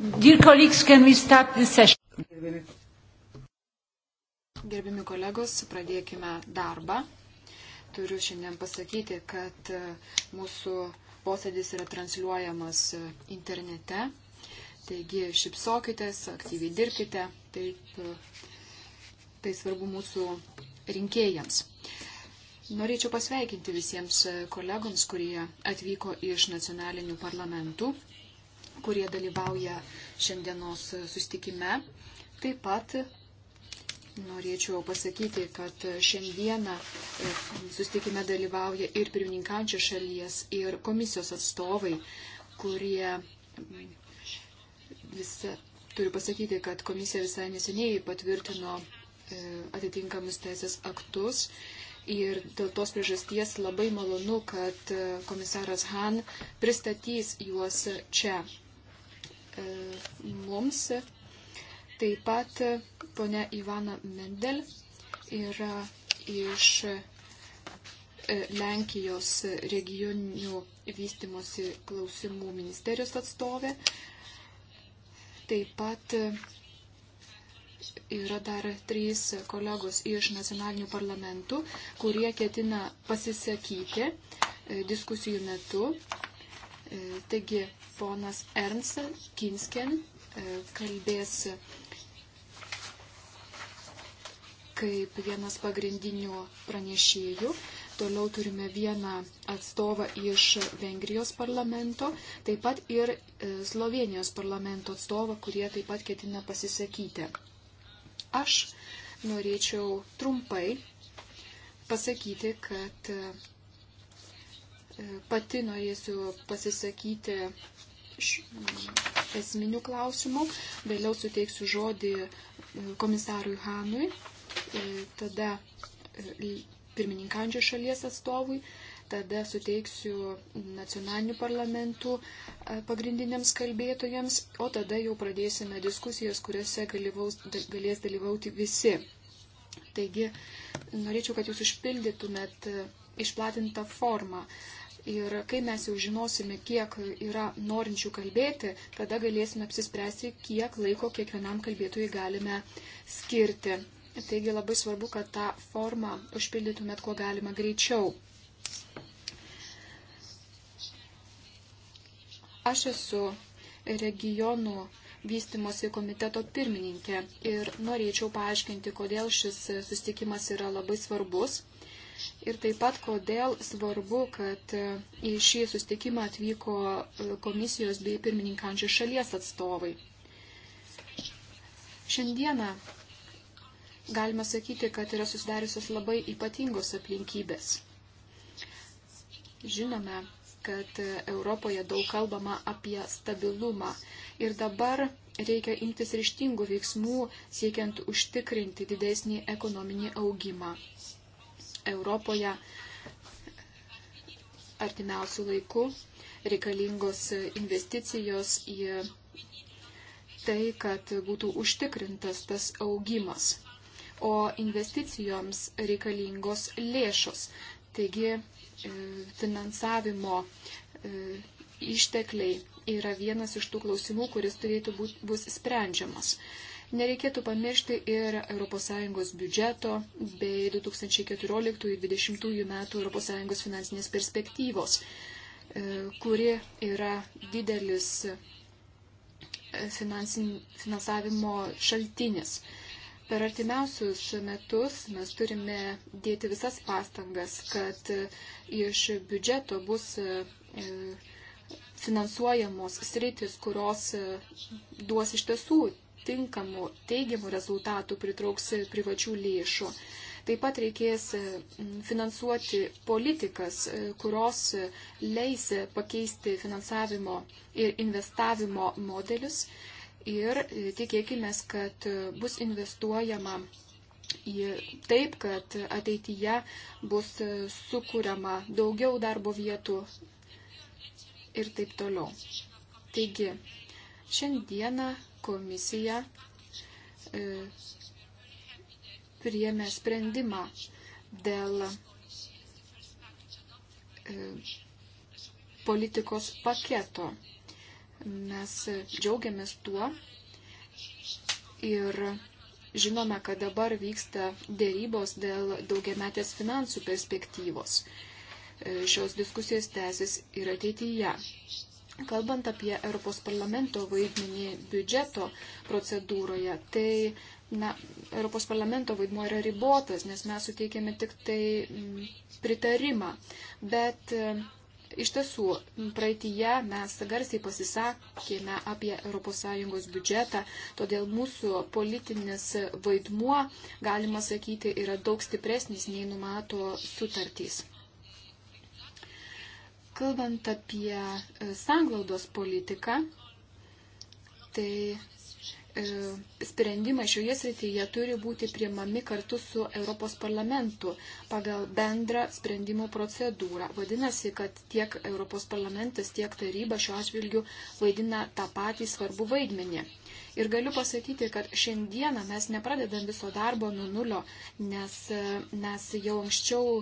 Dear colleagues, can we start this session? Gerbimi kolegos, pradėkime darbą. Turiu šiandien pasakyti, kad e, mūsų posėdis yra transliuojamas e, internete. Taigi šipsokitės, aktyviai dirbkite, taip, e, tai svarbu mūsų rinkėjams. Norėčiau pasveikinti visiems kolegoms, kurie atvyko iš nacionalinių parlamentų kurie dalyvauja šiandienos sustikime. Taip pat norėčiau pasakyti, kad šiandieną e, sustikime dalyvauja ir pirmininkančio šalies, ir komisijos atstovai, kurie mm, visą. Turiu pasakyti, kad komisija visai neseniai patvirtino e, atitinkamus teisės aktus Ir dėl tos priežasties labai malonu, kad e, komisaras Han pristatys juos čia. E, mums. Taip pat ponia Ivana Mendel yra iš e, Lenkijos regioninių vystimosi klausimų ministerijos atstovė. Taip pat yra dar trys kolegos iš nacionalinių parlamentų, kurie ketina pasisakyti e, diskusijų metu. E, taigi, ponas Ernst Kinsken e, kalbės kaip vienas pagrindinių pranešėjų. Toliau turime vieną atstovą iš Vengrijos parlamento, taip pat ir e, Slovenijos parlamento atstovą, kurie taip pat ketina pasisakyti. Aš norėčiau trumpai pasakyti, kad Pati norėsiu pasisakyti mm, esminių klausimų, vėliau suteiksiu žodį e, komisarui Hanui, e, tada e, pirmininkandžio šalies atstovui, tada suteiksiu nacionalinių parlamentų pagrindiniams kalbėtojams, o tada jau pradėsime diskusijas, kuriuose dalyvaus, galės dalyvauti visi. Taigi, norėčiau, kad jūs užpildytumėt išplatintą formą. Uh, Ir kai mes jau žinosime, kiek yra norinčių kalbėti, tada galėsime apsispręsti, kiek laiko kiekvienam kalbėtojui galime skirti. Taigi labai svarbu, kad tą formą užpildytumėt kuo galima greičiau. Aš esu regionų vystimosi komiteto pirmininkė ir norėčiau paaiškinti, kodėl šis susitikimas yra labai svarbus ir taip pat kodėl svarbu, kad e, į šį sustikimą atvyko e, komisijos bei pirmininkančių šalies atstovai. Šiandieną galima sakyti, kad yra susidariusios labai ypatingos aplinkybės. Žinome, kad e, Europoje daug kalbama apie stabilumą ir dabar reikia imtis ryštingų veiksmų siekiant užtikrinti didesnį ekonominį augimą. Europoje artimiausių laikų reikalingos investicijos į tai, kad būtų užtikrintas tas augimas, o investicijoms reikalingos lėšos. Taigi e, finansavimo e, ištekliai yra vienas iš tų klausimų, kuris turėtų būti bus sprendžiamas. Nereikėtų pamiršti ir ES biudžeto bei 2014-2020 metų ES finansinės perspektyvos, e, kuri yra didelis e, finansavimo šaltinis. Per artimiausius metus mes turime dėti visas pastangas, kad e, iš biudžeto bus finansuojamos sritis, kurios duos iš tiesų tinkamų teigiamų rezultatų pritrauks privačių lėšų. Taip pat reikės e, finansuoti politikas, e, kurios e, leis pakeisti finansavimo ir investavimo modelius ir tikėkime, kad bus investuojama į taip, kad ateityje bus sukūriama daugiau darbo vietų ir taip toliau. Taigi, šiandieną komisija e, priėmė sprendimą dėl e, politikos paketo. Mes džiaugiamės tuo ir žinome, kad dabar vyksta dėrybos dėl daugiametės finansų perspektyvos. E, šios diskusijos tęsis ir ateityje. Kalbant apie Europos parlamento vaidmenį biudžeto procedūroje, tai na, Europos parlamento vaidmuo yra ribotas, nes mes suteikėme tik tai pritarimą. Bet e, iš tiesų, praeitįje mes garsiai pasisakėme apie ES biudžetą, todėl mūsų politinis vaidmuo, galima sakyti, yra daug stipresnis nei numato sutartys. Kalbant apie e, sanglaudos politiką, tai e, sprendimai šioje srityje turi būti priimami kartu su Europos parlamentu pagal bendrą sprendimo procedūrą. Vadinasi, kad tiek Europos parlamentas, tiek taryba šiuo atžvilgiu vaidina tą patį svarbų vaidmenį. Ir galiu pasakyti, kad šiandieną mes nepradedam viso darbo nuo nulio, nes e, mes jau anksčiau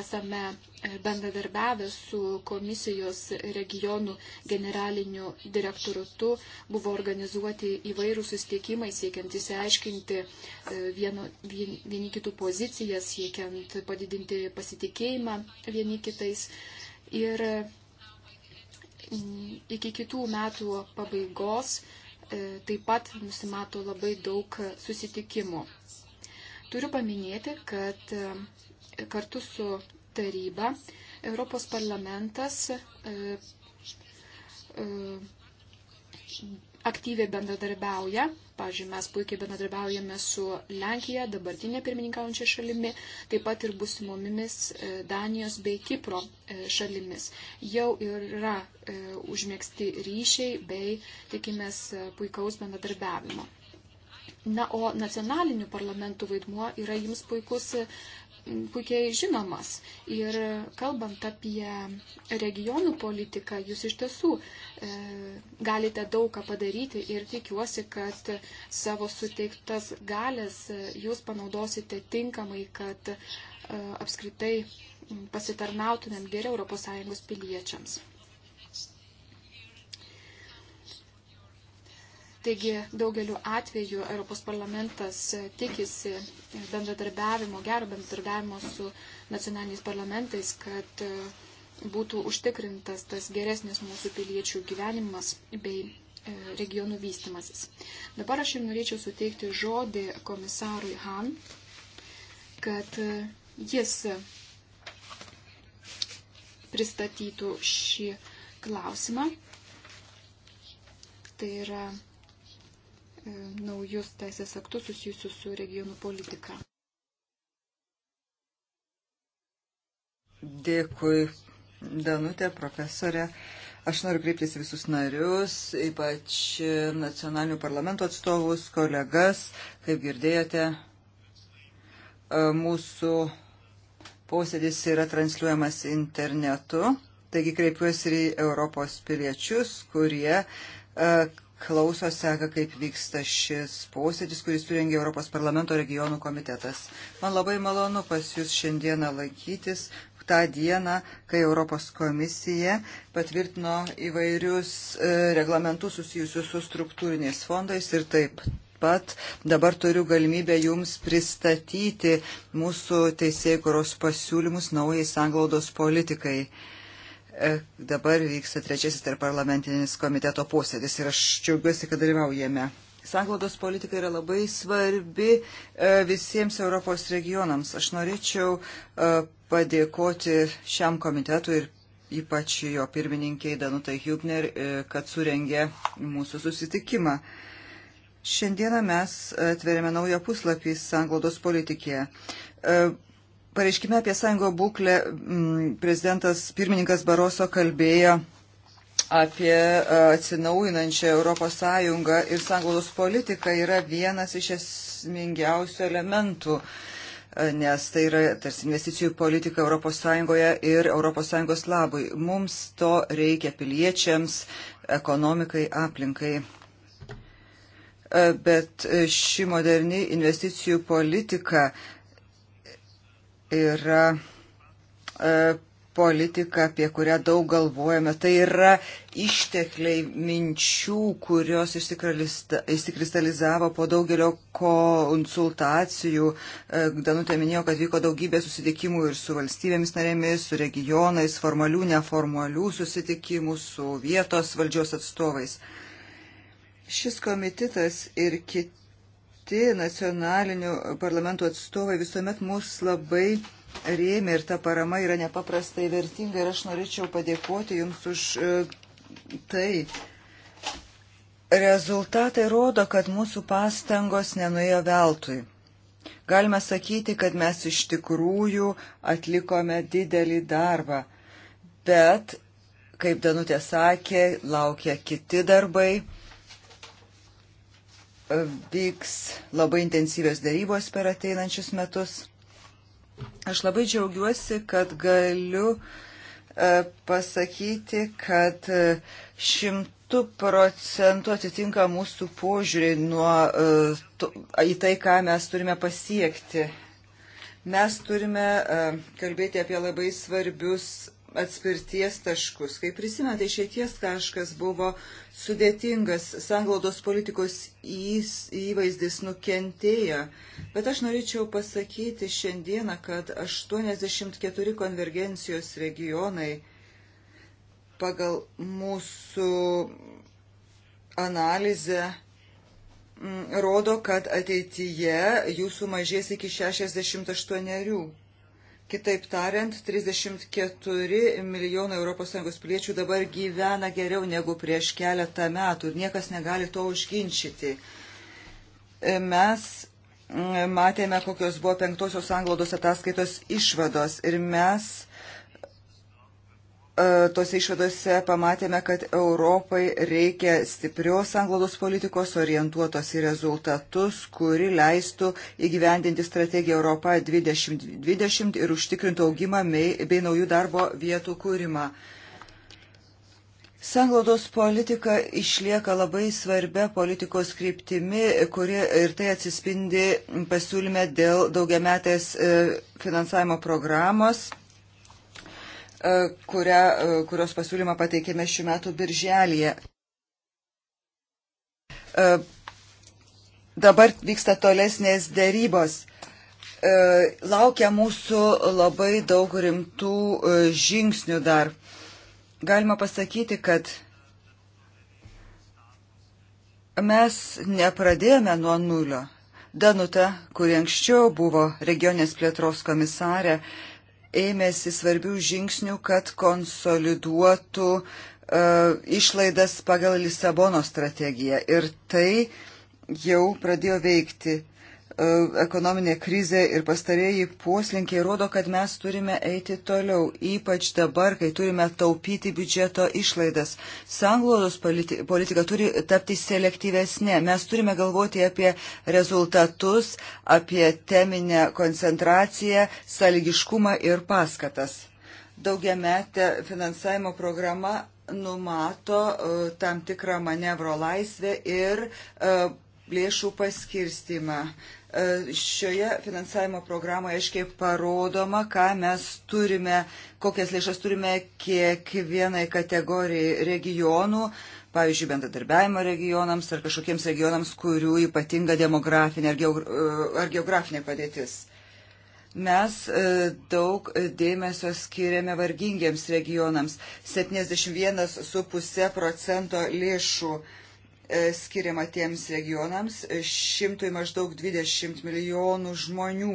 esame e, bendradarbiavę su komisijos regionų generaliniu direktoratu, buvo organizuoti įvairūs susitikimai, siekiant įsiaiškinti e, vieno, vien, vieni kitų pozicijas, siekiant padidinti pasitikėjimą vieni kitais. Ir iki kitų metų pabaigos E, taip pat nusimato labai daug susitikimų. Turiu paminėti, kad e, kartu su taryba Europos parlamentas e, aktyviai bendradarbiauja. Pavyzdžiui, mes puikiai bendradarbiaujame su Lenkija, dabartinė pirmininkaujančia šalimi, taip pat ir busimomis e, Danijos bei Kipro e, šalimis. Jau yra e, užmėgsti ryšiai bei tikimės puikaus bendradarbiavimo. Na, o nacionalinių parlamentų vaidmuo yra jums puikus puikiai žinomas. Ir kalbant apie regionų politiką, jūs iš tiesų e, galite daug ką padaryti ir tikiuosi, kad savo suteiktas galės e, jūs panaudosite tinkamai, kad e, apskritai pasitarnautumėm geriau ES piliečiams. Taigi daugeliu atveju Europos parlamentas tikisi bendradarbiavimo, gero bendradarbiavimo su nacionaliniais parlamentais, kad e, būtų užtikrintas tas geresnis mūsų piliečių gyvenimas bei e, regionų vystimasis. Dabar aš ir norėčiau suteikti žodį komisarui Han, kad e, jis pristatytų šį klausimą. Tai yra E, naujus teisės aktus susijusius su regionų politika. Dėkui, Danutė, profesorė. Aš noriu kreiptis visus narius, ypač nacionalinių parlamento atstovus, kolegas, kaip girdėjote, e, mūsų posėdis yra transliuojamas internetu. Taigi kreipiuosi ir į Europos piliečius, kurie e, klauso, seka, kaip vyksta šis posėdis, kuris surengė Europos parlamento regionų komitetas. Man labai malonu pas Jūs šiandieną lankytis tą dieną, kai Europos komisija patvirtino įvairius e, reglamentus susijusius su struktūriniais fondais ir taip pat dabar turiu galimybę Jums pristatyti mūsų teisėjų kuros pasiūlymus naujai sanglaudos politikai. E, dabar vyksta trečiasis tarp parlamentinis komiteto posėdis ir aš džiaugiuosi, kad dalyvaujame. Sanglaudos politika yra labai svarbi e, visiems Europos regionams. Aš norėčiau e, padėkoti šiam komitetui ir ypač jo pirmininkiai Danutai Hübner, kad surengė mūsų susitikimą. Šiandieną mes atveriame naują puslapį sanglaudos politikėje. Pareiškime apie sąjungo būklę prezidentas pirmininkas Baroso kalbėjo apie e, atsinaujinančią Europos sąjungą ir sąjungos politika yra vienas iš esmingiausių elementų e, nes tai yra tarsi investicijų politika ES ir ES labui. Mums to reikia piliečiams, ekonomikai, aplinkai. E, bet ši moderni investicijų politika yra e, politika, apie kurią daug galvojame. Tai yra ištekliai minčių, kurios išsikristalizavo po daugelio konsultacijų. E, Danutė minėjo, kad vyko daugybė susitikimų ir su valstybėmis narėmis, su regionais, formalių, neformalių susitikimų, su vietos valdžios atstovais. Šis komitetas ir kiti kiti nacionalinių parlamentų atstovai visuomet mus labai rėmė ir ta parama yra nepaprastai vertinga ir aš norėčiau padėkoti Jums už e, tai. Rezultatai rodo, kad mūsų pastangos nenuėjo veltui. Galime sakyti, kad mes iš tikrųjų atlikome didelį darbą, bet, kaip Danutė sakė, laukia kiti darbai vyks labai intensyvios darybos per ateinančius metus. Aš labai džiaugiuosi, kad galiu e, pasakyti, kad e, šimtų procentų atitinka mūsų požiūrį nuo, e, to, į tai, ką mes turime pasiekti. Mes turime kalbėti apie labai svarbius atspirties taškus. Kaip prisimenate, išeities kažkas buvo sudėtingas, sanglaudos politikos įvaizdis nukentėjo. Bet aš norėčiau pasakyti šiandieną, kad 84 konvergencijos regionai pagal mūsų analizę mm, rodo, kad ateityje jų sumažės iki 68. Kitaip tariant, 34 milijonai ES piliečių dabar gyvena geriau negu prieš keletą metų ir niekas negali to užginčyti. E, mes matėme, kokios buvo penktosios anglodos ataskaitos išvados ir mes E, tose išvadose pamatėme, kad Europai reikia stiprios anglodos politikos orientuotos į rezultatus, kuri leistų įgyvendinti strategiją Europą 2020 ir užtikrintų augimą bei naujų darbo vietų kūrimą. Sanglaudos politika išlieka labai svarbia politikos kryptimi, kuri ir tai atsispindi pasiūlyme dėl daugiametės e, finansavimo programos E, kurią, e, kurios pasiūlymą pateikėme šių metų birželėje. E, dabar vyksta tolesnės dėrybos laukia mūsų labai daug rimtų žingsnių dar. Galima pasakyti, kad mes nepradėjome nuo nulio. Danuta, kuri anksčiau buvo regionės plėtros komisarė, ėmėsi svarbių žingsnių, kad konsoliduotų e, išlaidas pagal Lisabono strategiją. Ir tai jau pradėjo veikti. E, ekonominė krizė ir pastarėjai poslinkiai rodo, kad mes turime eiti toliau, ypač dabar, kai turime taupyti biudžeto išlaidas. Sanglaudos politika turi tapti selektyvesnė. Mes turime galvoti apie rezultatus, apie teminę koncentraciją, sąlygiškumą ir paskatas. Daugiametė finansavimo programa numato uh, tam tikrą manevro laisvę ir uh, lėšų paskirstimą. Uh, E, šioje finansavimo programoje aiškiai parodoma, ką mes turime, kokias lėšas turime kiekvienai kategorijai regionų, pavyzdžiui, bendradarbiavimo regionams ar kažkokiems regionams, kurių ypatinga demografinė ar e, geografinė padėtis mes e, daug dėmesio skiriame vargingiems regionams. 71,5 procento lėšų E, skiriama tiems regionams. Šimtui maždaug 20 milijonų žmonių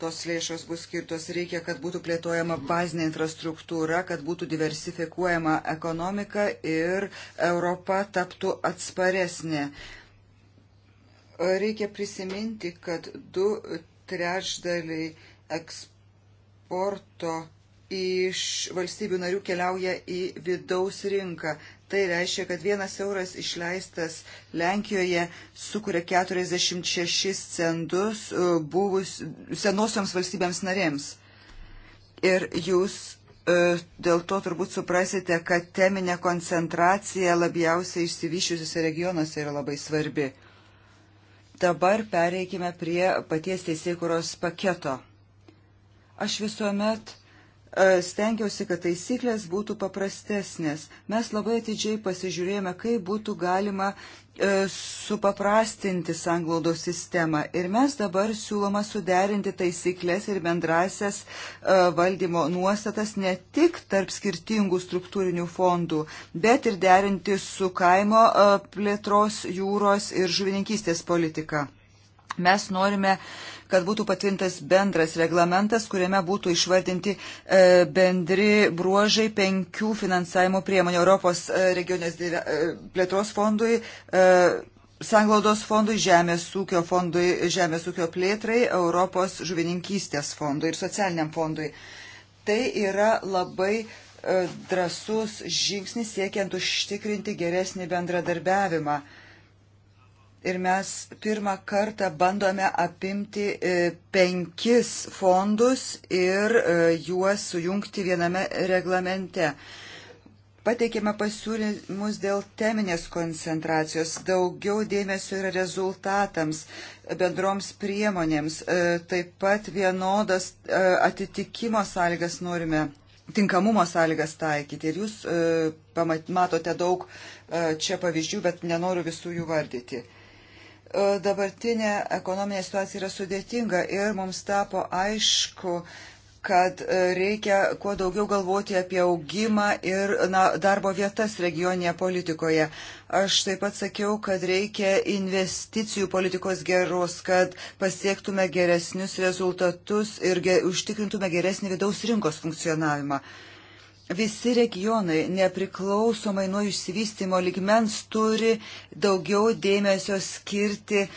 tos lėšos bus skirtos. Reikia, kad būtų plėtojama bazinė infrastruktūra, kad būtų diversifikuojama ekonomika ir Europa taptų atsparesnė. Reikia prisiminti, kad du trečdaliai eksporto iš valstybių narių keliauja į vidaus rinką. Tai reiškia, kad vienas euras išleistas Lenkijoje sukuria 46 centus e, buvus senosioms valstybėms narėms. Ir jūs e, dėl to turbūt suprasite, kad teminė koncentracija labiausiai išsivyščiusiuose regionuose yra labai svarbi. Dabar pereikime prie paties teisėkuros paketo. Aš visuomet E, stengiausi, kad taisyklės būtų paprastesnės. Mes labai atidžiai pasižiūrėjome, kaip būtų galima e, supaprastinti sanglaudos sistemą. Ir mes dabar siūloma suderinti taisyklės ir bendrasias e, valdymo nuostatas ne tik tarp skirtingų struktūrinių fondų, bet ir derinti su kaimo plėtros, jūros ir žuvininkystės politika. Mes norime, kad būtų patvirtintas bendras reglamentas, kuriame būtų išvardinti e, bendri bruožai penkių finansavimo priemonių Europos e, regionės e, plėtros fondui, Sanglaudos fondui, Žemės ūkio fondui, Žemės ūkio plėtrai, Europos žuvininkystės fondui ir socialiniam fondui. Tai yra labai drasus žingsnis siekiant užtikrinti geresnį bendradarbiavimą ir mes pirmą kartą bandome apimti e, penkis fondus ir e, juos sujungti viename reglamente. Pateikėme pasiūlymus dėl teminės koncentracijos, daugiau dėmesio yra rezultatams, bendroms priemonėms, e, taip pat vienodas atitikimo sąlygas norime, tinkamumo sąlygas taikyti. Ir jūs pamat, matote daug čia pavyzdžių, bet nenoriu visų jų vardyti. E, dabartinė ekonominė situacija yra sudėtinga ir mums tapo aišku, kad e, reikia kuo daugiau galvoti apie augimą ir na, darbo vietas regioninėje politikoje. Aš taip pat sakiau, kad reikia investicijų politikos geros, kad pasiektume geresnius rezultatus ir ge užtikrintume geresnį vidaus rinkos funkcionavimą. Uh, Visi regionai, nepriklausomai nuo išsivystimo ligmens, turi daugiau dėmesio skirti e,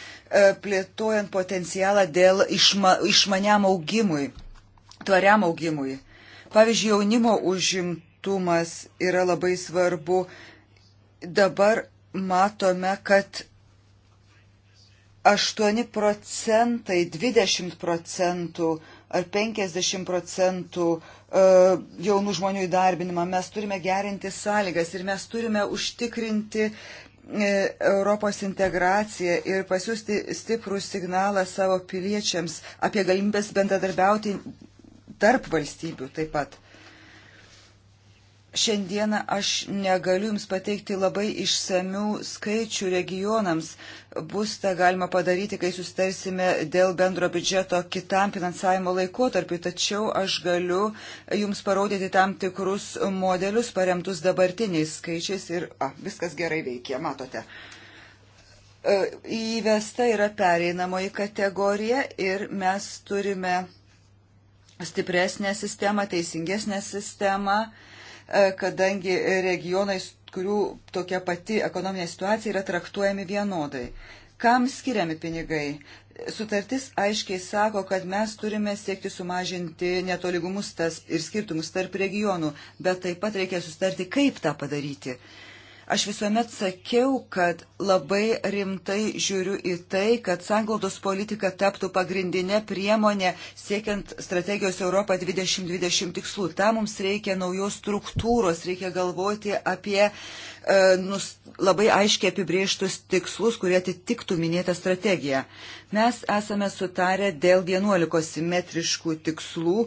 plėtojant potencialą dėl išma, išmaniam augimui, tvariam augimui. Pavyzdžiui, jaunimo užimtumas yra labai svarbu. Dabar matome, kad 8 procentai, 20 procentų ar 50 procentų e, jaunų žmonių įdarbinimą. Mes turime gerinti sąlygas ir mes turime užtikrinti e, Europos integraciją ir pasiūsti stiprų signalą savo piliečiams apie galimybės bendradarbiauti tarp valstybių taip pat. Šiandieną aš negaliu Jums pateikti labai išsamių skaičių regionams. Bus tą galima padaryti, kai sustarsime dėl bendro biudžeto kitam finansavimo laikotarpiu, tačiau aš galiu Jums parodyti tam tikrus modelius paremtus dabartiniais skaičiais ir a, viskas gerai veikia, matote. E, įvesta yra pereinamoji kategorija ir mes turime stipresnę sistemą, teisingesnę sistemą E, kadangi regionai, kurių tokia pati ekonominė situacija yra traktuojami vienodai. Kam skiriami pinigai? Sutartis aiškiai sako, kad mes turime siekti sumažinti netoligumus tas ir skirtumus tarp regionų, bet taip pat reikia sustarti, kaip tą padaryti. Uh, Aš visuomet sakiau, kad labai rimtai žiūriu į tai, kad sanglaudos politika taptų pagrindinė priemonė siekiant strategijos Europą 2020 tikslų. Tam mums reikia naujos struktūros, reikia galvoti apie e, nus, labai aiškiai apibrieštus tikslus, kurie atitiktų minėtą strategiją. Mes esame sutarę dėl 11 simetriškų tikslų,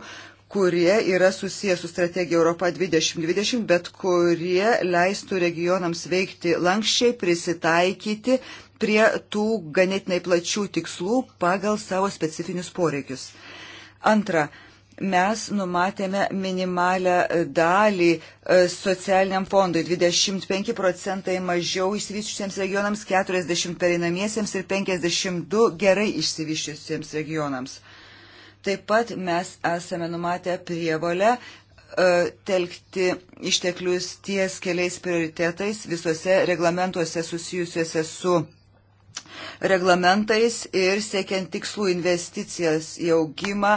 kurie yra susijęs su strategija Europa 2020, bet kurie leistų regionams veikti lankščiai, prisitaikyti prie tų ganėtinai plačių tikslų pagal savo specifinius poreikius. Antra, mes numatėme minimalę dalį e, socialiniam fondui 25 procentai mažiau išsivyščiusiems regionams, 40 pereinamiesiems ir 52 gerai išsivyščiusiems regionams. Taip pat mes esame numatę prievolę e, telkti išteklius ties keliais prioritetais visose reglamentuose susijusiuose su reglamentais ir siekiant tikslų investicijas į augimą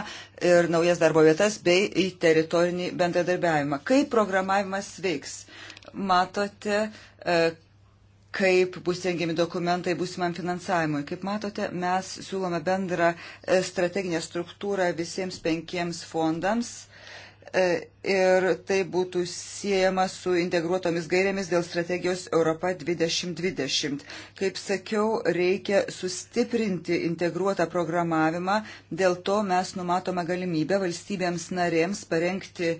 ir naujas darbo vietas bei į teritorinį bendradarbiavimą. Kaip programavimas veiks? Matote, e, kaip bus rengiami dokumentai būsimam finansavimui. Kaip matote, mes siūlome bendrą e, strateginę struktūrą visiems penkiems fondams e, ir tai būtų siejama su integruotomis gairėmis dėl strategijos Europa 2020. Kaip sakiau, reikia sustiprinti integruotą programavimą, dėl to mes numatome galimybę valstybėms narėms parengti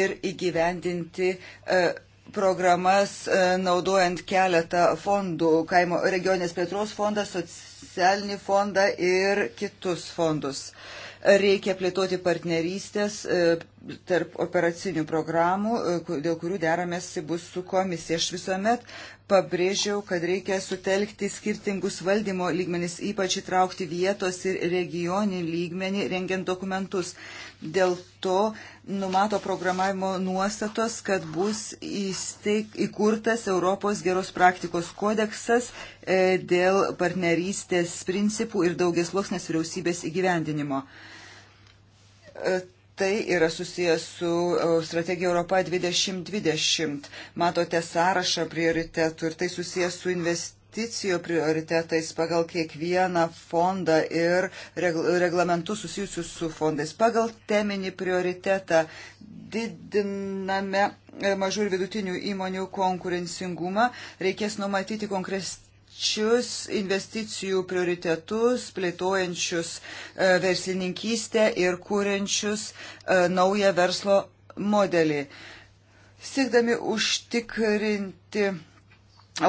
ir įgyvendinti uh, programas e, naudojant keletą fondų - kaimo regionės plėtros fondą, socialinį fondą ir kitus fondus. Reikia plėtoti partnerystės e, tarp operacinių programų, e, dėl kurių deramėsi bus su komisija. Aš visuomet pabrėžiau, kad reikia sutelkti skirtingus valdymo lygmenis, ypač įtraukti vietos ir regioninį lygmenį, rengiant dokumentus. Dėl to numato programavimo nuostatos, kad bus įsteig, įkurtas Europos geros praktikos kodeksas e, dėl partnerystės principų ir daugiasluoksnės vyriausybės įgyvendinimo. E, tai yra susijęs su e, strategija Europa 2020. Matote sąrašą prioritetų ir tai susijęs su investicijų prioritetais pagal kiekvieną fondą ir reglamentus susijusius su fondais. Pagal teminį prioritetą didiname e, mažų ir vidutinių įmonių konkurencingumą. Reikės numatyti konkres, konkrečius investicijų prioritetus, plėtojančius e, verslininkystę ir kūrenčius e, naują verslo modelį. Siekdami užtikrinti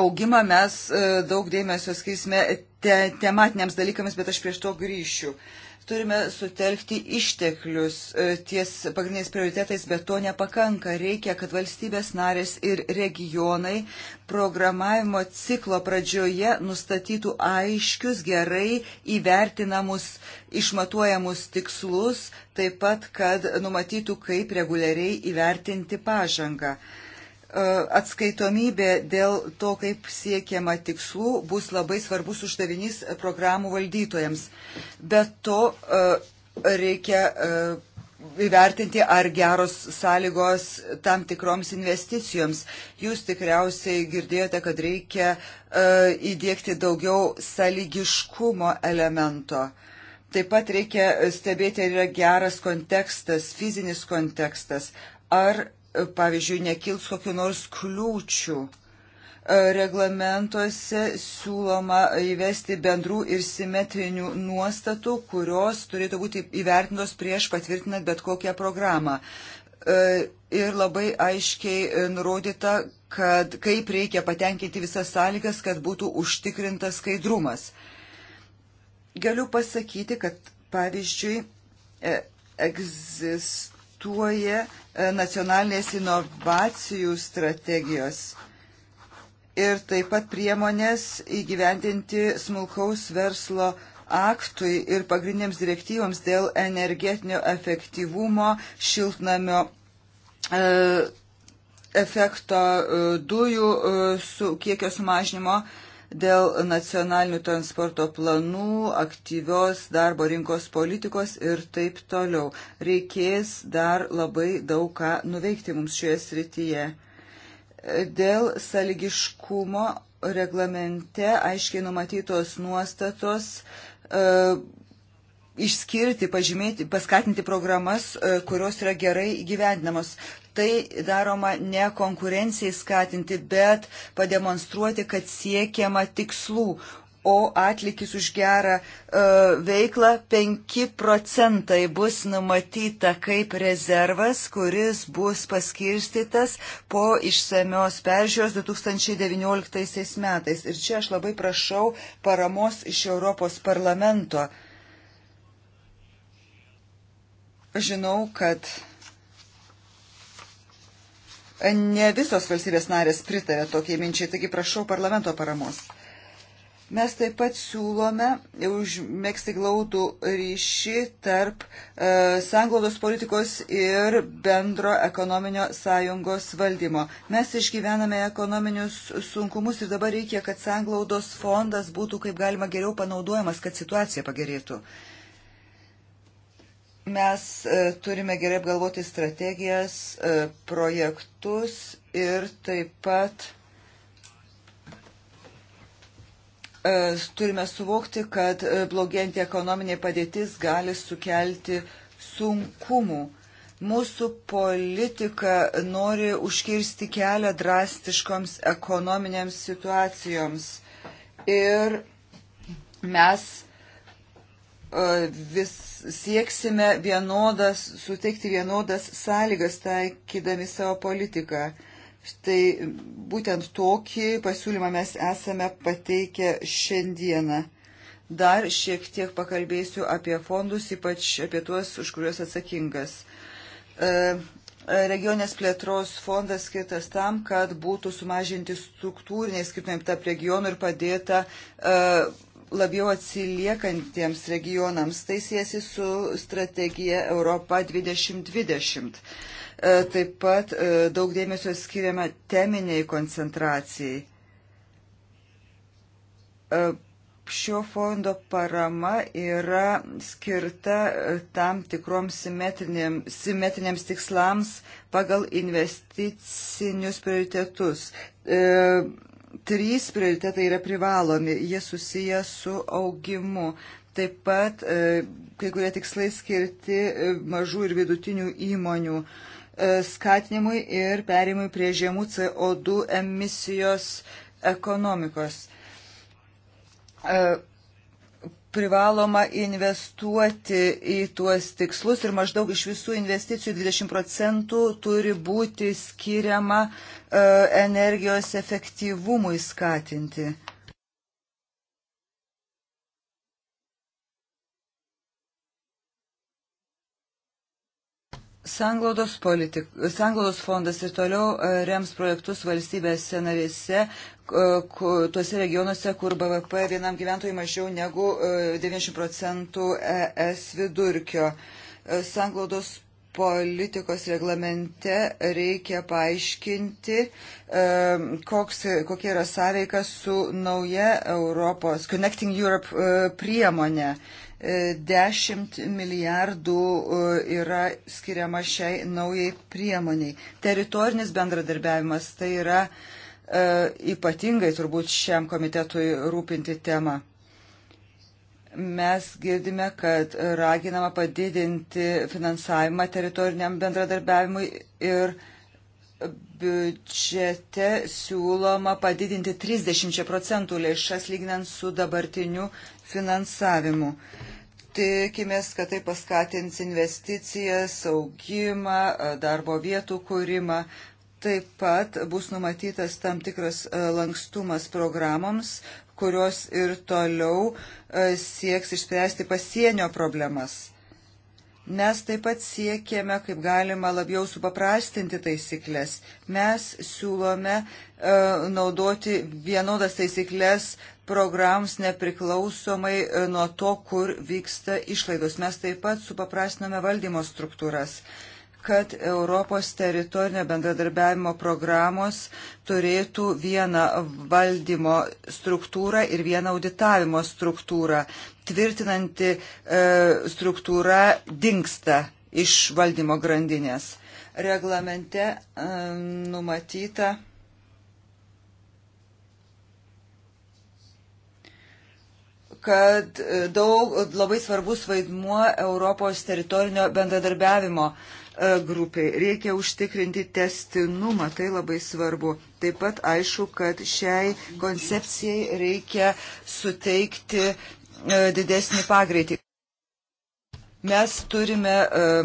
augimą mes e, daug dėmesio skirsime te tematiniams dalykams, bet aš prieš to grįšiu. Uh, Turime sutelkti išteklius e, ties pagrindiniais prioritetais, bet to nepakanka. Reikia, kad valstybės narės ir regionai programavimo ciklo pradžioje nustatytų aiškius, gerai įvertinamus, išmatuojamus tikslus, taip pat, kad numatytų, kaip reguliariai įvertinti pažangą. E, atskaitomybė dėl to, kaip siekiama tikslų, bus labai svarbus uždavinys programų valdytojams. Bet to e, reikia e, įvertinti, ar geros sąlygos tam tikroms investicijoms. Jūs tikriausiai girdėjote, kad reikia uh, įdėkti daugiau sąlygiškumo elemento. Taip pat reikia stebėti, ar yra geras kontekstas, fizinis kontekstas, ar pavyzdžiui, nekils kokiu nors kliūčių. E, reglamentuose siūloma įvesti bendrų ir simetrinių nuostatų, kurios turėtų būti įvertintos prieš patvirtinant bet kokią programą e, ir labai aiškiai e, nurodyta, kad kaip reikia patenkinti visas sąlygas, kad būtų užtikrintas skaidrumas. Galiu pasakyti, kad pavyzdžiui egzistuoja E, nacionalinės inovacijų strategijos ir taip pat priemonės įgyvendinti smulkaus verslo aktui ir pagrindiniams direktyvams dėl energetinio efektyvumo šiltnamio e, efekto e, dujų e, su kiekio sumažinimo e, dėl nacionalinių transporto planų, aktyvios darbo rinkos politikos ir taip toliau. Reikės dar labai daug ką nuveikti mums šioje srityje. Dėl saligiškumo reglamente aiškiai numatytos nuostatos e, išskirti, pažymėti, paskatinti programas, e, kurios yra gerai gyvendinamos. Tai daroma ne konkurencijai skatinti, bet pademonstruoti, kad siekiama tikslų, o atlikis už gerą e, veiklą 5 procentai bus numatyta kaip rezervas, kuris bus paskirstytas po išsamios peržiūros 2019 metais. Ir čia aš labai prašau paramos iš Europos parlamento. Žinau, kad ne visos valstybės narės pritarė tokiai minčiai, taigi prašau parlamento paramos. Mes taip pat siūlome užmėgsti glaudų ryšį tarp e, sanglaudos politikos ir bendro ekonominio sąjungos valdymo. Mes išgyvename ekonominius sunkumus ir dabar reikia, kad sanglaudos fondas būtų kaip galima geriau panaudojamas, kad situacija pagerėtų. E, Mes e, turime gerai apgalvoti strategijas, e, projektus ir taip pat e, turime suvokti, kad blogėjantį ekonominė padėtis gali sukelti sunkumų. Mūsų politika nori užkirsti kelią drastiškoms ekonominėms situacijoms. Ir mes vis sieksime vienodas, suteikti vienodas sąlygas taikydami savo politiką. Štai būtent tokį pasiūlymą mes esame pateikę šiandieną. Dar šiek tiek pakalbėsiu apie fondus, ypač apie tuos, už kuriuos atsakingas. E, regionės plėtros fondas skirtas tam, kad būtų sumažinti struktūriniai skirtumai tarp regionų ir padėta uh, labiau atsiliekantiems regionams. Tai siesi su strategija Europa 2020. E, taip pat e, daug dėmesio skiriama teminiai koncentracijai. E, šio fondo parama yra skirta tam tikroms simetriniam, simetriniams tikslams pagal investicinius prioritetus. E, Trys prioritetai yra privalomi, jie susiję su augimu. Taip pat e, kai kurie tikslai skirti e, mažų ir vidutinių įmonių e, skatinimui ir perimui prie žemų CO2 emisijos ekonomikos. Privaloma investuoti į tuos tikslus ir maždaug iš visų investicijų 20 procentų turi būti skiriama E, energijos efektyvumui skatinti. Sanglaudos, politik, sanglaudos fondas ir toliau e, rems projektus valstybėse narėse, e, tuose regionuose, kur BVP vienam gyventojui mažiau negu 90 procentų ES vidurkio. Sanglaudos politikos reglamente reikia paaiškinti, e, koks, kokia yra sąveika su nauja Europos Connecting Europe e, priemonė. 10 e, milijardų yra skiriama šiai naujai priemoniai. Teritorinis bendradarbiavimas tai yra ypatingai turbūt šiam komitetui rūpinti tema. Mes girdime, kad raginama padidinti finansavimą teritoriniam bendradarbiavimui ir biudžete siūloma padidinti 30 procentų lėšas lyginant su dabartiniu finansavimu. Tikimės, kad tai paskatins investicijas, augimą, darbo vietų kūrimą. Taip pat bus numatytas tam tikras lankstumas programoms, kurios ir toliau e, sieks išspręsti pasienio problemas. Mes taip pat siekėme, kaip galima labiau supaprastinti taisyklės. Mes siūlome e, naudoti vienodas taisyklės programs nepriklausomai e, nuo to, kur vyksta išlaidos. Mes taip pat supaprastiname valdymo struktūras. E, kad Europos teritorinio bendradarbiavimo programos turėtų vieną valdymo struktūrą ir vieną auditavimo struktūrą. Tvirtinanti e, struktūra dinksta iš valdymo grandinės. Reglamente e, numatyta. kad e, daug labai svarbus vaidmuo Europos teritorinio bendradarbiavimo uh, E, grupiai. Reikia užtikrinti testinumą, tai labai svarbu. Taip pat aišku, kad šiai koncepcijai reikia suteikti e, didesnį pagreitį. Mes turime e,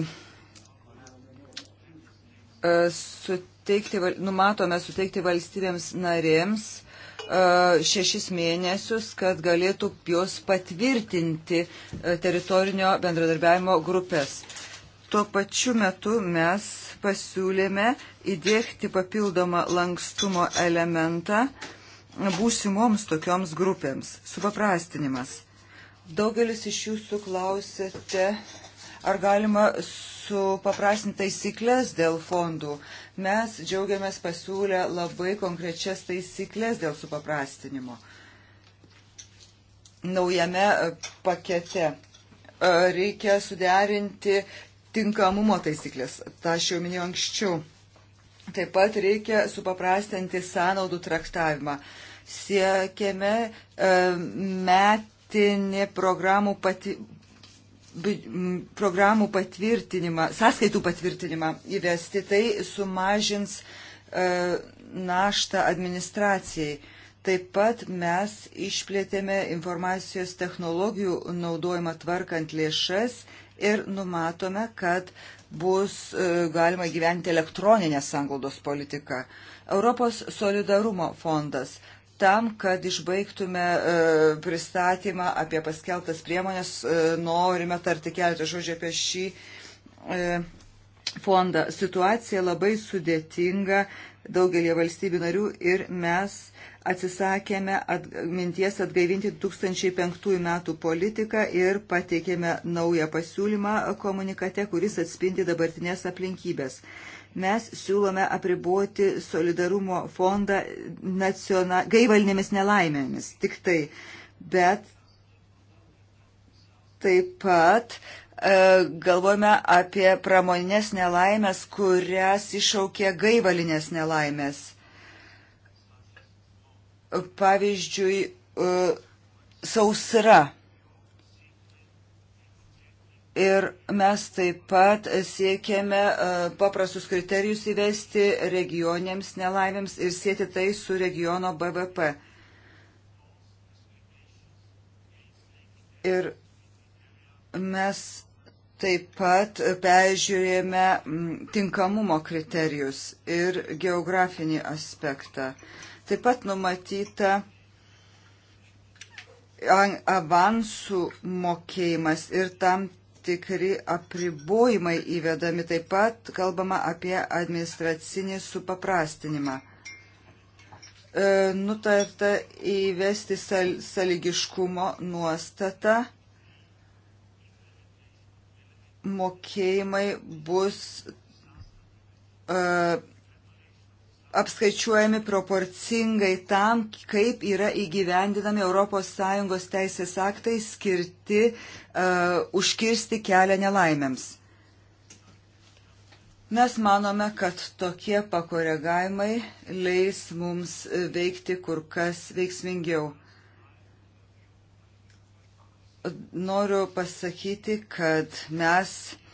suteikti, numatome suteikti valstybėms narėms šešis mėnesius, kad galėtų jos patvirtinti teritorinio bendradarbiavimo grupės Tuo pačiu metu mes pasiūlėme įdėkti papildomą lankstumo elementą būsimoms tokioms grupėms. Supaprastinimas. Daugelis iš jūsų klausėte, ar galima supaprastinti taisyklės dėl fondų. Mes džiaugiamės pasiūlę labai konkrečias taisyklės dėl supaprastinimo. Naujame pakete e, reikia suderinti tinkamumo taisyklės. Ta aš jau minėjau anksčiau. Taip pat reikia supaprastinti sąnaudų traktavimą. Siekėme e, metinį programų, pati, bi, programų patvirtinimą, sąskaitų patvirtinimą įvesti. Tai sumažins e, naštą administracijai. Taip pat mes išplėtėme informacijos technologijų naudojimą tvarkant lėšas ir numatome, kad bus e, galima gyventi elektroninę sanglaudos politiką. Europos solidarumo fondas tam, kad išbaigtume e, pristatymą apie paskeltas priemonės, e, norime tarti keletą žodžių apie šį fondą. Situacija labai sudėtinga daugelie valstybių narių ir mes atsisakėme at, minties atgaivinti 2005 metų politiką ir pateikėme naują pasiūlymą komunikate, kuris atspindi dabartinės aplinkybės. Mes siūlome apriboti solidarumo fondą naciona, gaivalinėmis nelaimėmis, tik tai, bet taip pat e, galvojame apie pramoninės nelaimės, kurias išaukė gaivalinės nelaimės Pavyzdžiui, e, sausra. Ir mes taip pat siekiame e, paprastus kriterijus įvesti regionėms nelaimėms ir sėti tai su regiono BVP. Ir mes taip pat peržiūrėjome tinkamumo kriterijus ir geografinį aspektą. Uh, Taip pat numatyta avansų mokėjimas ir tam tikri apribojimai įvedami. Taip pat kalbama apie administracinį supaprastinimą. E, nutarta įvesti sal, saligiškumo nuostatą. Mokėjimai bus uh, apskaičiuojami proporcingai tam, kaip yra įgyvendinami ES teisės aktai skirti uh, užkirsti kelią nelaimėms. Mes manome, kad tokie pakoregavimai leis mums veikti kur kas veiksmingiau. Noriu pasakyti, kad mes uh,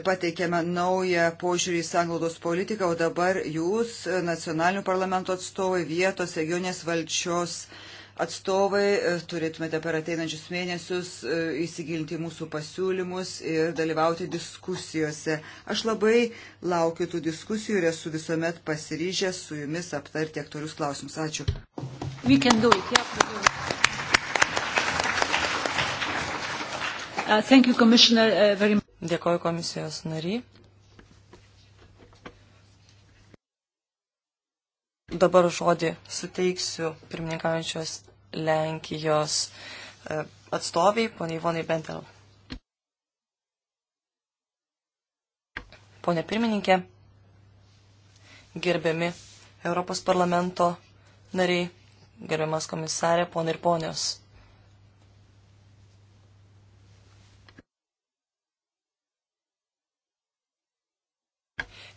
pateikėme naują požiūrį į sanglaudos politiką, o dabar jūs, nacionalinių parlamento atstovai, vietos, regionės valdžios atstovai, turėtumėte per ateinančius mėnesius e, įsigilinti mūsų pasiūlymus ir dalyvauti diskusijose. Aš labai laukiu tų diskusijų ir esu visuomet pasiryžęs su jumis aptarti aktualius klausimus. Ačiū. Uh, thank you, Commissioner, uh, very much. Dėkoju komisijos nary. Dabar žodį suteiksiu pirmininkaujančios Lenkijos e, atstoviai, poniai Vonai Bentel. Pone pirmininkė, gerbiami Europos parlamento nariai, gerbiamas komisarė, ponai ir ponios.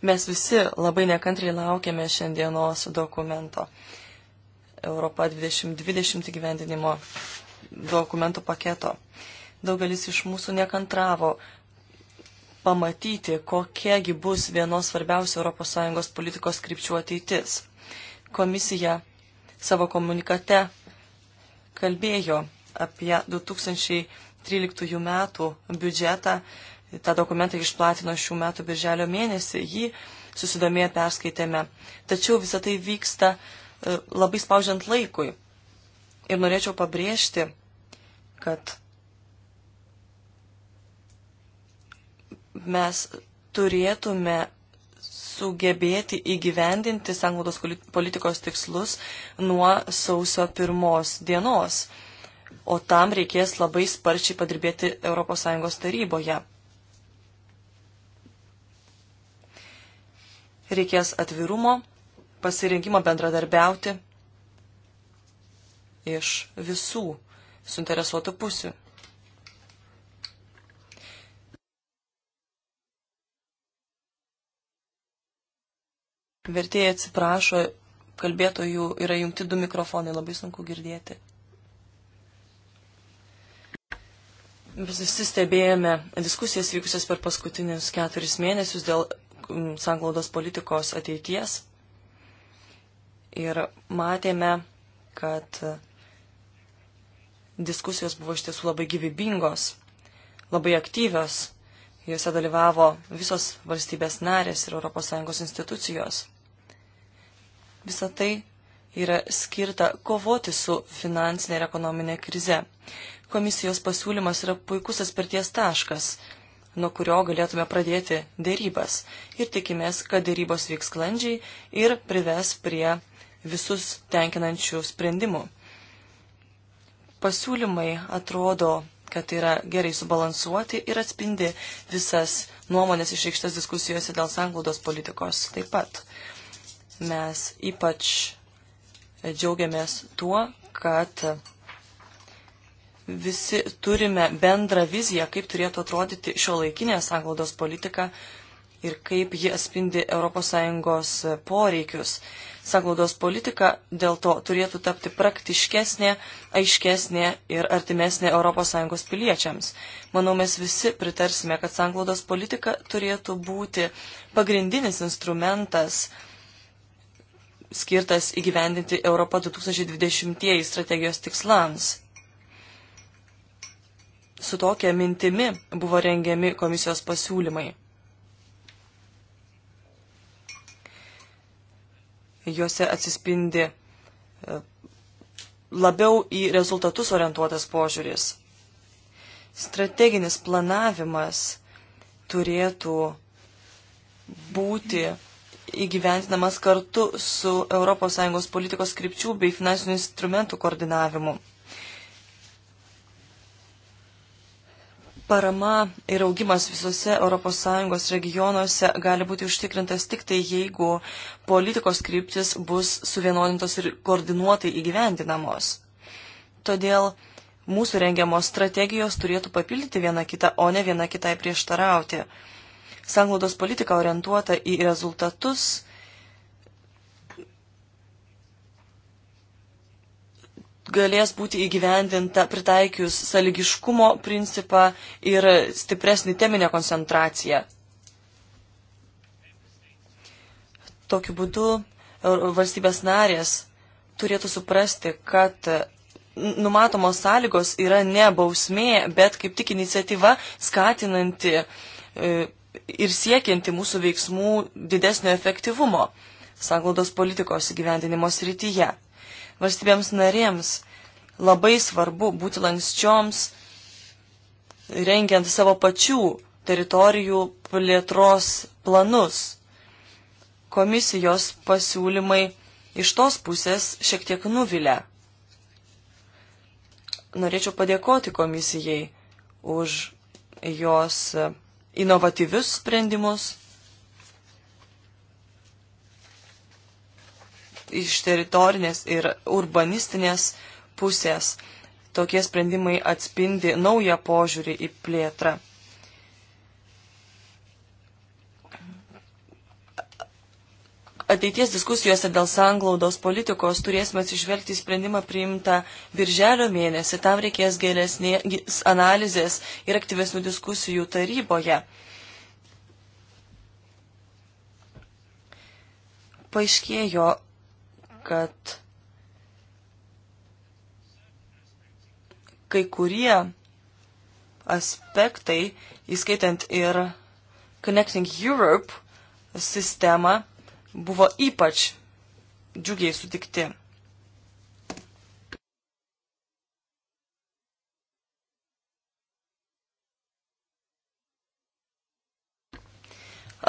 Mes visi labai nekantriai laukiame šiandienos dokumento. Europa 2020 gyvendinimo dokumentų paketo. Daugelis iš mūsų nekantravo pamatyti, kokiegi bus vienos svarbiausių ES politikos krypčių ateitis. Komisija savo komunikate kalbėjo apie 2013 metų biudžetą tą dokumentą išplatino šių metų birželio mėnesį, jį susidomėję perskaitėme. Tačiau visa tai vyksta e, labai spaudžiant laikui. Ir norėčiau pabrėžti, kad mes turėtume sugebėti įgyvendinti sanglaudos politikos tikslus nuo sausio pirmos dienos. O tam reikės labai sparčiai padirbėti ES taryboje. reikės atvirumo, pasirinkimo bendradarbiauti iš visų suinteresuotų pusių. Vertėjai atsiprašo, kalbėtojų yra jungti du mikrofonai, labai sunku girdėti. Visi stebėjome diskusijas vykusias per paskutinius keturis mėnesius dėl Mm, sanglaudos politikos ateities. Ir matėme, kad e, diskusijos buvo iš tiesų labai gyvybingos, labai aktyvios. Juose dalyvavo visos valstybės narės ir ES institucijos. Visą tai yra skirta kovoti su finansinė ir ekonominė krize. Komisijos pasiūlymas yra puikus atspirties taškas nuo kurio galėtume pradėti dėrybas. Ir tikimės, kad dėrybos vyks sklandžiai ir prives prie visus tenkinančių sprendimų. Pasiūlymai atrodo, kad tai yra gerai subalansuoti ir atspindi visas nuomonės išreikštas diskusijose dėl sanglaudos politikos. Taip pat mes ypač džiaugiamės tuo, kad visi turime bendrą viziją, kaip turėtų atrodyti šio laikinė sanglaudos politika ir kaip ji atspindi ES poreikius. Sanglaudos politika dėl to turėtų tapti praktiškesnė, aiškesnė ir artimesnė ES piliečiams. Manau, mes visi pritarsime, kad sanglaudos politika turėtų būti pagrindinis instrumentas skirtas įgyvendinti Europą 2020 strategijos tikslams su tokia mintimi buvo rengiami komisijos pasiūlymai. Juose atsispindi e, labiau į rezultatus orientuotas požiūris. Strateginis planavimas turėtų būti įgyventinamas kartu su ES politikos skripčių bei finansinių instrumentų koordinavimu. Parama ir augimas visose ES regionuose gali būti užtikrintas tik tai, jeigu politikos kryptis bus suvienodintos ir koordinuotai įgyvendinamos. Todėl mūsų rengiamos strategijos turėtų papildyti vieną kitą, o ne viena kitai prieštarauti. Sanglaudos politika orientuota į rezultatus galės būti įgyvendinta pritaikius saligiškumo principą ir stipresnį teminę koncentraciją. Tokiu būdu e, valstybės narės turėtų suprasti, kad numatomos sąlygos yra ne bausmė, bet kaip tik iniciatyva skatinanti e, ir siekianti mūsų veiksmų didesnio efektyvumo sanglaudos politikos įgyvendinimo srityje valstybėms narėms labai svarbu būti lankščioms, rengiant savo pačių teritorijų plėtros planus. Komisijos pasiūlymai iš tos pusės šiek tiek nuvilia. Norėčiau padėkoti komisijai už jos inovatyvius sprendimus iš teritorinės ir urbanistinės pusės. Tokie sprendimai atspindi naują požiūrį į plėtrą. Ateities diskusijose dėl sanglaudos politikos turėsime atsižvelgti į sprendimą priimtą birželio mėnesį. Tam reikės gėlesnės analizės ir aktyvesnių diskusijų taryboje. Paaiškėjo, kad kai kurie aspektai, įskaitant ir Connecting Europe sistemą, buvo ypač džiugiai sutikti.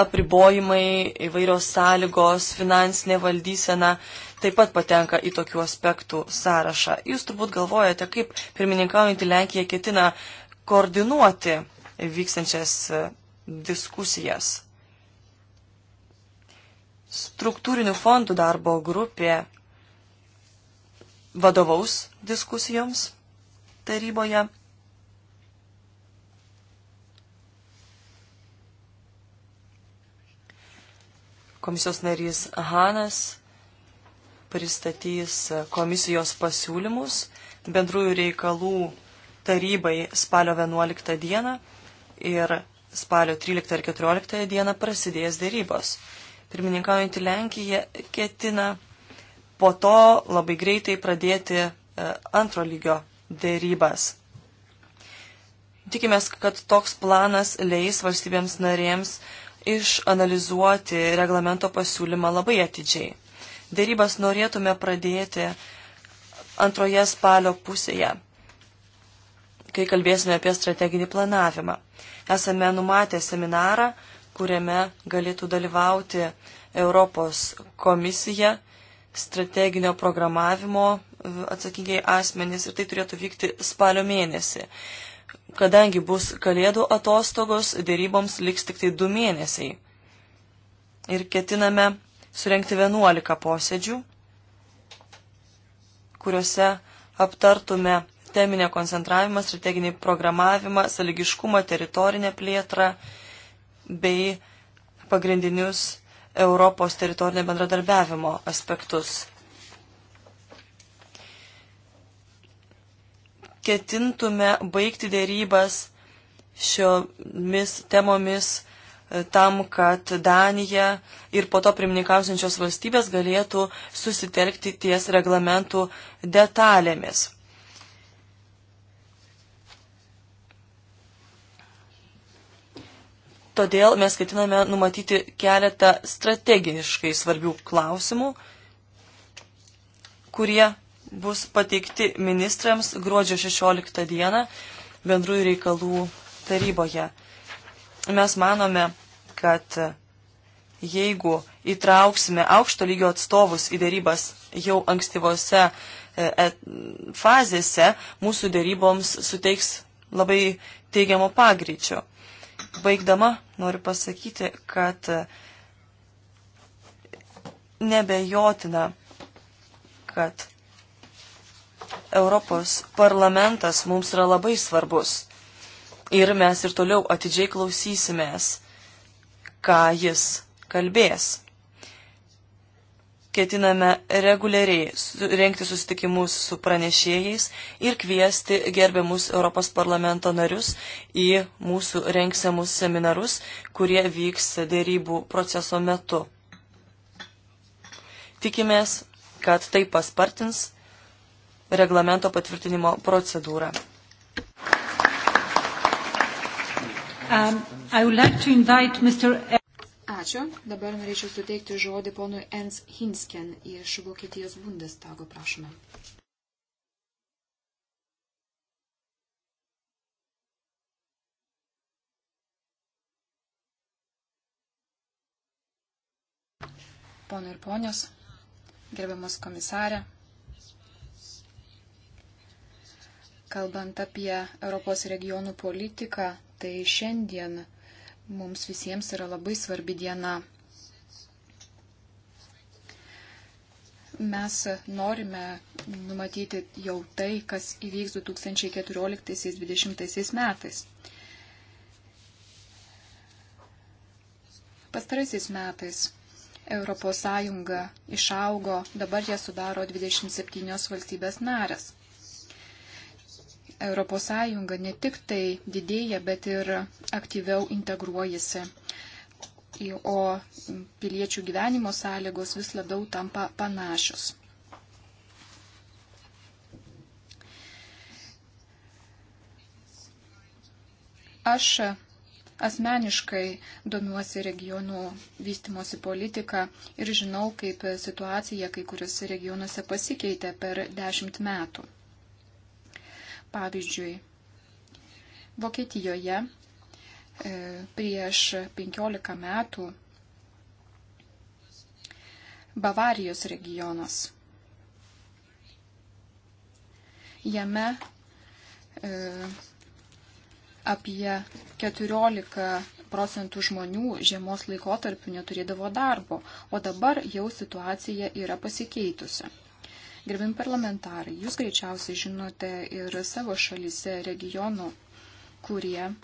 apribojimai, įvairios sąlygos, finansinė valdysena taip pat patenka į tokių aspektų sąrašą. Jūs turbūt galvojate, kaip pirmininkaujantį Lenkiją ketina koordinuoti vykstančias e, diskusijas. Struktūrinių fondų darbo grupė vadovaus diskusijoms taryboje. Komisijos narys Hanas pristatys komisijos pasiūlymus bendrųjų reikalų tarybai spalio 11 dieną ir spalio 13 ir 14 dieną prasidės dėrybos. Pirmininkaujantį Lenkiją ketina po to labai greitai pradėti e, antro lygio dėrybas. Tikimės, kad toks planas leis valstybėms narėms uh, išanalizuoti reglamento pasiūlymą labai atidžiai. Dėrybas norėtume pradėti antroje spalio pusėje, kai kalbėsime apie strateginį planavimą. Esame numatę seminarą, kuriame galėtų dalyvauti Europos komisija strateginio programavimo atsakingiai asmenys ir tai turėtų vykti spalio mėnesį. Kadangi bus kalėdų atostogos, dėryboms liks tik tai du mėnesiai. Ir ketiname surenkti 11 posėdžių, kuriuose aptartume teminę koncentravimą, strateginį programavimą, saligiškumą, teritorinę plėtrą bei pagrindinius Europos teritorinio bendradarbiavimo aspektus. ketintume baigti dėrybas šiomis temomis e, tam, kad Danija ir po to primnikausiančios valstybės galėtų susitelkti ties reglamentų detalėmis. Todėl mes ketiname numatyti keletą strategiškai svarbių klausimų, kurie bus pateikti ministrams gruodžio 16 dieną bendrųjų reikalų taryboje. Mes manome, kad jeigu įtrauksime aukšto lygio atstovus į dėrybas jau ankstyvose e, fazėse, mūsų dėryboms suteiks labai teigiamo pagreičio. Baigdama noriu pasakyti, kad nebejotina, kad Europos parlamentas mums yra labai svarbus. Ir mes ir toliau atidžiai klausysimės, ką jis kalbės. Ketiname reguliariai rengti susitikimus su pranešėjais ir kviesti gerbiamus Europos parlamento narius į mūsų rengsiamus seminarus, kurie vyks dėrybų proceso metu. Tikimės, kad tai paspartins reglamento patvirtinimo procedūrą. Um, like e- Ačiū. Dabar norėčiau suteikti žodį ponui Ens Hinsken iš Vokietijos Bundestago, prašome. Pono ir ponios, gerbiamas komisarė, Kalbant apie Europos regionų politiką, tai šiandien mums visiems yra labai svarbi diena. Mes norime numatyti jau tai, kas įvyks 2014-2020 metais. Pastaraisiais metais ES išaugo, dabar jie sudaro 27 valstybės narės. ES ne tik tai didėja, bet ir aktyviau integruojasi, o piliečių gyvenimo sąlygos vis labiau tampa panašios. Aš asmeniškai domiuosi regionų vystimosi politiką ir žinau, kaip situacija kai kuriuose regionuose pasikeitė per dešimt metų. Pavyzdžiui, Vokietijoje e, prieš 15 metų Bavarijos regionas. Jame e, apie 14 procentų žmonių žiemos laikotarpiu neturėdavo darbo, o dabar jau situacija yra pasikeitusi. Gerbim parlamentarai, jūs greičiausiai žinote ir savo šalyse regionų, kurie e,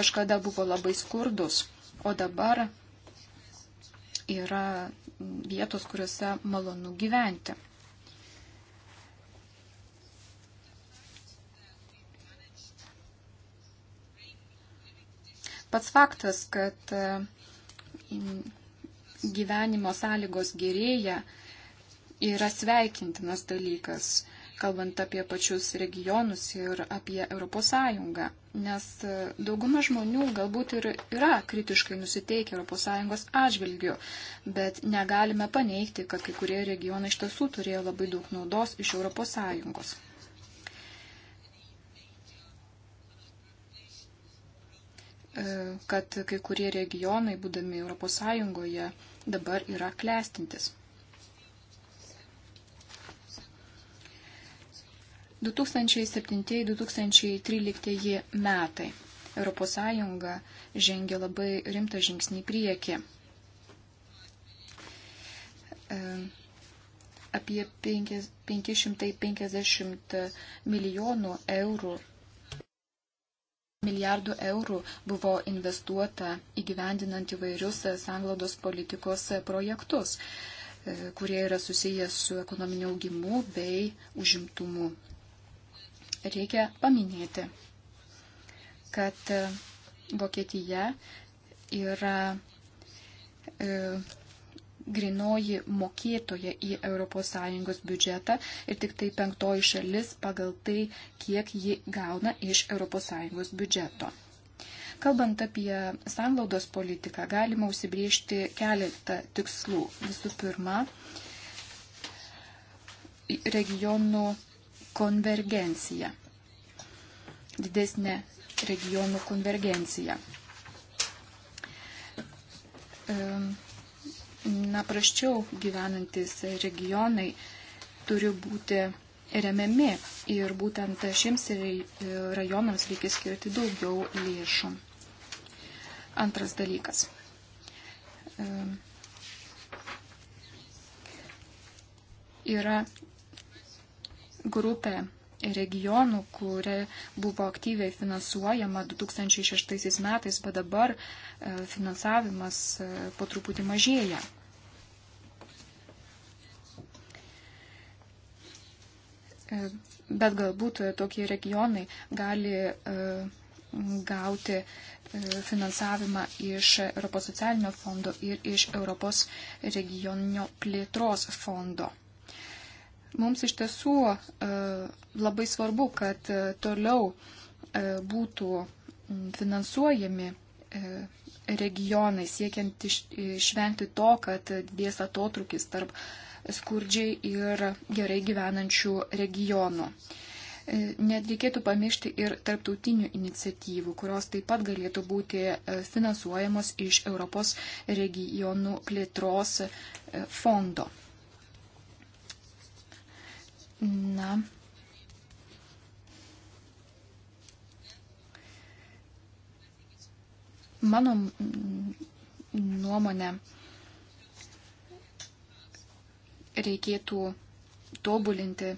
kažkada buvo labai skurdus, o dabar yra vietos, kuriuose malonu gyventi. Pats faktas, kad e, gyvenimo sąlygos gerėja, yra sveikintinas dalykas, kalbant apie pačius regionus ir apie ES, nes e, dauguma žmonių galbūt ir yra kritiškai nusiteikę ES atžvilgiu, bet negalime paneigti, kad kai kurie regionai iš tiesų turėjo labai daug naudos iš ES. E, kad kai kurie regionai, būdami ES, dabar yra klestintis. 2007-2013 metai. ES žengė labai rimtą žingsnį į priekį. E, apie 550 milijonų eurų milijardų eurų buvo investuota įgyvendinant įvairius sanglaudos politikos projektus, e, kurie yra susijęs su ekonominiu augimu bei užimtumu reikia paminėti, kad e, Vokietija yra e, grinoji mokėtoja į ES biudžetą ir tik tai penktoji šalis pagal tai, kiek ji gauna iš ES biudžeto. Kalbant apie sanglaudos politiką, galima užsibriežti keletą tikslų. Visų pirma, regionų konvergencija, didesnė regionų konvergencija. Na, praščiau gyvenantis regionai turi būti remiami ir būtent šiems rajonams reikia skirti daugiau lėšų. Antras dalykas. Yra grupė regionų, kuri buvo aktyviai finansuojama 2006 metais, bet dabar e, finansavimas e, po truputį mažėja. E, bet galbūt tokie regionai gali gauti finansavimą iš Europos socialinio fondo ir iš Europos regioninio plėtros fondo. Mums iš tiesų e, labai svarbu, kad e, toliau e, būtų finansuojami regionai, siekiant išvengti to, kad dės atotrukis tarp skurdžiai ir gerai gyvenančių regionų. Net reikėtų pamiršti ir tarptautinių iniciatyvų, kurios taip pat galėtų būti finansuojamos iš Europos regionų plėtros fondo. Na. Mano mm, nuomonė reikėtų tobulinti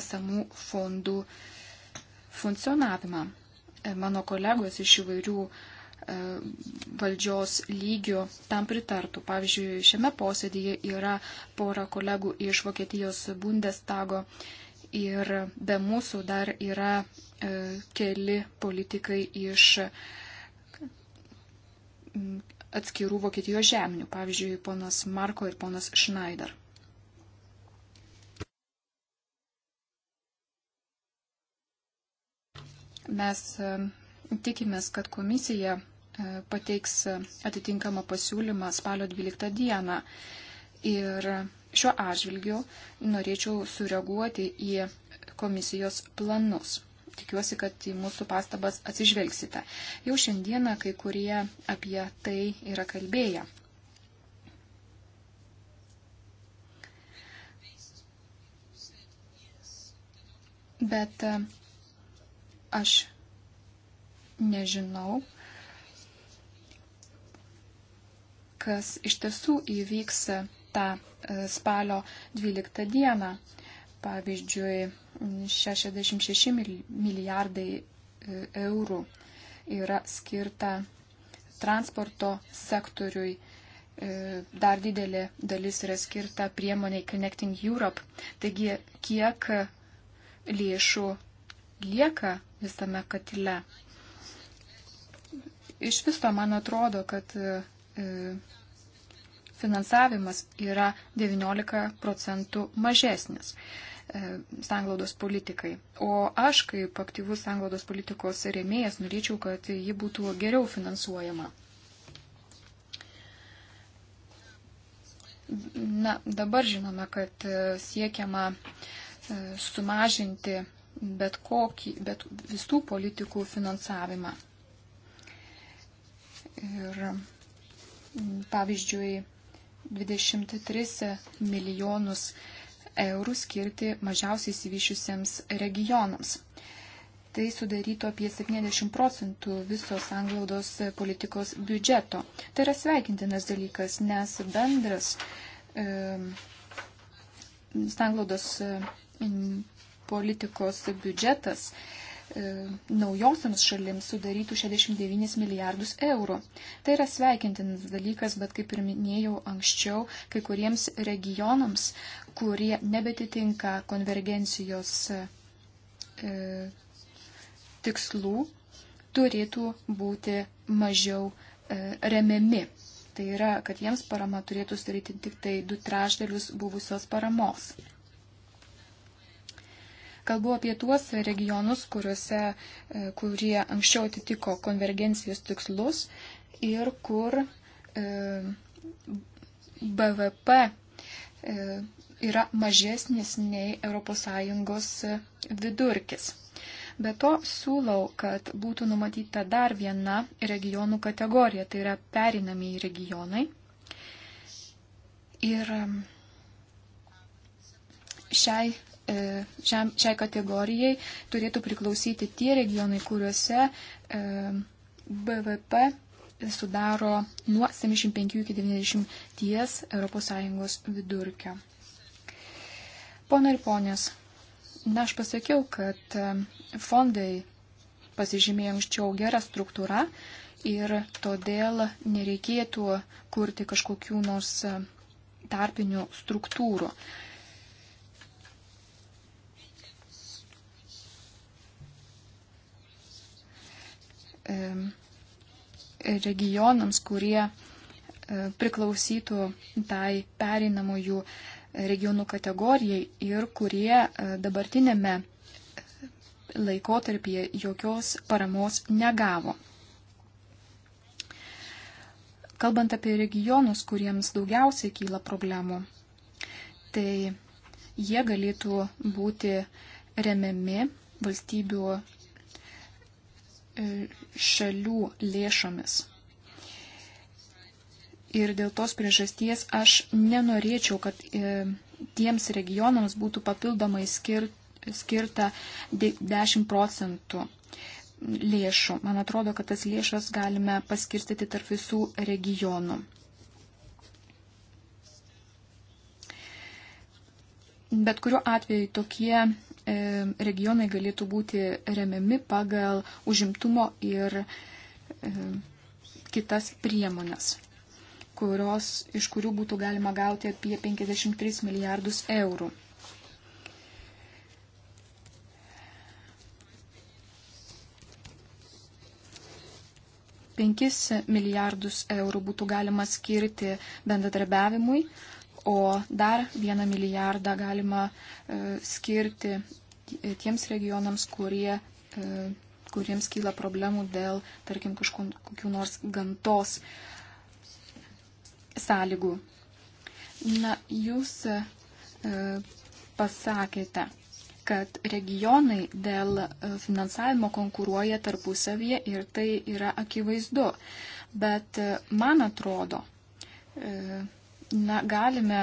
esamų fondų funkcionavimą. Mano kolegos iš įvairių uh, valdžios lygių tam pritartų. Pavyzdžiui, šiame posėdėje yra pora kolegų iš Vokietijos Bundestago ir be mūsų dar yra e, keli politikai iš atskirų Vokietijos žeminių, pavyzdžiui, ponas Marko ir ponas Schneider. Mes e, tikimės, kad komisija E, pateiks atitinkamą pasiūlymą spalio 12 dieną. Ir šiuo atžvilgiu norėčiau sureaguoti į komisijos planus. Tikiuosi, kad į mūsų pastabas atsižvelgsite. Jau šiandieną kai kurie apie tai yra kalbėję. Bet e, aš nežinau, kas iš tiesų įvyks tą e, spalio 12 dieną. Pavyzdžiui, 66 milijardai e, eurų yra skirta transporto sektoriui. E, dar didelė dalis yra skirta priemoniai Connecting Europe. Taigi, kiek lėšų lieka visame katile? Iš viso man atrodo, kad E, finansavimas yra 19 procentų mažesnis e, sanglaudos politikai. O aš, kaip aktyvus sanglaudos politikos rėmėjas, norėčiau, kad ji būtų geriau finansuojama. Na, dabar žinome, kad e, siekiama sumažinti bet, kokį, bet visų politikų finansavimą. Ir pavyzdžiui, 23 milijonus eurų skirti mažiausiai įsivyšiusiems regionams. Tai sudarytų apie 70 procentų visos anglaudos politikos biudžeto. Tai yra sveikintinas dalykas, nes bendras e, anglaudos politikos biudžetas e, E, naujosiams šalims sudarytų 69 milijardus eurų. Tai yra sveikintinas dalykas, bet kaip ir minėjau anksčiau, kai kuriems regionams, kurie nebetitinka konvergencijos e, e, tikslų, turėtų būti mažiau e, remiami. Tai yra, kad jiems parama turėtų sudaryti tik tai du trešdalius buvusios paramos. Kalbu apie tuos regionus, kuriuose, e, kurie anksčiau atitiko konvergencijos tikslus ir kur e, BVP e, yra mažesnis nei ES vidurkis. Be to siūlau, kad būtų numatyta dar viena regionų kategorija, tai yra perinamiai regionai. Ir šiai E, šiam, šiai kategorijai turėtų priklausyti tie regionai, kuriuose e, BVP sudaro nuo 75 iki 90 ES vidurkio. Pona ir ponės, na aš pasakiau, kad e, fondai pasižymėjo anksčiau gerą struktūrą ir todėl nereikėtų kurti kažkokių nors tarpinių struktūrų. regionams, kurie e, priklausytų tai pereinamųjų regionų kategorijai ir kurie e, dabartinėme e, laikotarpyje jokios paramos negavo. Kalbant apie regionus, kuriems daugiausiai kyla problemų, tai jie galėtų būti remiami valstybių šalių lėšomis. Ir dėl tos priežasties aš nenorėčiau, kad e, tiems regionams būtų papildomai skirta 10 procentų lėšų. Man atrodo, kad tas lėšas galime paskirstyti tarp visų regionų. Bet kuriuo atveju tokie E, regionai galėtų būti remiami pagal užimtumo ir e, kitas priemonės, kurios, iš kurių būtų galima gauti apie 53 milijardus eurų. Penkis milijardus eurų būtų galima skirti bendradarbiavimui, o dar vieną milijardą galima e, skirti tiems regionams, kurie, e, kuriems kyla problemų dėl, tarkim, kažkokių nors gamtos sąlygų. Na, jūs e, pasakėte, kad regionai dėl finansavimo konkuruoja tarpusavyje ir tai yra akivaizdu. Bet man atrodo, na, galime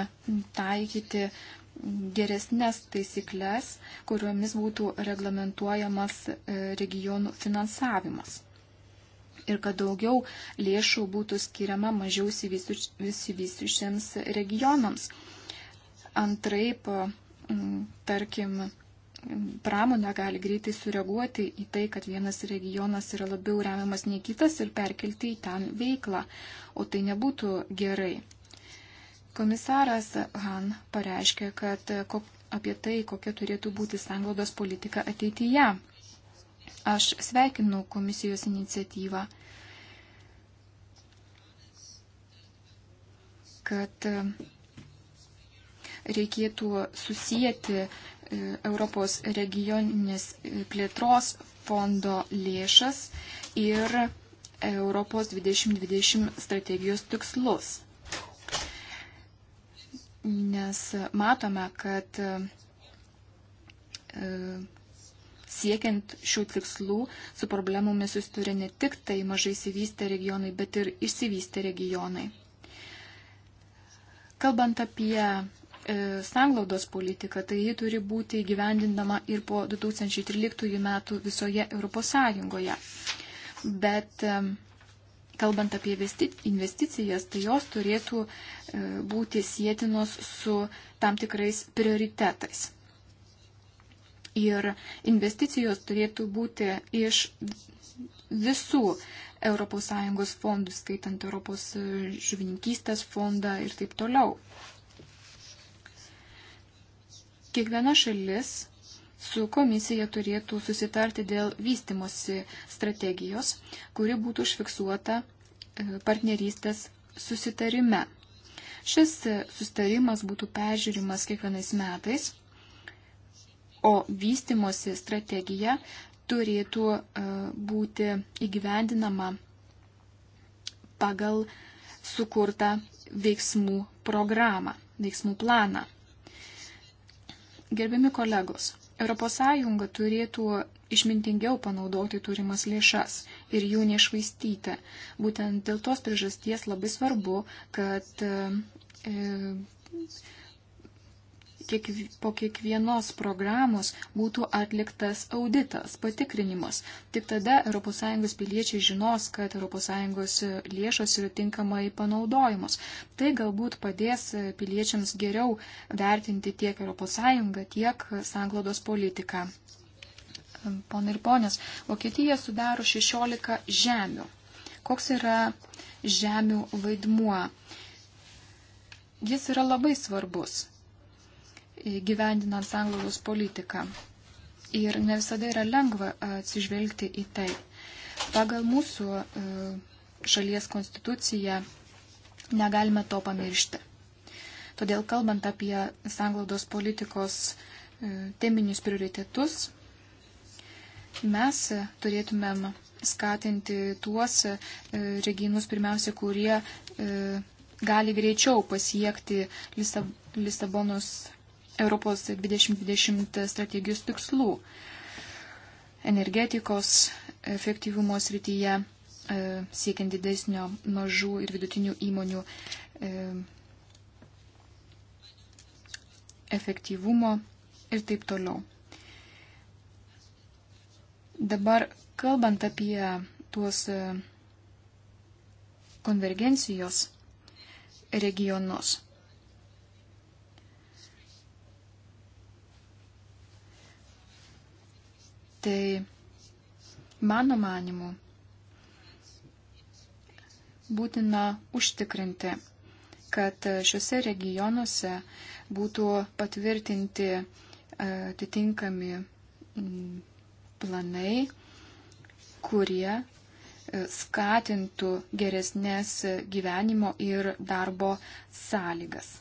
taikyti geresnės taisyklės, kuriomis būtų reglamentuojamas e, regionų finansavimas. Ir kad daugiau lėšų būtų skiriama mažiau įsivysiušiems regionams. Antraip, e, tarkim, pramonė gali greitai sureaguoti į tai, kad vienas regionas yra labiau remiamas nei kitas ir perkelti į ten veiklą, o tai nebūtų gerai. Komisaras Han pareiškė, kad kok, apie tai, kokia turėtų būti sanglaudos politika ateityje. Aš sveikinu komisijos iniciatyvą, kad reikėtų susijęti e, Europos regioninės e, plėtros fondo lėšas ir Europos 2020 strategijos tikslus nes matome, kad e, siekiant šių tikslų su problemomis susiduria ne tik tai mažai įsivystę regionai, bet ir išsivystę regionai. Kalbant apie e, sanglaudos politiką, tai ji turi būti įgyvendindama ir po 2013 metų visoje Europos Sąjungoje. Bet e, kalbant apie investicijas, tai jos turėtų e, būti sėtinos su tam tikrais prioritetais. Ir investicijos turėtų būti iš visų ES fondų, skaitant Europos e, žuvininkystės fondą ir taip toliau. Kiekviena šalis su komisija turėtų susitarti dėl vystimosi strategijos, kuri būtų užfiksuota e, partnerystės susitarime. Šis e, susitarimas būtų peržiūrimas kiekvienais metais, o vystimosi strategija turėtų e, būti įgyvendinama pagal sukurtą veiksmų programą, veiksmų planą. Gerbiami kolegos, ES turėtų išmintingiau panaudoti turimas lėšas ir jų nešvaistyti. Būtent dėl tos priežasties labai svarbu, kad e, kiek, po kiekvienos programos būtų atliktas auditas, patikrinimas. Tik tada ES piliečiai žinos, kad ES lėšos yra tinkamai panaudojamos. Tai galbūt padės piliečiams geriau vertinti tiek ES, tiek sanglodos politiką. Pone ir ponės, Vokietija sudaro 16 žemių. Koks yra žemių vaidmuo? Jis yra labai svarbus gyvendinant sanglaudos politiką. Ir ne visada yra lengva atsižvelgti į tai. Pagal mūsų e, šalies konstituciją negalime to pamiršti. Todėl kalbant apie sanglaudos politikos e, teminius prioritetus, mes turėtumėm skatinti tuos e, regionus pirmiausia, kurie gali greičiau pasiekti Lisab Lisabonos Europos 2020 strategijos tikslų energetikos efektyvumo srityje, e, siekiant didesnio mažų ir vidutinių įmonių e, efektyvumo ir taip toliau. Dabar kalbant apie tuos e, konvergencijos regionus. Tai mano manimu būtina užtikrinti, kad šiuose regionuose būtų patvirtinti e, atitinkami planai, kurie e, skatintų geresnės gyvenimo ir darbo sąlygas,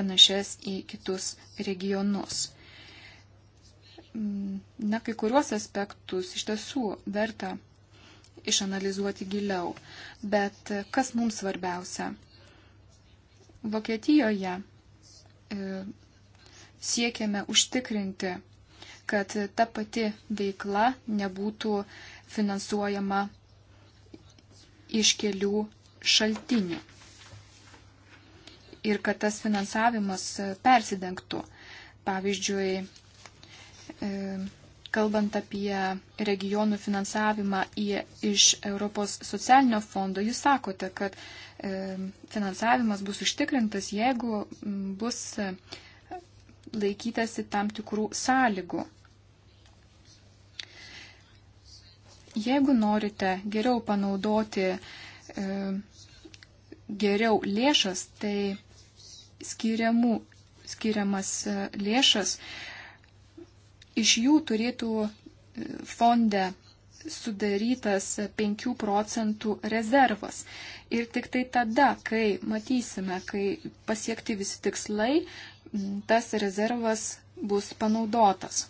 panašias į kitus regionus. Mm, na, kai kuriuos aspektus iš tiesų verta išanalizuoti giliau. Bet e, kas mums svarbiausia? Vokietijoje e, siekiame užtikrinti, kad ta pati veikla nebūtų finansuojama iš kelių šaltinių. Ir kad tas finansavimas e, persidengtų. Pavyzdžiui, E, kalbant apie regionų finansavimą į, iš Europos socialinio fondo, jūs sakote, kad e, finansavimas bus užtikrintas, jeigu bus e, laikytasi tam tikrų sąlygų. Jeigu norite geriau panaudoti e, geriau lėšas, tai skiriamų, skiriamas e, lėšas e, iš jų turėtų e, fonde sudarytas 5 procentų rezervas. Ir tik tai tada, kai matysime, kai pasiekti visi tikslai, tas rezervas bus panaudotas.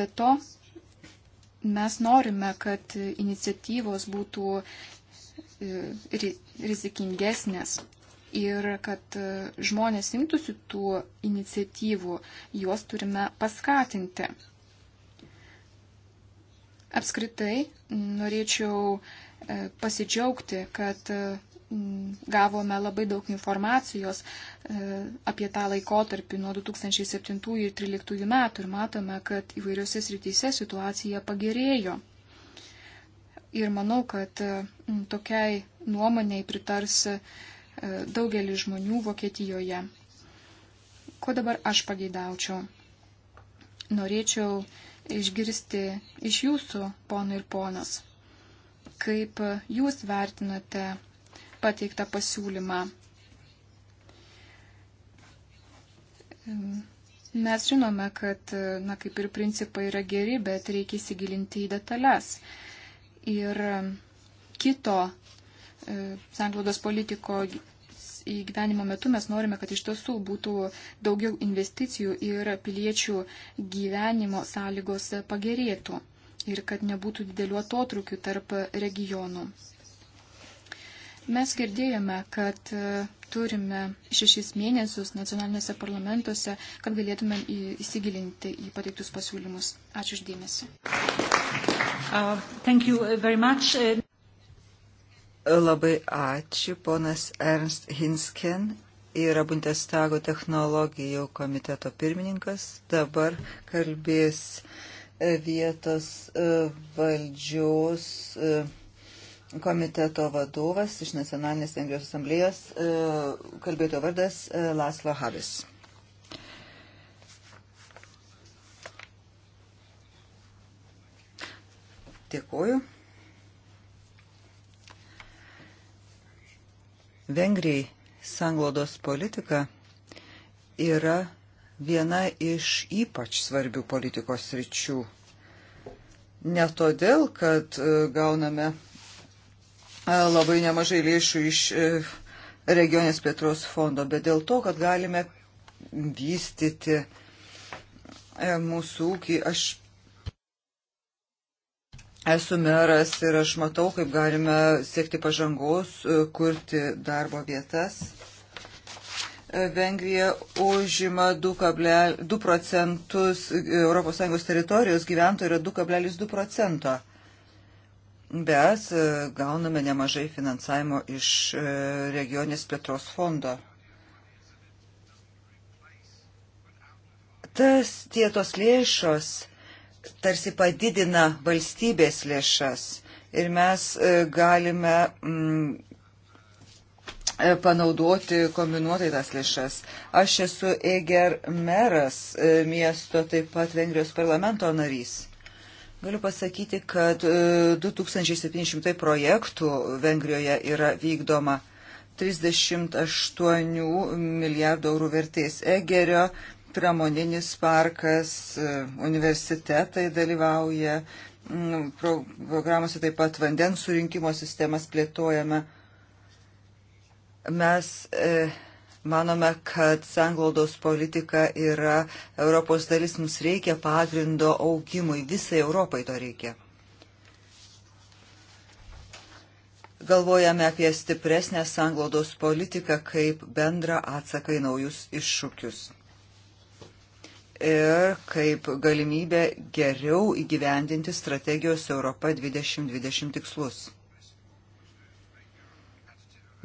Be to, mes norime, kad iniciatyvos būtų e, rizikingesnės ir kad e, žmonės imtųsi tų iniciatyvų, juos turime paskatinti. Apskritai norėčiau e, pasidžiaugti, kad e, gavome labai daug informacijos apie tą laikotarpį nuo 2007 ir 2013 metų ir matome, kad įvairiose srityse situacija pagerėjo. Ir manau, kad tokiai nuomoniai pritars E, daugelį žmonių Vokietijoje. Ko dabar aš pageidaučiau? Norėčiau išgirsti iš jūsų, ponai ir ponas, kaip jūs vertinate pateiktą pasiūlymą. Mes žinome, kad, na, kaip ir principai yra geri, bet reikia įsigilinti į detalės. Ir kito E, sanglaudos politiko įgyvenimo metu mes norime, kad iš tiesų būtų daugiau investicijų ir piliečių gyvenimo sąlygos pagerėtų ir kad nebūtų didelių atotrukių tarp regionų. Mes girdėjome, kad e, turime šešis mėnesius nacionalinėse parlamentuose, kad galėtume įsigilinti į pateiktus pasiūlymus. Ačiū uždėmesi. Uh, Labai ačiū, ponas Ernst Hinsken yra Bundestago technologijų komiteto pirmininkas, dabar kalbės e, vietos e, valdžios e, komiteto vadovas iš Nacionalinės Vengrijos asamblėjos, kalbėtojo vardas Laslo Havis. Dėkuoju. Vengrijai sanglodos politika yra viena iš ypač svarbių politikos ryčių. Ne todėl, kad e, gauname e, labai nemažai lėšų iš e, regionės plėtros fondo, bet dėl to, kad galime vystyti mūsų ūkį. Aš Esu meras ir aš matau, kaip galime siekti pažangos, e, kurti darbo vietas. E, Vengrija užima 2 procentus ES teritorijos gyventojų yra 2,2 procento. Bet e, gauname nemažai finansavimo iš regionės plėtros fondo. Tas tie tos lėšos tarsi padidina valstybės lėšas ir mes e, galime mm, e, panaudoti kombinuotai tas lėšas. Aš esu Eger meras e, miesto, taip pat Vengrijos parlamento narys. Galiu pasakyti, kad 2700 projektų Vengrijoje yra vykdoma 38 milijardų eurų vertės. Egerio pramoninis parkas, e, universitetai dalyvauja, programuose taip pat vandens surinkimo sistemas plėtojame. Mes e, manome, kad sanglaudos politika yra Europos dalis, mums reikia pagrindo augimui, visai Europai to reikia. Galvojame apie stipresnę sanglaudos politiką kaip bendrą atsaką į naujus iššūkius ir kaip galimybę geriau įgyvendinti strategijos Europa 2020 tikslus.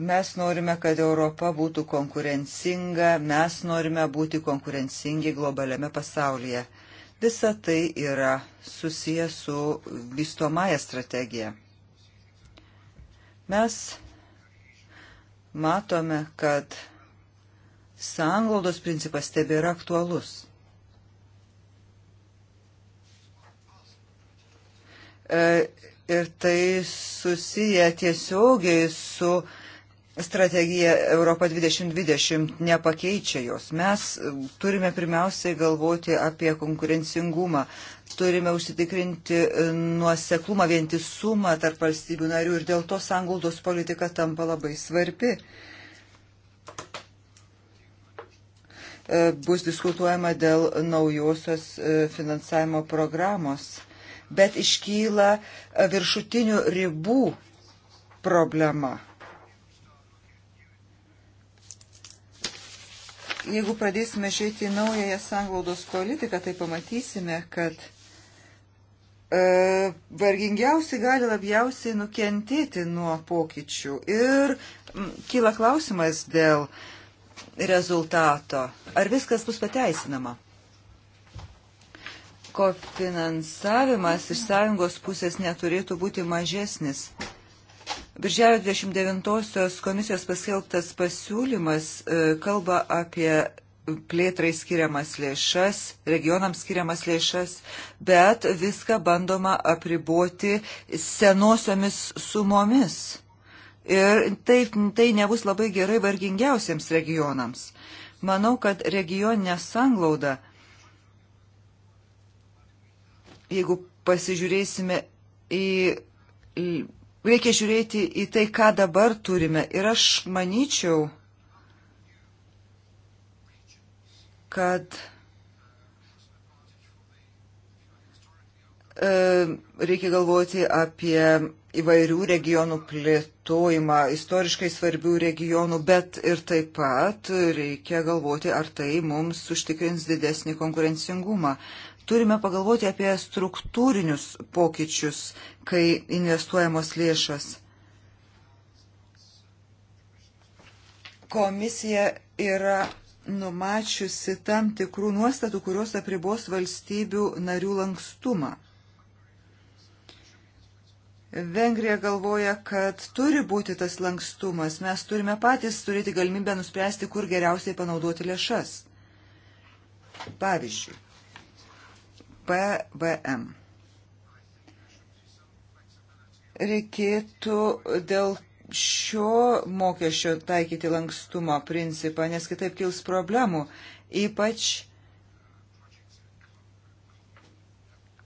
Mes norime, kad Europa būtų konkurencinga, mes norime būti konkurencingi globaliame pasaulyje. Visa tai yra susiję su vystomąją strategiją. Mes matome, kad sanglaudos principas tebėra aktualus. E, ir tai susiję tiesiogiai su strategija Europa 2020, nepakeičia jos. Mes turime pirmiausiai galvoti apie konkurencingumą, turime užsitikrinti nuoseklumą, vientisumą tarp valstybių narių ir dėl to sanglaudos politika tampa labai svarbi. E, bus diskutuojama dėl naujosios e, finansavimo programos bet iškyla e, viršutinių ribų problema. Jeigu pradėsime žiūrėti į naująją sanglaudos politiką, tai pamatysime, kad e, vargingiausi gali labiausiai nukentėti nuo pokyčių. Ir m, kyla klausimas dėl rezultato. Ar viskas bus pateisinama? kofinansavimas iš sąjungos pusės neturėtų būti mažesnis. Birželio 29-osios komisijos paskelbtas pasiūlymas e, kalba apie plėtrai skiriamas lėšas, regionams skiriamas lėšas, bet viską bandoma apriboti senosiomis sumomis. Ir taip, tai nebus labai gerai vargingiausiems regionams. Manau, kad regioninė sanglauda – jeigu pasižiūrėsime į. Reikia žiūrėti į tai, ką dabar turime. Ir aš manyčiau, kad e, reikia galvoti apie įvairių regionų plėtojimą, istoriškai svarbių regionų, bet ir taip pat reikia galvoti, ar tai mums užtikrins didesnį konkurencingumą. Turime pagalvoti apie struktūrinius pokyčius, kai investuojamos lėšos. Komisija yra numačiusi tam tikrų nuostatų, kurios apribos valstybių narių lankstumą. Vengrija galvoja, kad turi būti tas lankstumas, mes turime patys turėti galimybę nuspręsti, kur geriausiai panaudoti lėšas. Pavyzdžiui, PVM. Reikėtų dėl šio mokesčio taikyti lankstumo principą, nes kitaip kils problemų, ypač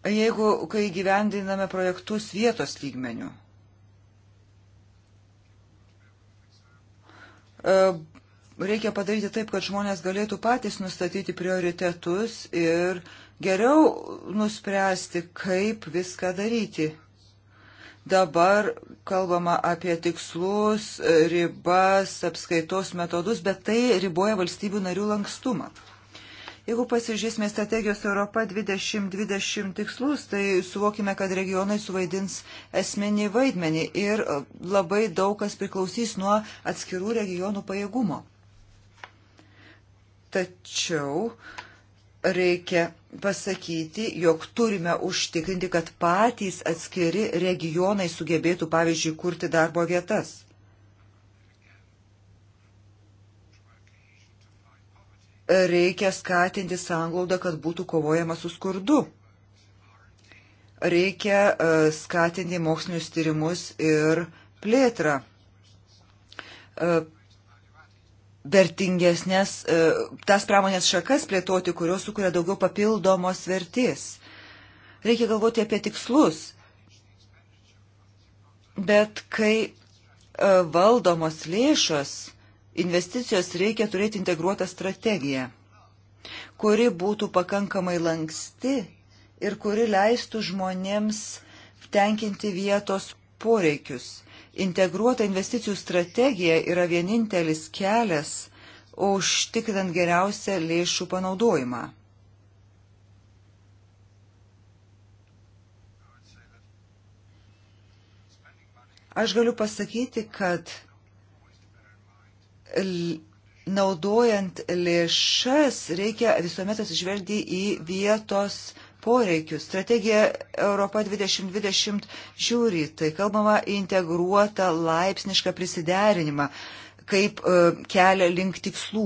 jeigu, kai gyvendiname projektus vietos lygmenių. E, reikia padaryti taip, kad žmonės galėtų patys nustatyti prioritetus ir uh, geriau nuspręsti, kaip viską daryti. Dabar kalbama apie tikslus, ribas, apskaitos metodus, bet tai riboja valstybių narių lankstumą. Jeigu pasižiūrėsime strategijos Europa 2020 tikslus, tai suvokime, kad regionai suvaidins esminį vaidmenį ir labai daug kas priklausys nuo atskirų regionų pajėgumo. Tačiau reikia pasakyti, jog turime užtikrinti, kad patys atskiri regionai sugebėtų, pavyzdžiui, kurti darbo vietas. Reikia skatinti sanglaudą, kad būtų kovojama su skurdu. Reikia e, skatinti mokslinius tyrimus ir plėtrą e, vertingesnės, e, tas pramonės šakas plėtoti, kurios sukuria daugiau papildomos vertės. Reikia galvoti apie tikslus. Bet kai e, valdomos lėšos, investicijos reikia turėti integruotą strategiją, kuri būtų pakankamai lanksti ir kuri leistų žmonėms tenkinti vietos poreikius. Integruota investicijų strategija yra vienintelis kelias užtikrinant geriausią lėšų panaudojimą. Aš galiu pasakyti, kad naudojant lėšas reikia visuomet atsižvelgti į vietos poreikius. Strategija Europa 2020 žiūri, tai kalbama integruotą laipsnišką prisiderinimą kaip e, kelia link tikslų.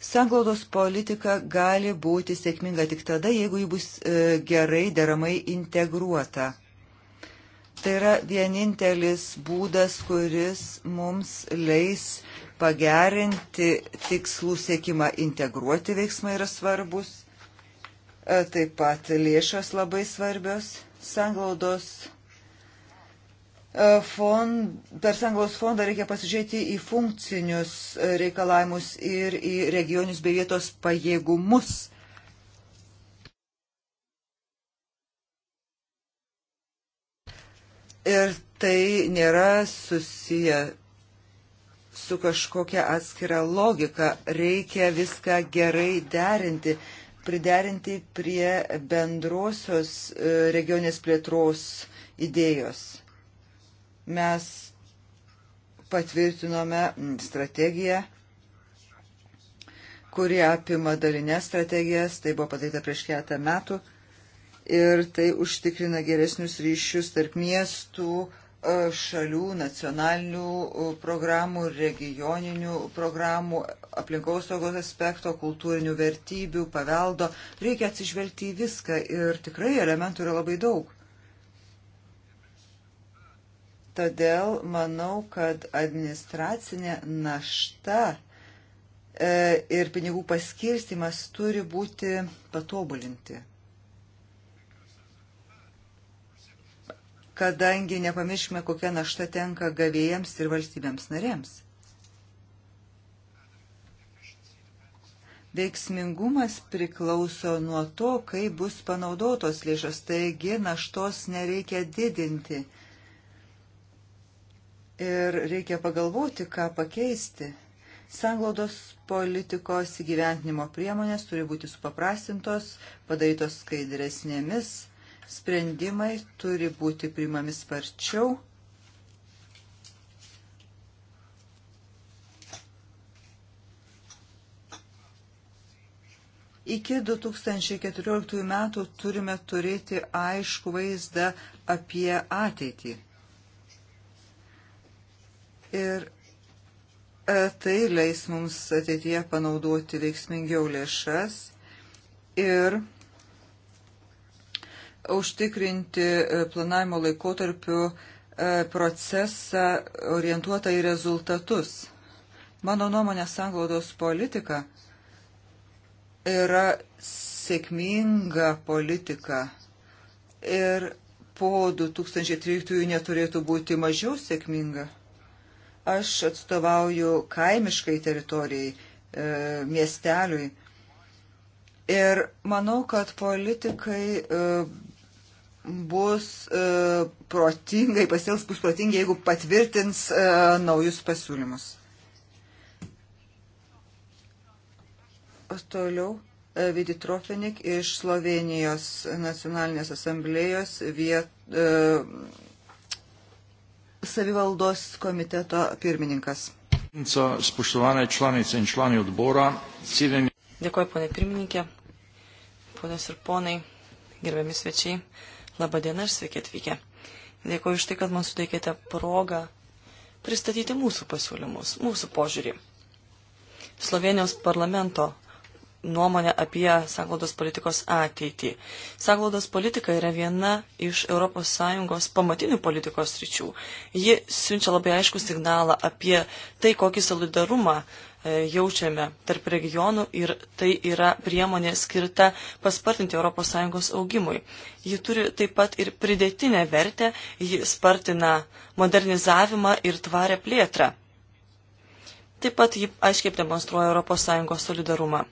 Sanglaudos politika gali būti sėkminga tik tada, jeigu ji bus e, gerai, deramai integruota. Tai yra vienintelis būdas, kuris mums leis pagerinti tikslų sėkimą. Integruoti veiksmai yra svarbus. E, taip pat lėšos labai svarbios, sanglaudos e, fond, per Sanglaus fondą reikia pasižiūrėti į funkcinius reikalavimus ir į regionius bei vietos pajėgumus. Ir tai nėra susiję su kažkokia atskira logika. Reikia viską gerai derinti priderinti prie bendrosios e, regionės plėtros idėjos. Mes patvirtinome strategiją, kuri apima dalinės strategijas, tai buvo padaryta prieš keletą metų ir tai užtikrina geresnius ryšius tarp miestų, E, šalių nacionalinių e, programų, regioninių programų, aplinkaus saugos aspekto, kultūrinių vertybių, paveldo. Reikia atsižvelgti į viską ir tikrai elementų yra labai daug. Todėl manau, kad administracinė našta e, ir pinigų paskirstimas turi būti patobulinti. kadangi nepamirškime, kokia našta tenka gavėjams ir valstybėms narėms. Veiksmingumas priklauso nuo to, kaip bus panaudotos lėšos, taigi naštos nereikia didinti. Ir reikia pagalvoti, ką pakeisti. Sanglaudos politikos įgyventinimo priemonės turi būti supaprastintos, padarytos skaidresnėmis Sprendimai turi būti primami sparčiau. Iki 2014 metų turime turėti aišku vaizdą apie ateitį. Ir e, tai leis mums ateityje panaudoti veiksmingiau lėšas ir užtikrinti e, planavimo laikotarpių e, procesą orientuotą į rezultatus. Mano nuomonė, sanglaudos politika yra sėkminga politika ir po 2013 neturėtų būti mažiau sėkminga. Aš atstovauju kaimiškai teritorijai, e, miesteliui. Ir manau, kad politikai e, bus e, protingai, pasils bus protingi, jeigu patvirtins e, naujus pasiūlymus. O toliau e, Vidi Trofenik iš Slovenijos nacionalinės asamblėjos viet, e, savivaldos komiteto pirmininkas. Dėkuoju, ponė pirmininkė, ponės ir ponai, gerbiami svečiai. Labadiena ir sveiki atvykę. Dėkuoju iš tai, kad man suteikėte progą pristatyti mūsų pasiūlymus, mūsų požiūrį. Slovenijos parlamento nuomonę apie sanglaudos politikos ateitį. Sanglaudos politika yra viena iš ES pamatinių politikos ryčių. Ji siunčia labai aišku signalą apie tai, kokį solidarumą E, jaučiame tarp regionų ir tai yra priemonė skirta paspartinti ES augimui. Ji turi taip pat ir pridėtinę vertę, ji spartina modernizavimą ir tvarę plėtrą. Taip pat ji aiškiai demonstruoja ES solidarumą.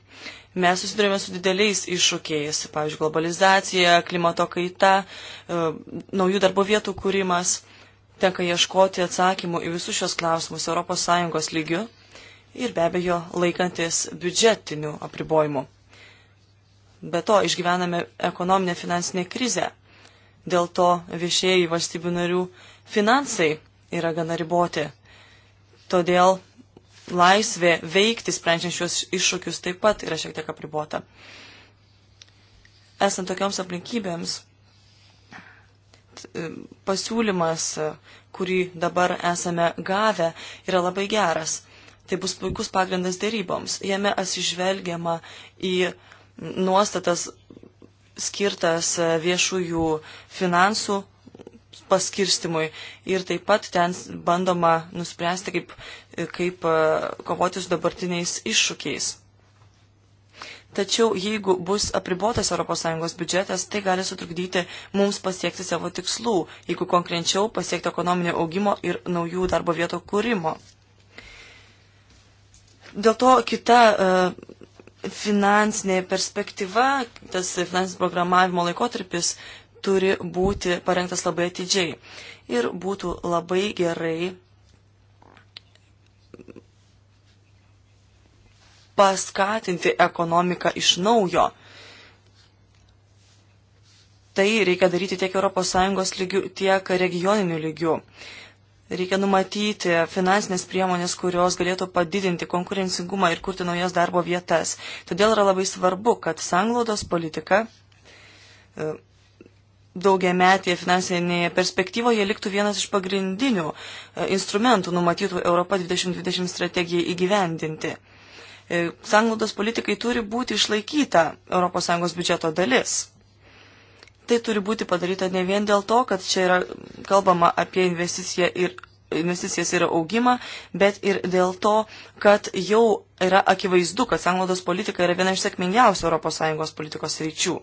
Mes susidurime su dideliais iššūkiais, pavyzdžiui, globalizacija, klimato kaita, e, naujų darbo vietų kūrimas. Tenka ieškoti atsakymų į visus šios klausimus ES lygiu ir be abejo laikantis biudžetinių apribojimų. Be to išgyvename ekonominę finansinę krizę. Dėl to viešieji valstybių narių finansai yra gana riboti. Todėl laisvė veikti sprendžiant šios iššūkius taip pat yra šiek tiek apribota. Esant tokioms aplinkybėms, pasiūlymas, kurį dabar esame gavę, yra labai geras. Tai bus puikus pagrindas dėryboms. Jame atsižvelgiama į nuostatas skirtas e, viešųjų finansų paskirstimui ir taip pat ten bandoma nuspręsti, kaip, e, kaip e, kovoti su dabartiniais iššūkiais. Tačiau jeigu bus apribotas ES biudžetas, tai gali sutrukdyti mums pasiekti savo tikslų, jeigu konkrečiau pasiekti ekonominio augimo ir naujų darbo vietų kūrimo. Dėl to kita e, finansinė perspektyva, tas finansinis programavimo laikotarpis turi būti parengtas labai atidžiai. Ir būtų labai gerai paskatinti ekonomiką iš naujo. Tai reikia daryti tiek ES lygių, tiek regioninių lygių. Reikia numatyti finansinės priemonės, kurios galėtų padidinti konkurencingumą ir kurti naujas darbo vietas. Todėl yra labai svarbu, kad sanglaudos politika e, daugiametėje finansinėje perspektyvoje liktų vienas iš pagrindinių e, instrumentų numatytų Europą 2020 strategijai įgyvendinti. E, sanglaudos politikai turi būti išlaikyta ES biudžeto dalis tai turi būti padaryta ne vien dėl to, kad čia yra kalbama apie investiciją ir investicijas ir augimą, bet ir dėl to, kad jau yra akivaizdu, kad sanglaudos politika yra viena iš sėkmingiausių ES politikos ryčių.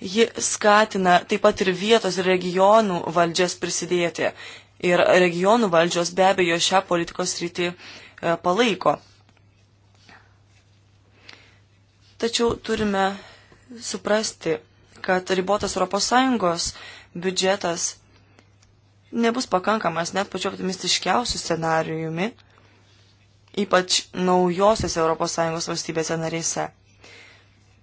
Ji skatina taip pat ir vietos ir regionų valdžias prisidėti. Ir regionų valdžios be abejo šią politikos rytį e, palaiko. Tačiau turime suprasti, kad ribotas ES biudžetas nebus pakankamas net pačiu optimistiškiausiu scenariumi, ypač naujosios ES valstybėse narėse.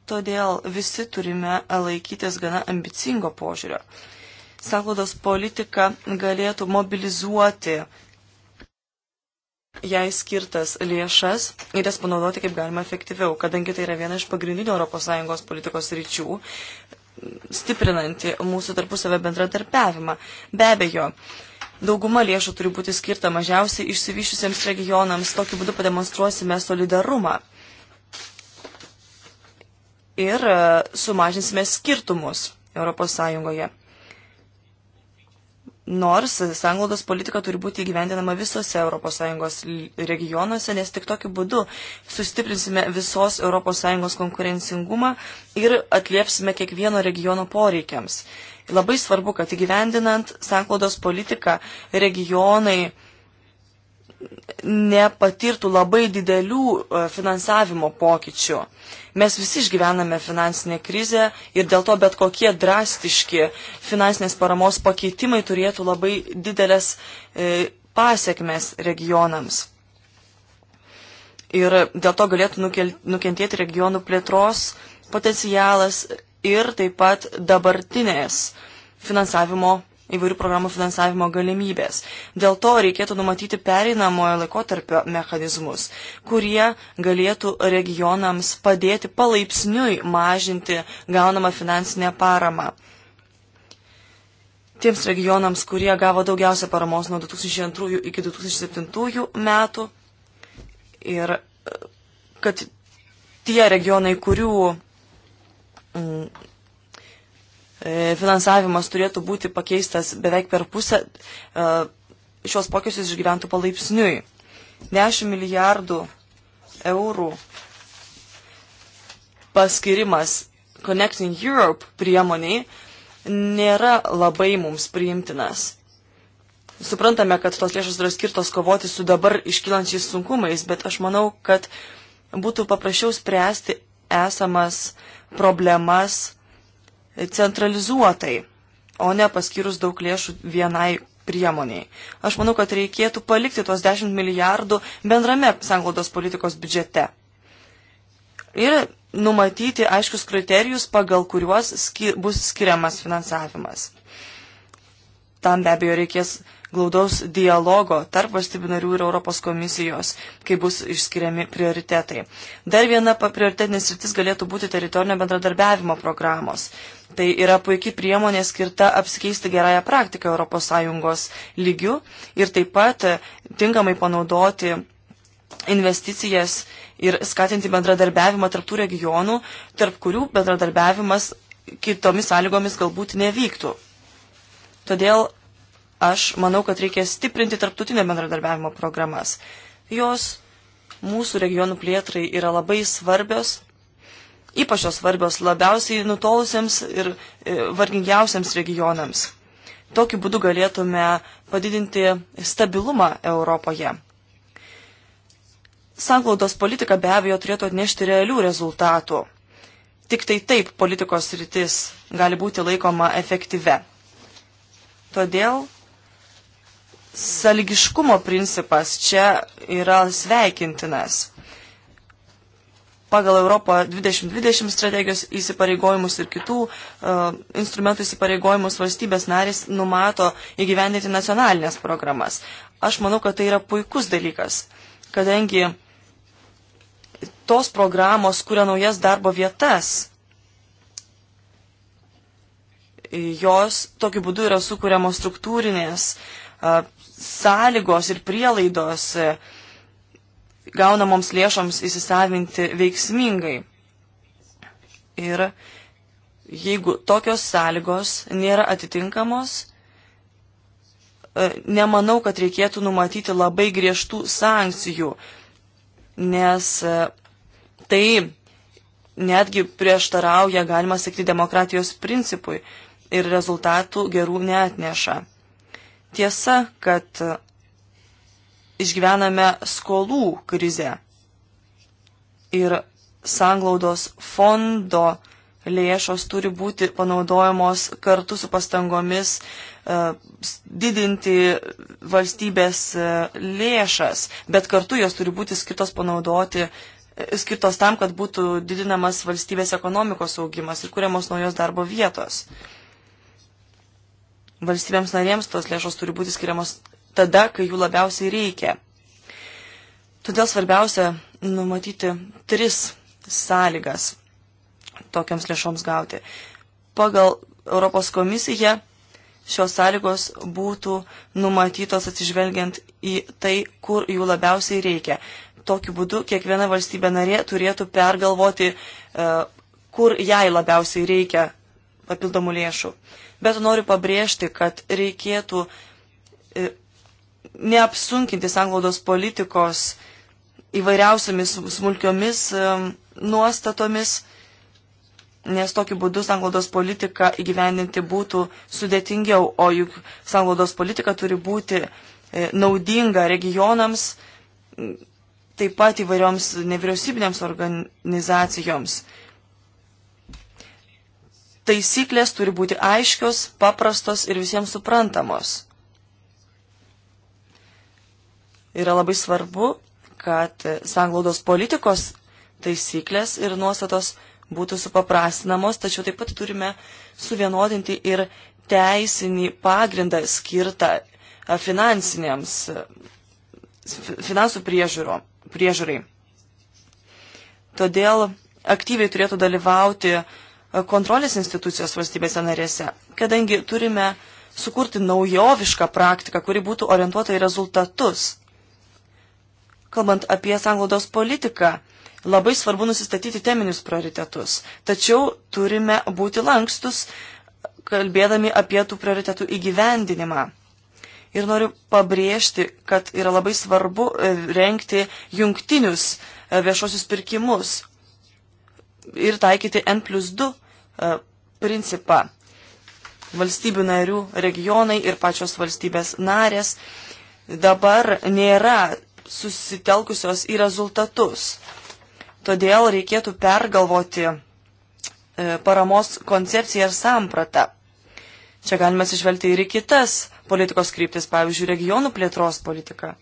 Todėl visi turime laikytis gana ambicingo požiūrio. Sanklaudos politika galėtų mobilizuoti jai skirtas lėšas ir jas panaudoti kaip galima efektyviau, kadangi tai yra viena iš pagrindinių ES politikos ryčių, stiprinanti mūsų tarpusavę bendradarbiavimą. Be abejo, dauguma lėšų turi būti skirta mažiausiai išsivyšusiems regionams, tokiu būdu pademonstruosime solidarumą ir e, sumažinsime skirtumus ES. Nors sanglaudos politika turi būti įgyvendinama visose ES regionuose, nes tik tokiu būdu sustiprinsime visos ES konkurencingumą ir atliepsime kiekvieno regiono poreikiams. Labai svarbu, kad įgyvendinant sanglaudos politiką regionai nepatirtų labai didelių e, finansavimo pokyčių. Mes visi išgyvename finansinę krizę ir dėl to bet kokie drastiški finansinės paramos pakeitimai turėtų labai didelės e, pasiekmes regionams. Ir dėl to galėtų nukentėti regionų plėtros potencialas ir taip pat dabartinės finansavimo įvairių programų finansavimo galimybės. Dėl to reikėtų numatyti pereinamojo laikotarpio mechanizmus, kurie galėtų regionams padėti palaipsniui mažinti gaunamą finansinę paramą tiems regionams, kurie gavo daugiausia paramos nuo 2002 iki 2007 metų ir e, kad tie regionai, kurių mm, E, finansavimas turėtų būti pakeistas beveik per pusę, e, šios pokyčius išgyventų palaipsniui. 10 milijardų eurų paskirimas Connecting Europe priemoniai nėra labai mums priimtinas. Suprantame, kad tos lėšos yra skirtos kovoti su dabar iškylančiais sunkumais, bet aš manau, kad būtų paprasčiau spręsti esamas problemas centralizuotai, o ne paskyrus daug lėšų vienai priemoniai. Aš manau, kad reikėtų palikti tuos 10 milijardų bendrame sanglaudos politikos biudžete. Ir numatyti aiškius kriterijus, pagal kuriuos skir bus skiriamas finansavimas. Tam be abejo reikės glaudaus dialogo tarp valstybių narių ir Europos komisijos, kai bus išskiriami prioritetai. Dar viena prioritetinė sritis galėtų būti teritorinio bendradarbiavimo programos. Tai yra puikiai priemonė skirta apsikeisti gerąją praktiką ES lygių ir taip pat e, tinkamai panaudoti investicijas ir skatinti bendradarbiavimą tarptų regionų, tarp kurių bendradarbiavimas kitomis sąlygomis galbūt nevyktų. Todėl Aš manau, kad reikia stiprinti tarptautinio bendradarbiavimo programas. Jos mūsų regionų plėtrai yra labai svarbios, ypač jos svarbios labiausiai nutolusiems ir e, vargingiausiams regionams. Tokiu būdu galėtume padidinti stabilumą Europoje. Sanklaudos politika be abejo turėtų atnešti realių rezultatų. Tik tai taip politikos rytis gali būti laikoma efektyve. Todėl saligiškumo principas čia yra sveikintinas. Pagal Europo 2020 strategijos įsipareigojimus ir kitų uh, instrumentų įsipareigojimus valstybės narės numato įgyvendinti nacionalinės programas. Aš manau, kad tai yra puikus dalykas, kadangi tos programos kuria naujas darbo vietas. Jos tokiu būdu yra sukūriamos struktūrinės uh, sąlygos ir prielaidos e, gaunamoms lėšoms įsisavinti veiksmingai. Ir jeigu tokios sąlygos nėra atitinkamos, e, nemanau, kad reikėtų numatyti labai griežtų sankcijų, nes e, tai netgi prieštarauja, galima sakyti, demokratijos principui ir rezultatų gerų neatneša. Tiesa, kad išgyvename skolų krizę ir sanglaudos fondo lėšos turi būti panaudojamos kartu su pastangomis e, didinti valstybės e, lėšas, bet kartu jos turi būti skirtos panaudoti, e, skirtos tam, kad būtų didinamas valstybės ekonomikos augimas ir kuriamos naujos darbo vietos valstybėms narėms tos lėšos turi būti skiriamos tada, kai jų labiausiai reikia. Todėl svarbiausia numatyti tris sąlygas tokiams lėšoms gauti. Pagal Europos komisiją šios sąlygos būtų numatytos atsižvelgiant į tai, kur jų labiausiai reikia. Tokiu būdu kiekviena valstybė narė turėtų pergalvoti, e, kur jai labiausiai reikia papildomų lėšų. Bet noriu pabrėžti, kad reikėtų e, neapsunkinti sanglaudos politikos įvairiausiamis smulkiomis e, nuostatomis, nes tokiu būdu sanglaudos politiką įgyvendinti būtų sudėtingiau, o juk sanglaudos politika turi būti e, naudinga regionams, taip pat įvairioms nevyriausybinėms organizacijoms taisyklės turi būti aiškios, paprastos ir visiems suprantamos. Yra labai svarbu, kad sanglaudos politikos taisyklės ir nuostatos būtų supaprastinamos, tačiau taip pat turime suvienodinti ir teisinį pagrindą skirtą finansiniams, finansų priežiūro, priežiūrai. Todėl aktyviai turėtų dalyvauti uh, kontrolės institucijos valstybėse narėse, kadangi turime sukurti naujovišką praktiką, kuri būtų orientuota į rezultatus. Kalbant apie sanglaudos politiką, labai svarbu nusistatyti teminius prioritetus, tačiau turime būti lankstus, kalbėdami apie tų prioritetų įgyvendinimą. Ir noriu pabrėžti, kad yra labai svarbu e, renkti jungtinius e, viešosius pirkimus ir taikyti N plus 2 E, principą. Valstybių narių regionai ir pačios valstybės narės dabar nėra susitelkusios į rezultatus. Todėl reikėtų pergalvoti e, paramos koncepciją ir sampratą. Čia galime atsižvelgti ir į kitas politikos kryptis, pavyzdžiui, regionų plėtros politiką.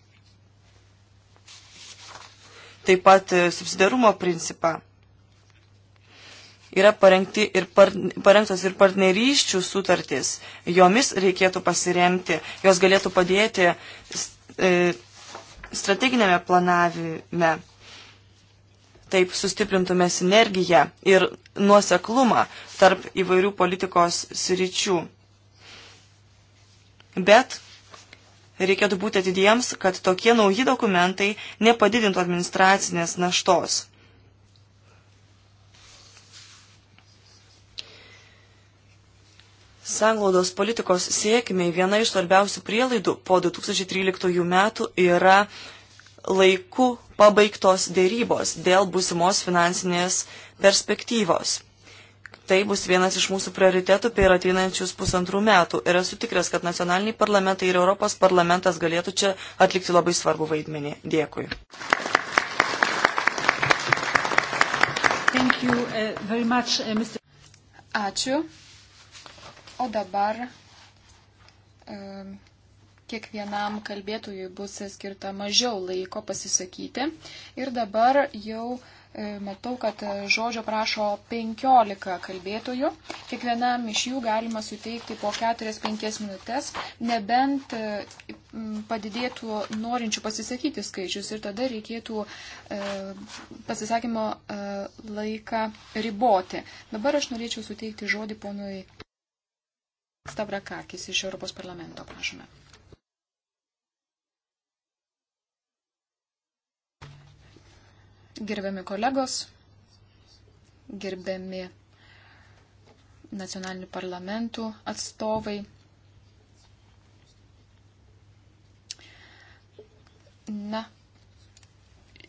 Taip pat e, subsidarumo principą yra parengti ir par, parengtos ir partnerysčių sutartys. Jomis reikėtų pasiremti, jos galėtų padėti e, strateginėme planavime. Taip sustiprintume sinergiją ir nuoseklumą tarp įvairių politikos sričių. Bet reikėtų būti atidiems, kad tokie nauji dokumentai nepadidintų administracinės naštos. Sanglaudos politikos sėkmiai viena iš svarbiausių prielaidų po 2013 metų yra laiku pabaigtos dėrybos dėl būsimos finansinės perspektyvos. Tai bus vienas iš mūsų prioritetų per ateinančius pusantrų metų ir esu tikras, kad nacionaliniai parlamentai ir Europos parlamentas galėtų čia atlikti labai svarbų vaidmenį. Dėkui. Thank you, uh, very much, uh, Mr. Ačiū. O dabar e, kiekvienam kalbėtojui bus skirta mažiau laiko pasisakyti. Ir dabar jau e, matau, kad žodžio prašo 15 kalbėtojų. Kiekvienam iš jų galima suteikti po 4-5 minutės, nebent e, padidėtų norinčių pasisakyti skaičius ir tada reikėtų pasisakymo laiką riboti. Dabar aš norėčiau suteikti žodį ponui Stavrakakis iš Europos parlamento, prašome. Gerbiami kolegos, gerbiami nacionalinių parlamentų atstovai, na,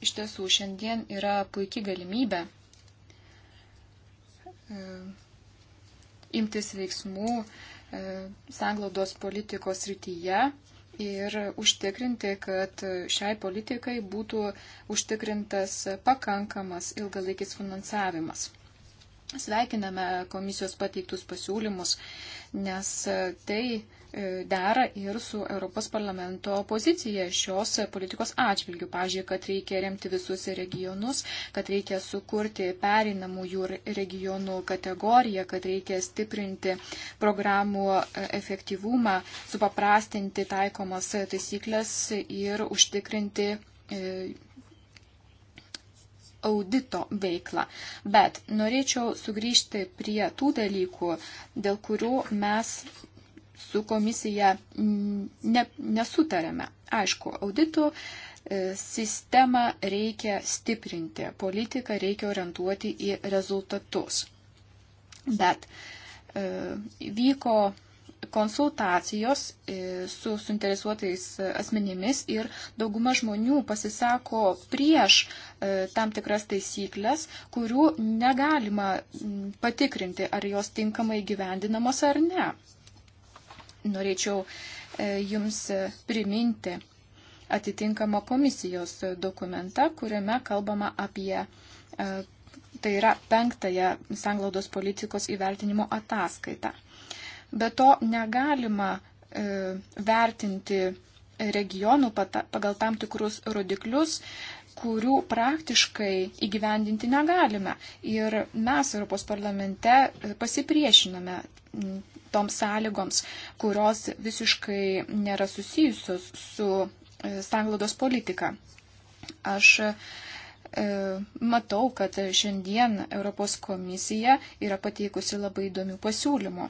iš tiesų šiandien yra puikiai galimybė e, imtis veiksmų, E, sanglaudos politikos rytyje ir užtikrinti, kad šiai politikai būtų užtikrintas pakankamas ilgalaikis finansavimas. Sveikiname komisijos pateiktus pasiūlymus, nes tai E, dera ir su Europos parlamento pozicija šios politikos atžvilgių. Pavyzdžiui, kad reikia remti visus regionus, kad reikia sukurti pereinamųjų regionų kategoriją, kad reikia stiprinti programų e, efektyvumą, supaprastinti taikomas taisyklės ir užtikrinti e, audito veiklą. Bet norėčiau sugrįžti prie tų dalykų, dėl kurių mes su komisija ne, nesutarėme. Aišku, auditų e, sistemą reikia stiprinti, politiką reikia orientuoti į rezultatus. Bet e, vyko konsultacijos e, su suinteresuotais asmenimis ir dauguma žmonių pasisako prieš tam tikras taisyklės, kurių negalima patikrinti, ar jos tinkamai gyvendinamos ar ne norėčiau e, Jums priminti atitinkamą komisijos dokumentą, kuriame kalbama apie, e, tai yra penktąją sanglaudos politikos įvertinimo ataskaitą. Be to negalima e, vertinti regionų pagal tam tikrus rodiklius, kurių praktiškai įgyvendinti negalime. Ir mes Europos parlamente pasipriešiname toms sąlygoms, kurios visiškai nėra susijusios su e, sanglaudos politika. Aš e, matau, kad šiandien Europos komisija yra pateikusi labai įdomių pasiūlymų.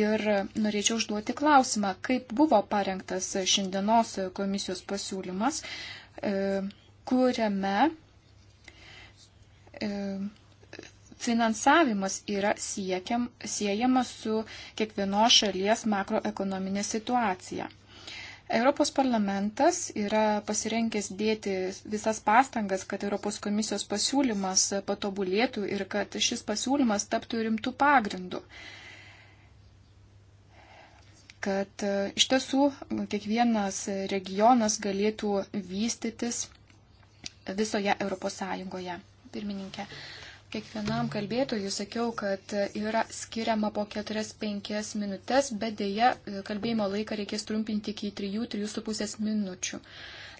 Ir norėčiau užduoti klausimą, kaip buvo parengtas šiandienos komisijos pasiūlymas, e, kuriame finansavimas yra siekiam, siejamas su kiekvienos šalies makroekonominė situacija. Europos parlamentas yra pasirenkęs dėti visas pastangas, kad Europos komisijos pasiūlymas patobulėtų ir kad šis pasiūlymas taptų rimtų pagrindų kad e, iš tiesų kiekvienas regionas galėtų vystytis visoje Europos Sąjungoje. Pirmininkė, Kiekvienam kalbėtojui sakiau, kad yra skiriama po 4-5 minutės, bet dėja e, kalbėjimo laiką reikės trumpinti iki 3-3,5 minučių.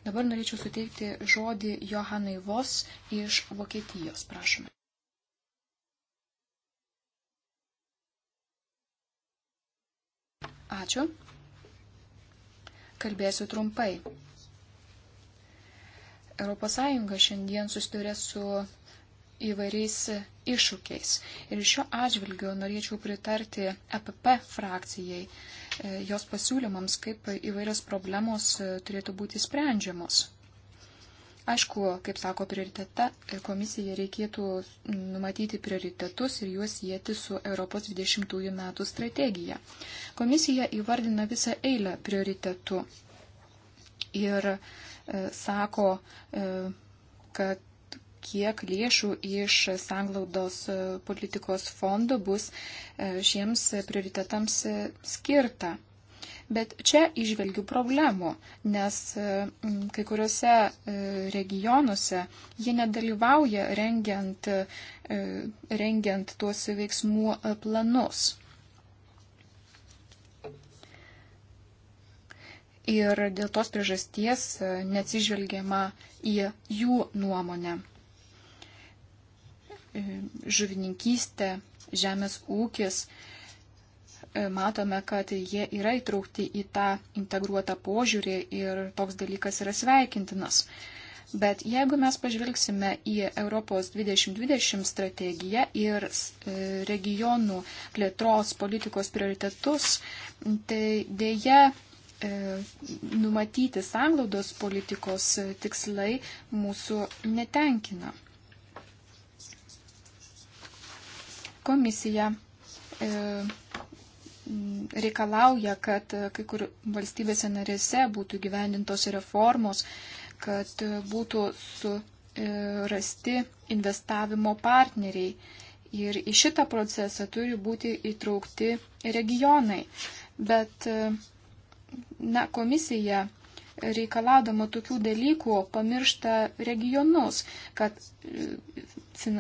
Dabar norėčiau suteikti žodį Johanai Vos iš Vokietijos, prašome. Ačiū. Kalbėsiu trumpai. ES šiandien susiduria su įvairiais iššūkiais. Ir šiuo atžvilgiu norėčiau pritarti EPP frakcijai, e, jos pasiūlymams, kaip įvairios problemos e, turėtų būti sprendžiamos. Aišku, kaip sako prioritete, komisija reikėtų numatyti prioritetus ir juos jėti su Europos 20 metų strategija. Komisija įvardina visą eilę prioritetų ir e, sako, e, kad kiek lėšų iš sanglaudos politikos fondo bus e, šiems prioritetams e, skirta. Bet čia išvelgiu problemų, nes e, kai kuriuose regionuose jie nedalyvauja rengiant, rengiant tuos veiksmų planus. ir dėl tos priežasties neatsižvelgiama į jų nuomonę. E, žuvininkystė, žemės ūkis, e, matome, kad jie yra įtraukti į tą integruotą požiūrį ir toks dalykas yra sveikintinas. Bet jeigu mes pažvelgsime į Europos 2020 strategiją ir e, regionų plėtros politikos prioritetus, tai dėja numatyti sanglaudos politikos tikslai mūsų netenkina. Komisija e, reikalauja, kad kai kur valstybėse narėse būtų gyvendintos reformos, kad būtų surasti e, investavimo partneriai. Ir į šitą procesą turi būti įtraukti regionai. Bet e, na, komisija reikaladama tokių dalykų pamiršta regionus, kad e,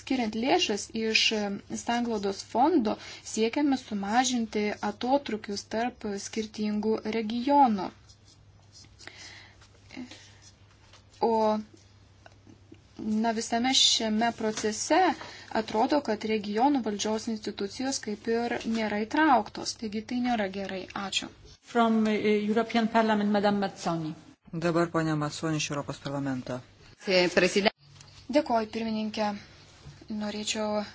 skiriant lėšas iš e, Sanglaudos fondo siekiame sumažinti atotrukius tarp skirtingų regionų. O na, visame šiame procese atrodo, kad regionų valdžios institucijos kaip ir nėra įtrauktos. Taigi tai nėra gerai. Ačiū from uh, European Parliament, Madame Mazzoni. Dabar ponia Matsoni iš Europos parlamento. Dėkuoju, pirmininkė. Norėčiau uh,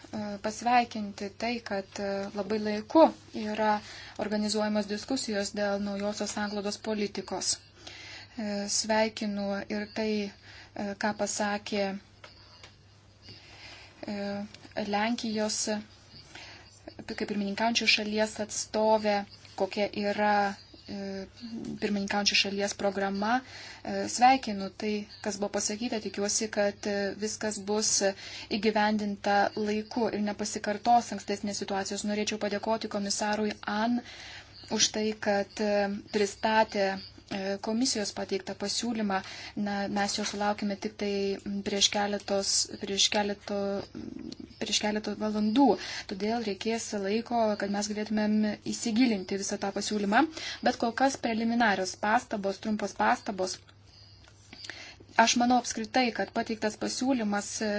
pasveikinti tai, kad uh, labai laiku yra organizuojamos diskusijos dėl naujosios anglodos politikos. Sveikinu ir tai, ką pasakė Lenkijos, kaip pirmininkaujančių šalies atstovė, kokia yra E, pirmininkaujančio šalies programa. E, sveikinu tai, kas buvo pasakyta, tikiuosi, kad e, viskas bus įgyvendinta laiku ir nepasikartos ankstesnės situacijos. Norėčiau padėkoti komisarui An už tai, kad pristatė E, komisijos pateiktą pasiūlymą, na, mes jo sulaukime tik tai prieš, keletos, prieš, keleto, prieš keletą valandų. Todėl reikės laiko, kad mes galėtumėm įsigilinti visą tą pasiūlymą. Bet kol kas preliminarios pastabos, trumpos pastabos. Aš manau apskritai, kad pateiktas pasiūlymas e,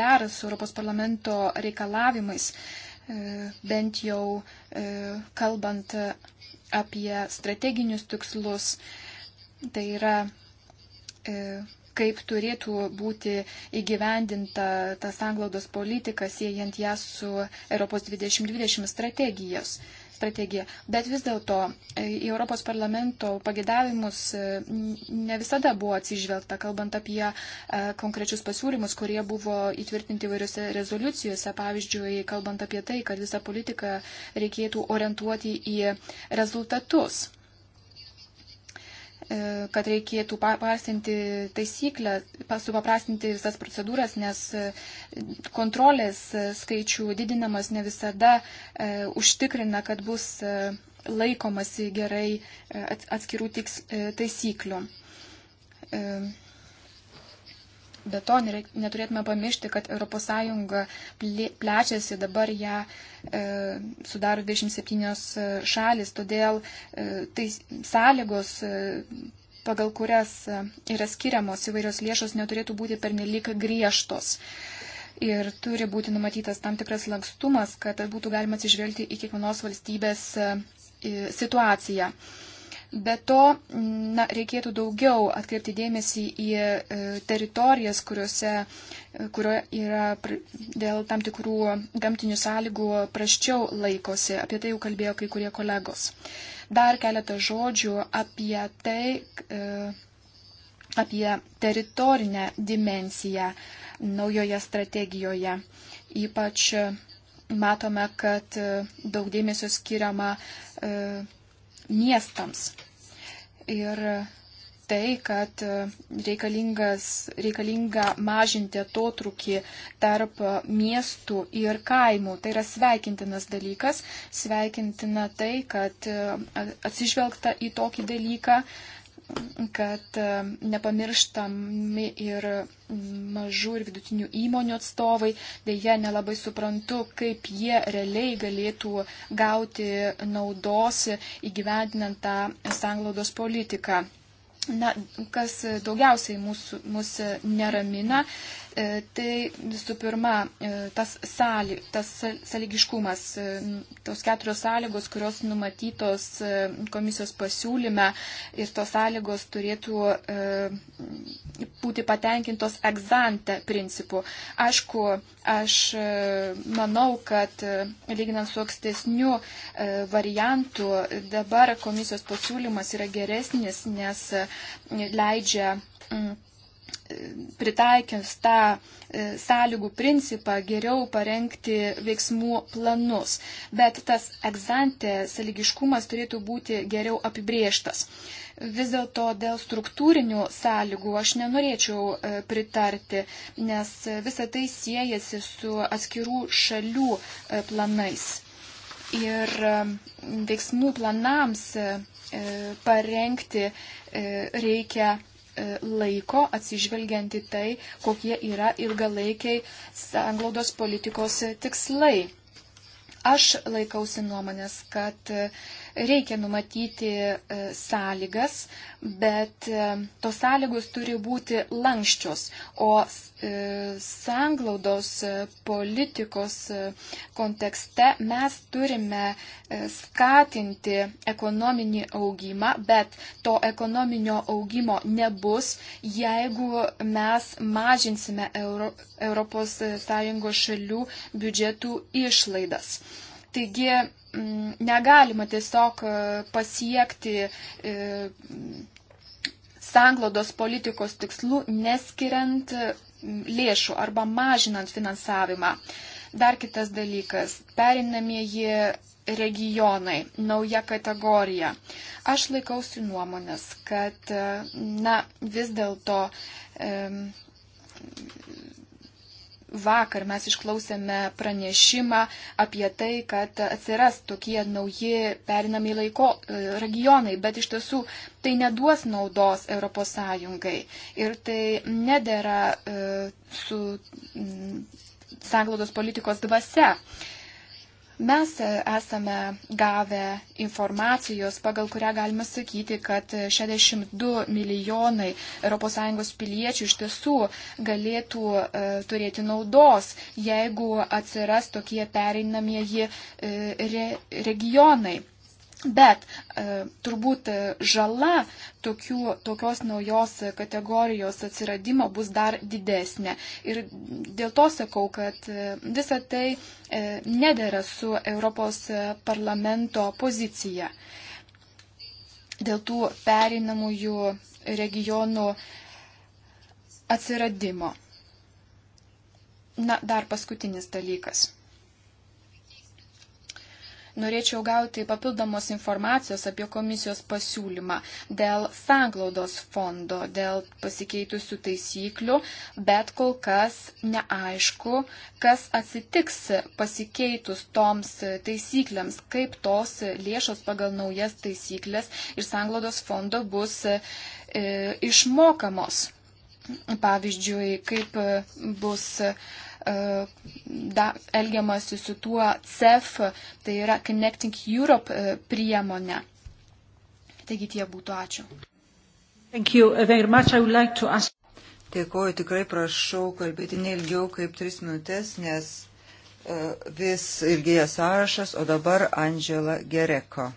dera su Europos parlamento reikalavimais, e, bent jau kalbant apie strateginius tikslus, tai yra e, kaip turėtų būti įgyvendinta ta sanglaudos politika, siejant ją su Europos 2020 strategijos strategija. Bet vis dėlto e, į Europos parlamento pagėdavimus e, ne visada buvo atsižvelgta, kalbant apie e, konkrečius pasiūlymus, kurie buvo įtvirtinti įvairiose rezoliucijose. Pavyzdžiui, kalbant apie tai, kad visą politiką reikėtų orientuoti į rezultatus. E, kad reikėtų paprastinti taisyklę, supaprastinti visas procedūras, nes e, kontrolės e, skaičių didinamas ne visada e, užtikrina, kad bus laikomasi gerai atskirų tiks, taisyklių. E, Be to neturėtume pamiršti, kad ES plečiasi dabar ją e, sudaro 27 e, šalis, todėl e, tai sąlygos, e, pagal kurias e, yra skiriamos įvairios lėšos, neturėtų būti pernelyg griežtos. Ir turi būti numatytas tam tikras lankstumas, kad būtų galima atsižvelgti į kiekvienos valstybės e, situaciją. E, Be to, na, reikėtų daugiau atkreipti dėmesį į e, teritorijas, kuriuose e, kurio yra dėl tam tikrų gamtinių sąlygų praščiau laikosi. Apie tai jau kalbėjo kai kurie kolegos. Dar keletą žodžių apie tai, e, apie teritorinę dimensiją naujoje strategijoje. Ypač matome, kad daug dėmesio skiriama miestams. Ir tai, kad reikalinga mažinti atotrukį tarp miestų ir kaimų. Tai yra sveikintinas dalykas. Sveikintina tai, kad atsižvelgta į tokį dalyką, kad e, nepamirštami ir mažų ir vidutinių įmonių atstovai. Deja, nelabai suprantu, kaip jie realiai galėtų gauti naudos įgyvendinant tą sanglaudos politiką. Na, kas daugiausiai mūsų, mūsų neramina, E, tai visų pirma, e, tas, sąly, tas sąlygiškumas, e, tos keturios sąlygos, kurios numatytos komisijos pasiūlyme ir tos sąlygos turėtų būti patenkintos egzante principu. Aišku, aš manau, kad lyginant su ankstesniu variantu, dabar komisijos pasiūlymas yra geresnis, nes leidžia mm, pritaikęs tą e, sąlygų principą geriau parengti veiksmų planus, bet tas egzantė sąlygiškumas turėtų būti geriau apibrieštas. Vis dėlto dėl struktūrinių sąlygų aš nenorėčiau e, pritarti, nes visa tai siejasi su atskirų šalių e, planais. Ir veiksmų planams parengti reikia E, laiko atsižvelgianti tai, kokie yra ilgalaikiai sanglaudos politikos tikslai. Aš laikausi nuomonės, kad Reikia numatyti e, sąlygas, bet e, tos sąlygos turi būti lankščios, o e, sanglaudos politikos kontekste mes turime skatinti ekonominį augimą, bet to ekonominio augimo nebus, jeigu mes mažinsime Euro, ES šalių biudžetų išlaidas. Taigi Mm, negalima tiesiog e, pasiekti e, sanglodos politikos tikslų, neskiriant lėšų arba mažinant finansavimą. Dar kitas dalykas - perinamieji regionai, nauja kategorija. Aš laikausi nuomonės, kad e, na, vis dėlto e, Vakar mes išklausėme pranešimą apie tai, kad atsiras tokie nauji perinami laiko e, regionai, bet iš tiesų tai neduos naudos ES ir tai nedėra e, su sanglaudos politikos dvasia. Mes esame gavę informacijos, pagal kurią galime sakyti, kad 62 milijonai ES piliečių iš tiesų galėtų e, turėti naudos, jeigu atsiras tokie pereinamieji e, regionai. Bet e, turbūt e, žala tokių, tokios naujos kategorijos atsiradimo bus dar didesnė. Ir dėl to sakau, kad e, visa tai e, nedėra su Europos parlamento pozicija. Dėl tų perinamųjų regionų atsiradimo. Na, dar paskutinis dalykas norėčiau gauti papildomos informacijos apie komisijos pasiūlymą dėl sanglaudos fondo, dėl pasikeitusių taisyklių, bet kol kas neaišku, kas atsitiks pasikeitus toms taisyklėms, kaip tos lėšos pagal naujas taisyklės iš sanglaudos fondo bus e, išmokamos. Pavyzdžiui, kaip bus E, da, elgiamasi su tuo CEF, tai yra Connecting Europe e, priemonė. Taigi tie būtų ačiū. Like ask... Dėkuoju, tikrai prašau kalbėti neilgiau kaip tris minutės, nes e, vis ilgėja sąrašas, o dabar Andžela Gereko.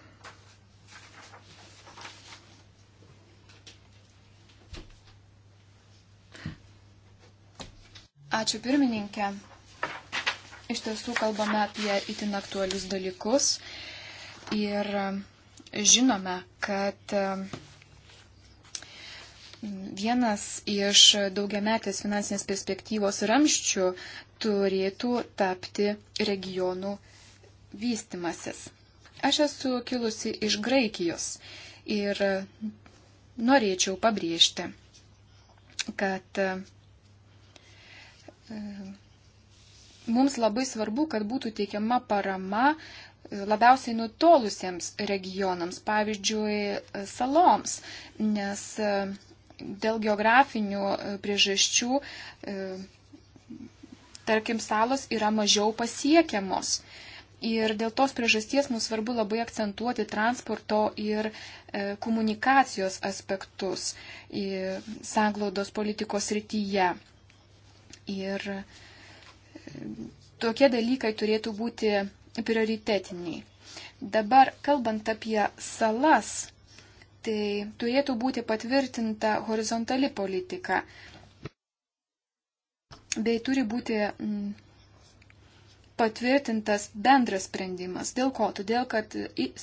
Ačiū pirmininkė. Iš tiesų kalbame apie itin aktualius dalykus ir e, žinome, kad e, vienas iš daugiametės finansinės perspektyvos ramščių turėtų tapti regionų vystimasis. Aš esu kilusi iš Graikijos ir norėčiau pabrėžti, kad mums labai svarbu, kad būtų teikiama parama e, labiausiai nutolusiems regionams, pavyzdžiui, e, saloms, nes e, dėl geografinių priežasčių, tarkim, salos yra mažiau pasiekiamos. Ir dėl tos priežasties mums svarbu labai akcentuoti transporto ir komunikacijos aspektus sanglaudos politikos rytyje. Ir tokie dalykai turėtų būti prioritetiniai. Dabar, kalbant apie salas, tai turėtų būti patvirtinta horizontali politika, bei turi būti mm, patvirtintas bendras sprendimas. Dėl ko? Todėl, kad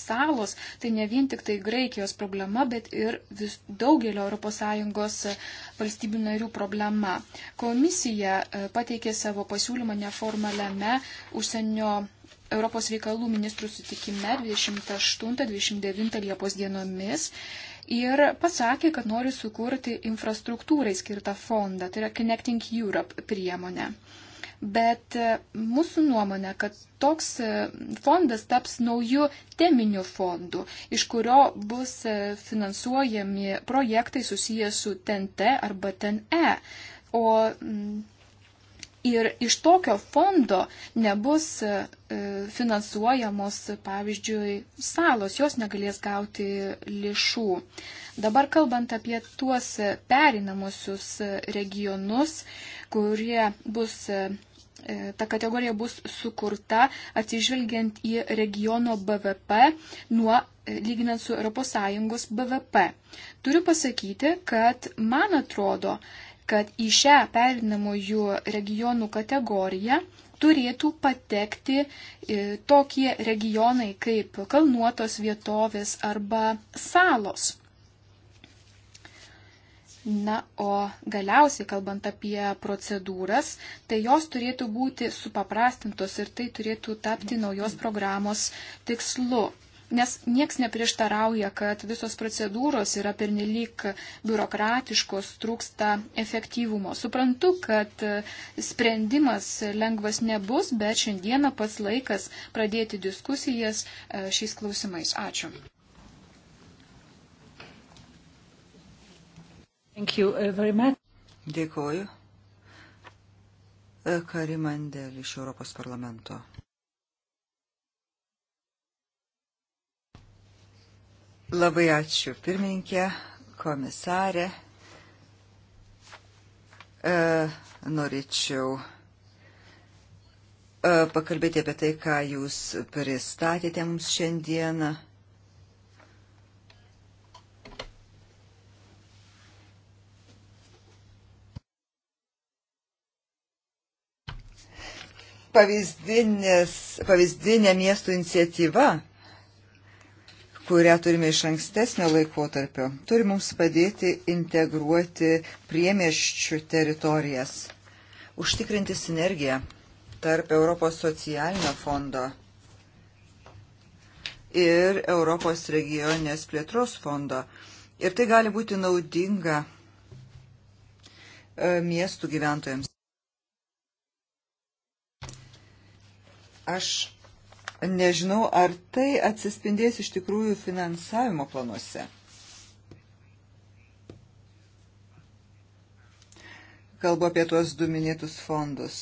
salos tai ne vien tik tai Graikijos problema, bet ir vis, daugelio ES e, valstybių narių problema. Komisija e, pateikė savo pasiūlymą neformaliame užsienio Europos reikalų ministrų sutikime 28-29 Liepos dienomis ir pasakė, kad nori sukurti infrastruktūrai skirtą fondą, tai yra Connecting Europe priemonę. Bet e, mūsų nuomonė, kad toks e, fondas taps naujų teminių fondų, iš kurio bus e, finansuojami projektai susiję su TNT arba TNE. O mm, ir iš tokio fondo nebus finansuojamos, pavyzdžiui, salos, jos negalės gauti lėšų. Dabar kalbant apie tuos perinamusius regionus, kurie bus E, ta kategorija bus sukurta atsižvelgiant į regiono BVP nuo e, lyginant su ES BVP. Turiu pasakyti, kad man atrodo, kad į šią perinamųjų regionų kategoriją turėtų patekti e, tokie regionai kaip kalnuotos vietovės arba salos. Na, o galiausiai, kalbant apie procedūras, tai jos turėtų būti supaprastintos ir tai turėtų tapti naujos programos tikslu. Nes nieks neprieštarauja, kad visos procedūros yra pernelyg biurokratiškos, trūksta efektyvumo. Suprantu, kad sprendimas lengvas nebus, bet šiandieną pats laikas pradėti diskusijas e, šiais klausimais. Ačiū. Uh, Dėkoju. Uh, Karimandel iš Europos parlamento. Labai ačiū pirmininkė, komisarė. E, norėčiau e, pakalbėti apie tai, ką jūs pristatėte mums šiandieną. E, pavyzdinė miestų iniciatyva, kurią turime iš ankstesnio laikotarpio, turi mums padėti integruoti priemeščių teritorijas, užtikrinti sinergiją tarp Europos socialinio fondo ir Europos regionės plėtros fondo. Ir tai gali būti naudinga e, miestų gyventojams. Aš nežinau, ar tai atsispindės iš tikrųjų finansavimo planuose. Kalbu apie tuos du minėtus fondus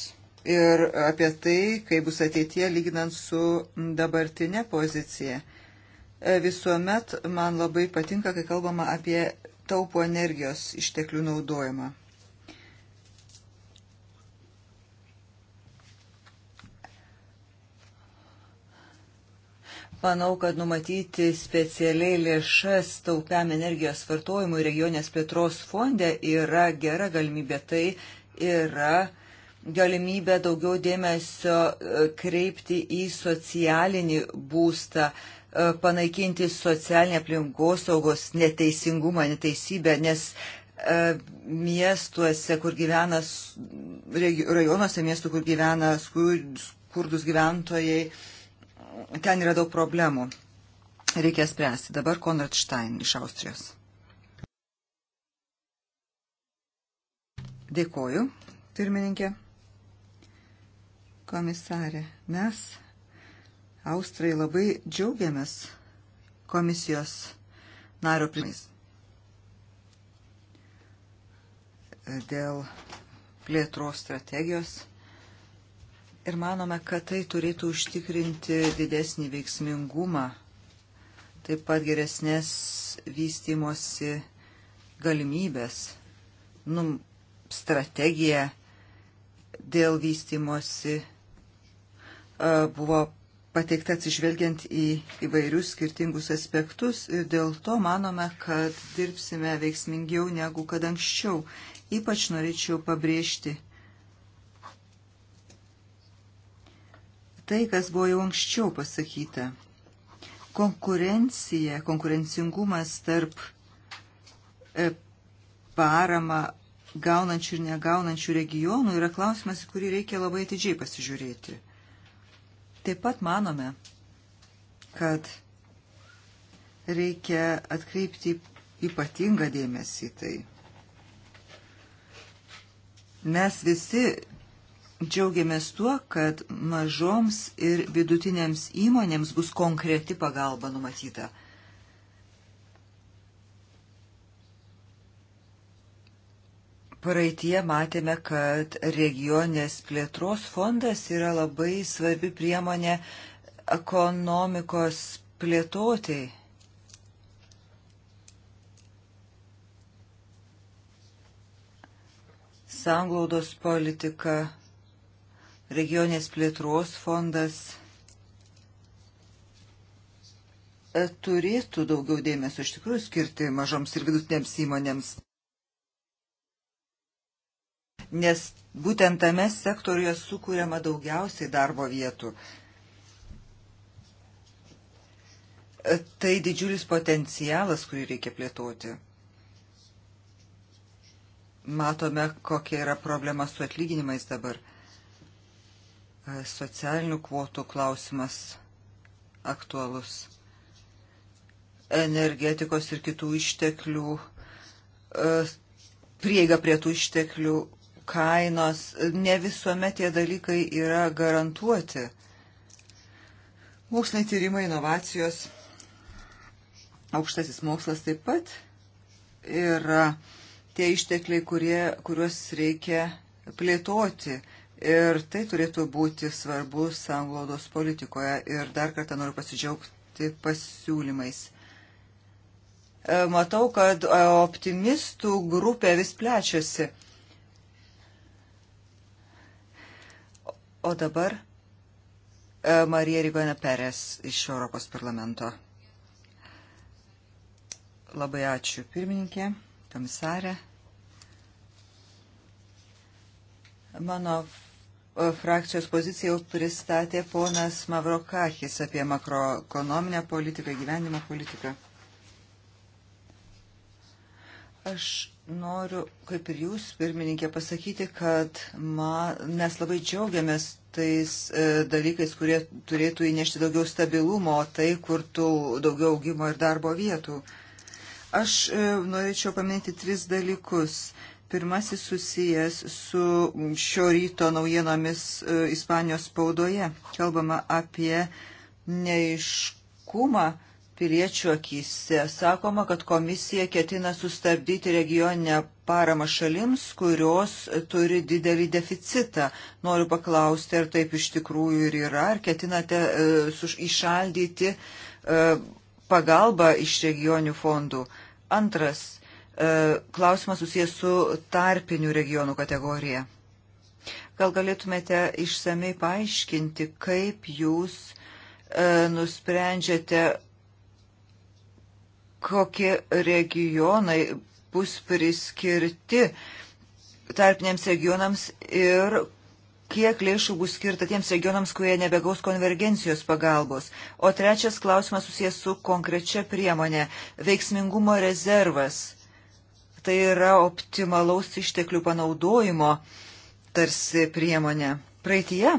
ir apie tai, kaip bus ateitie lyginant su dabartinė pozicija. E, visuomet man labai patinka, kai kalbama apie taupo energijos išteklių naudojimą. Manau, kad numatyti specialiai lėšas taupiam energijos vartojimui regionės plėtros fonde yra gera galimybė. Tai yra galimybė daugiau dėmesio e, kreipti į socialinį būstą, e, panaikinti socialinį aplinkosaugos neteisingumą, neteisybę, nes e, miestuose, kur gyvena, rajonuose miestų, kur gyvena skurdus gyventojai, ten yra daug problemų. Reikia spręsti. Dabar Konrad Stein iš Austrijos. Dėkoju, pirmininkė. Komisarė, mes, Austrai, labai džiaugiamės komisijos nario primais. Dėl plėtros strategijos Ir manome, kad tai turėtų užtikrinti didesnį veiksmingumą, taip pat geresnės vystimosi galimybės, num, strategija dėl vystimosi buvo pateikta atsižvelgiant į įvairius skirtingus aspektus ir dėl to manome, kad dirbsime veiksmingiau negu kad anksčiau. Ypač norėčiau pabrėžti tai, kas buvo jau anksčiau pasakyta. Konkurencija, konkurencingumas tarp e, parama gaunančių ir negaunančių regionų yra klausimas, į kurį reikia labai atidžiai pasižiūrėti. Taip pat manome, kad reikia atkreipti ypatingą dėmesį tai. Mes visi Džiaugiamės tuo, kad mažoms ir vidutinėms įmonėms bus konkreti pagalba numatyta. Praeitie matėme, kad regionės plėtros fondas yra labai svarbi priemonė ekonomikos plėtotėjai. sanglaudos politika regionės plėtros fondas e, turėtų daugiau dėmesio iš tikrųjų skirti mažoms ir vidutinėms įmonėms. Nes būtent tame sektoriuje sukūriama daugiausiai darbo vietų. E, tai didžiulis potencialas, kurį reikia plėtoti. Matome, kokia yra problema su atlyginimais dabar – E, socialinių kvotų klausimas aktualus. Energetikos ir kitų išteklių, e, prieiga prie tų išteklių, kainos, ne visuomet tie dalykai yra garantuoti. Moksliniai tyrimai, inovacijos, aukštasis mokslas taip pat yra tie ištekliai, kurie, kuriuos reikia plėtoti Ir tai turėtų būti svarbu sanglaudos politikoje. Ir dar kartą noriu pasidžiaugti pasiūlymais. E, matau, kad e, optimistų grupė vis plečiasi. O dabar e, Marija Rigona Perės iš Europos parlamento. Labai ačiū pirmininkė, komisarė. Mano frakcijos poziciją jau pristatė ponas Mavrokakis apie makroekonominę politiką, gyvenimo politiką. Aš noriu, kaip ir jūs, pirmininkė, pasakyti, kad ma, mes labai džiaugiamės tais e, dalykais, kurie turėtų įnešti daugiau stabilumo, tai kurtų daugiau augimo ir darbo vietų. Aš e, norėčiau paminėti tris dalykus. E, Pirmasis susijęs su šio ryto naujienomis e, Ispanijos spaudoje. Kalbama apie neiškumą piliečių akise. Sakoma, kad komisija ketina sustabdyti regioninę paramą šalims, kurios turi didelį deficitą. Noriu paklausti, ar taip iš tikrųjų ir yra, ar ketinate e, uh, išaldyti uh, e, pagalbą iš regionių fondų. Antras E, klausimas susijęs su tarpinių regionų kategorija. Gal galėtumėte išsamei paaiškinti, kaip jūs e, nusprendžiate, kokie regionai bus priskirti tarpiniams regionams ir kiek lėšų bus skirta tiems regionams, kurie nebegaus konvergencijos pagalbos. O trečias klausimas susijęs su konkrečia priemonė - veiksmingumo rezervas. Tai yra optimalaus išteklių panaudojimo tarsi priemonė. Praeitie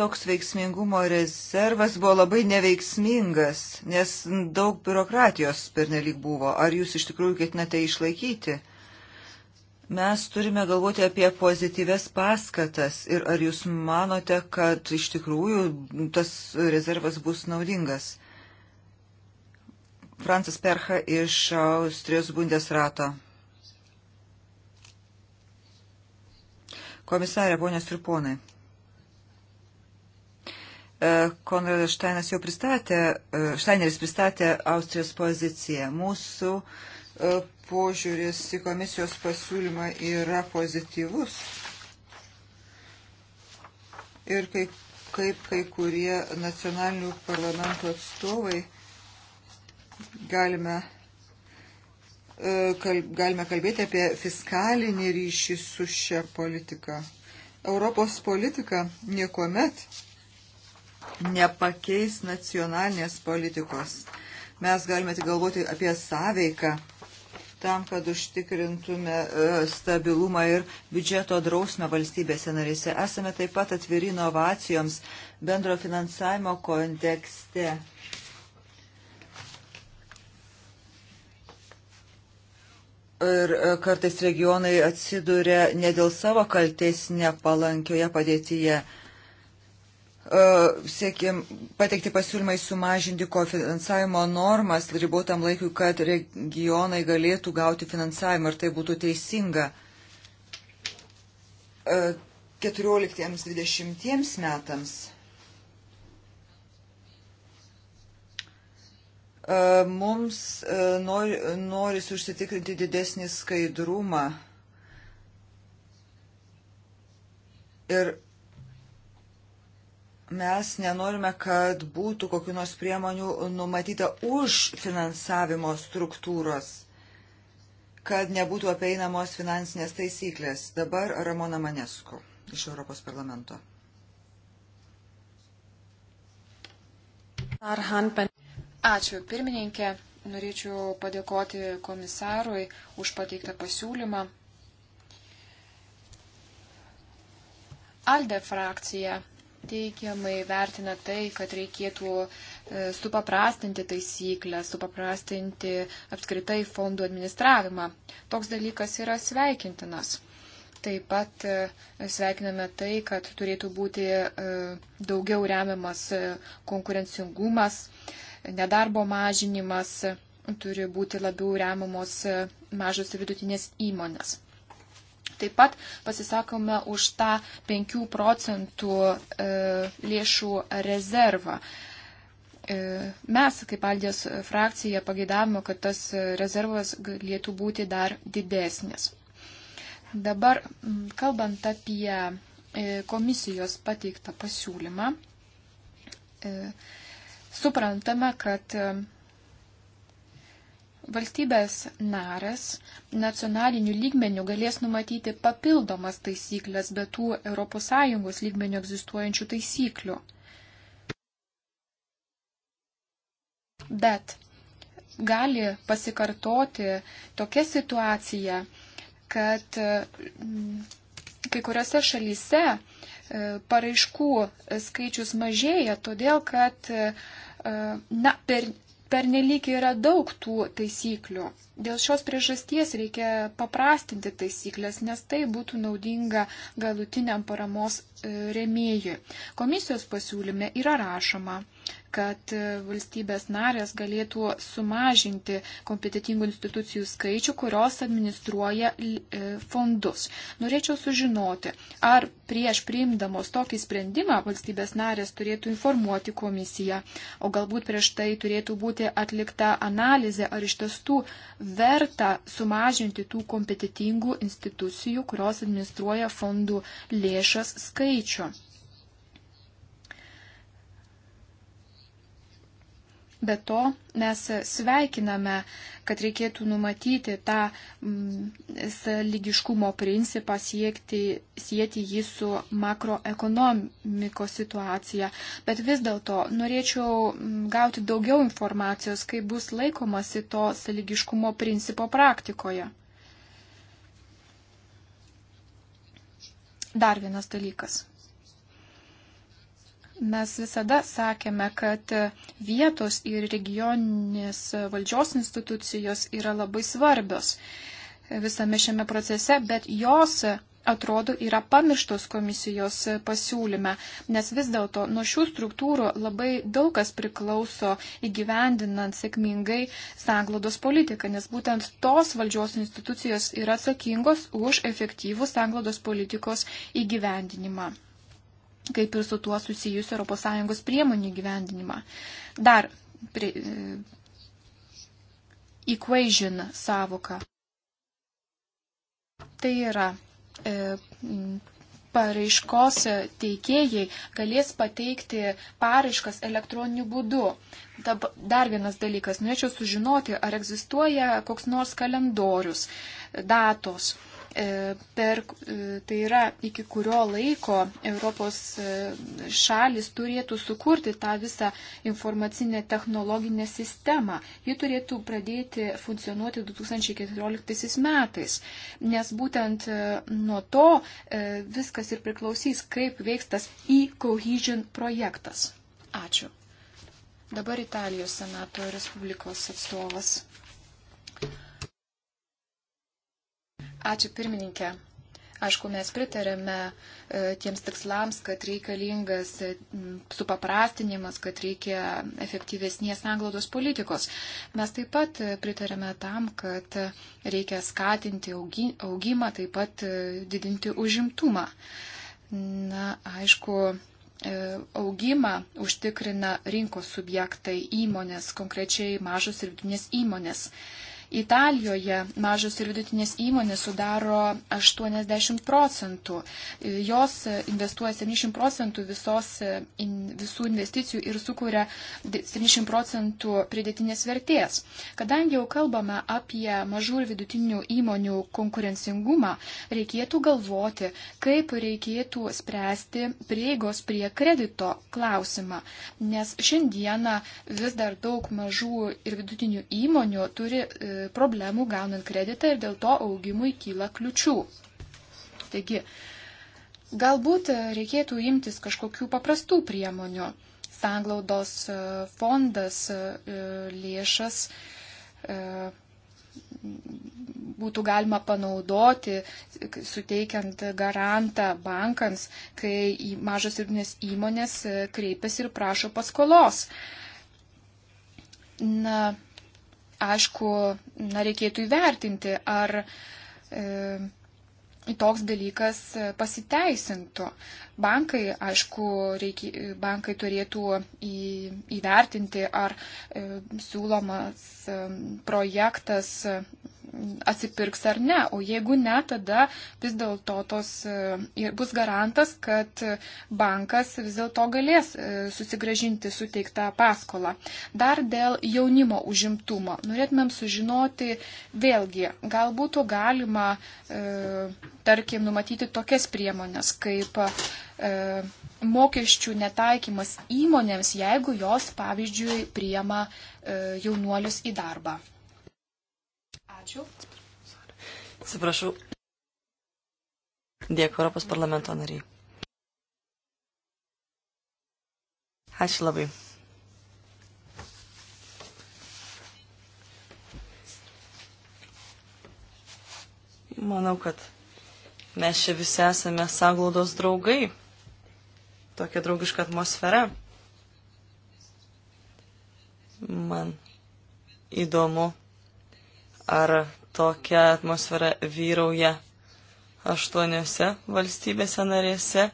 toks veiksmingumo rezervas buvo labai neveiksmingas, nes daug biurokratijos pernelyg buvo. Ar jūs iš tikrųjų ketinate išlaikyti? Mes turime galvoti apie pozityves paskatas ir ar jūs manote, kad iš tikrųjų tas rezervas bus naudingas? Francis Percha iš Austrijos Bundesrato. Komisarė, ponės ir ponai. E, Konradas Štainas jau pristatė, e, Štaineris pristatė Austrijos poziciją. Mūsų e, požiūris į komisijos pasiūlymą yra pozityvus. Ir kaip, kaip kai kurie nacionalinių parlamentų atstovai galime, e, kalb, galime kalbėti apie fiskalinį ryšį su šia politika. Europos politika niekuomet nepakeis nacionalinės politikos. Mes galime tik galvoti apie sąveiką tam, kad užtikrintume e, stabilumą ir biudžeto drausmę valstybėse narėse. Esame taip pat atviri inovacijoms bendro finansavimo kontekste Ir e, kartais regionai atsiduria ne dėl savo kaltės nepalankioje padėtyje. E, siekim pateikti pasiūlymai sumažinti kofinansavimo normas ribotam laikui, kad regionai galėtų gauti finansavimą ir tai būtų teisinga. 14-20 e, metams E, mums e, nori, norisi užsitikrinti didesnį skaidrumą ir mes nenorime, kad būtų kokiu nors priemonių numatyta už finansavimo struktūros, kad nebūtų apeinamos finansinės taisyklės. Dabar Ramona Manesku iš Europos parlamento. Ačiū, pirmininkė. Norėčiau padėkoti komisarui už pateiktą pasiūlymą. Alde frakcija teigiamai vertina tai, kad reikėtų e, supaprastinti taisyklę, supaprastinti apskritai fondų administravimą. Toks dalykas yra sveikintinas. Taip pat e, sveikiname tai, kad turėtų būti e, daugiau remiamas konkurencingumas, nedarbo mažinimas, turi būti labiau remiamos mažos ir vidutinės įmonės. Taip pat pasisakome už tą 5 procentų e, lėšų rezervą. E, mes, kaip Aldės frakcija, pageidavome, kad tas rezervas galėtų būti dar didesnis. Dabar, kalbant apie e, komisijos pateiktą pasiūlymą, suprantame, kad valstybės narės nacionaliniu lygmeniu galės numatyti papildomas taisyklės be tų ES lygmenių egzistuojančių taisyklių. Bet gali pasikartoti tokia situacija, kad kai kuriuose šalyse e, paraiškų skaičius mažėja, todėl kad E, na, per, pernelyg yra daug tų taisyklių. Dėl šios priežasties reikia paprastinti taisyklės, nes tai būtų naudinga galutiniam paramos e, remėjui. Komisijos pasiūlyme yra rašoma, kad e, valstybės narės galėtų sumažinti kompetitingų institucijų skaičių, kurios administruoja e, fondus. Norėčiau sužinoti, ar prieš priimdamos tokį sprendimą valstybės narės turėtų informuoti komisiją, o galbūt prieš tai turėtų būti atlikta analizė, ar iš tiesų verta sumažinti tų kompetitingų institucijų, kurios administruoja fondų lėšas skaičių. Be to, mes sveikiname, kad reikėtų numatyti tą mm, lygiškumo principą, siekti, sieti jį su makroekonomikos situacija. Bet vis dėlto norėčiau mm, gauti daugiau informacijos, kaip bus laikomasi to lygiškumo principo praktikoje. Dar vienas dalykas. Mes visada sakėme, kad vietos ir regioninės valdžios institucijos yra labai svarbios visame šiame procese, bet jos atrodo yra pamirštos komisijos pasiūlyme, nes vis dėlto nuo šių struktūrų labai daug kas priklauso įgyvendinant sėkmingai sanglodos politiką, nes būtent tos valdžios institucijos yra atsakingos už efektyvų sanglodos politikos įgyvendinimą kaip ir su tuo susijusiu ES priemonių gyvendinimą. Dar prie, equation savoka. Tai yra e, paraiškos teikėjai galės pateikti paraiškas elektroniniu būdu. Dab, dar vienas dalykas, norėčiau sužinoti, ar egzistuoja koks nors kalendorius, datos, E, per, e, tai yra iki kurio laiko Europos e, šalis turėtų sukurti tą visą informacinę technologinę sistemą. Ji turėtų pradėti funkcionuoti 2014 metais, nes būtent nuo to viskas ir priklausys, kaip veiks tas e-cohesion projektas. Ačiū. Dabar Italijos senato Respublikos atstovas. Ačiū pirmininkė. Aišku, mes pritarėme e, tiems tikslams, kad reikalingas e, supaprastinimas, kad reikia efektyvesnės anglodos politikos. Mes taip pat e, pritarėme tam, kad reikia skatinti augimą, taip pat didinti užimtumą. Na, aišku, augimą užtikrina rinkos subjektai, įmonės, konkrečiai mažos ir vidinės įmonės. įmonės Italijoje mažos ir vidutinės įmonės sudaro 80 procentų. Jos investuoja 70 procentų visos, in, visų investicijų ir sukuria 70 procentų pridėtinės vertės. Kadangi jau kalbame apie mažų ir vidutinių įmonių konkurencingumą, reikėtų galvoti, kaip reikėtų spręsti prieigos prie kredito klausimą. Nes šiandieną vis dar daug mažų ir vidutinių įmonių turi e, problemų gaunant kreditą ir dėl to augimui kyla kliučių. Taigi, galbūt reikėtų imtis kažkokių paprastų priemonių. Sanglaudos e, fondas e, lėšas e, būtų galima panaudoti, suteikiant garantą bankams, kai mažos ir nes įmonės kreipiasi ir prašo paskolos. Na, aišku, na, reikėtų įvertinti, ar e, toks dalykas pasiteisintų. Bankai, aišku, reikia, bankai turėtų į, įvertinti, ar e, siūlomas e, projektas atsipirks ar ne. O jeigu ne, tada vis dėlto tos e, bus garantas, kad bankas vis dėlto galės e, susigražinti suteiktą paskolą. Dar dėl jaunimo užimtumo. Norėtumėm sužinoti vėlgi, gal būtų galima, e, tarkim, numatyti tokias priemonės kaip e, mokesčių netaikymas įmonėms, jeigu jos, pavyzdžiui, priema e, jaunuolius į darbą. Ačiū. Atsiprašau. Dėkui Europos parlamento nariai. Ačiū labai. Manau, kad mes čia visi esame saglaudos draugai. Tokia draugiška atmosfera. Man įdomu ar tokia atmosfera vyrauja aštuoniuose valstybėse narėse,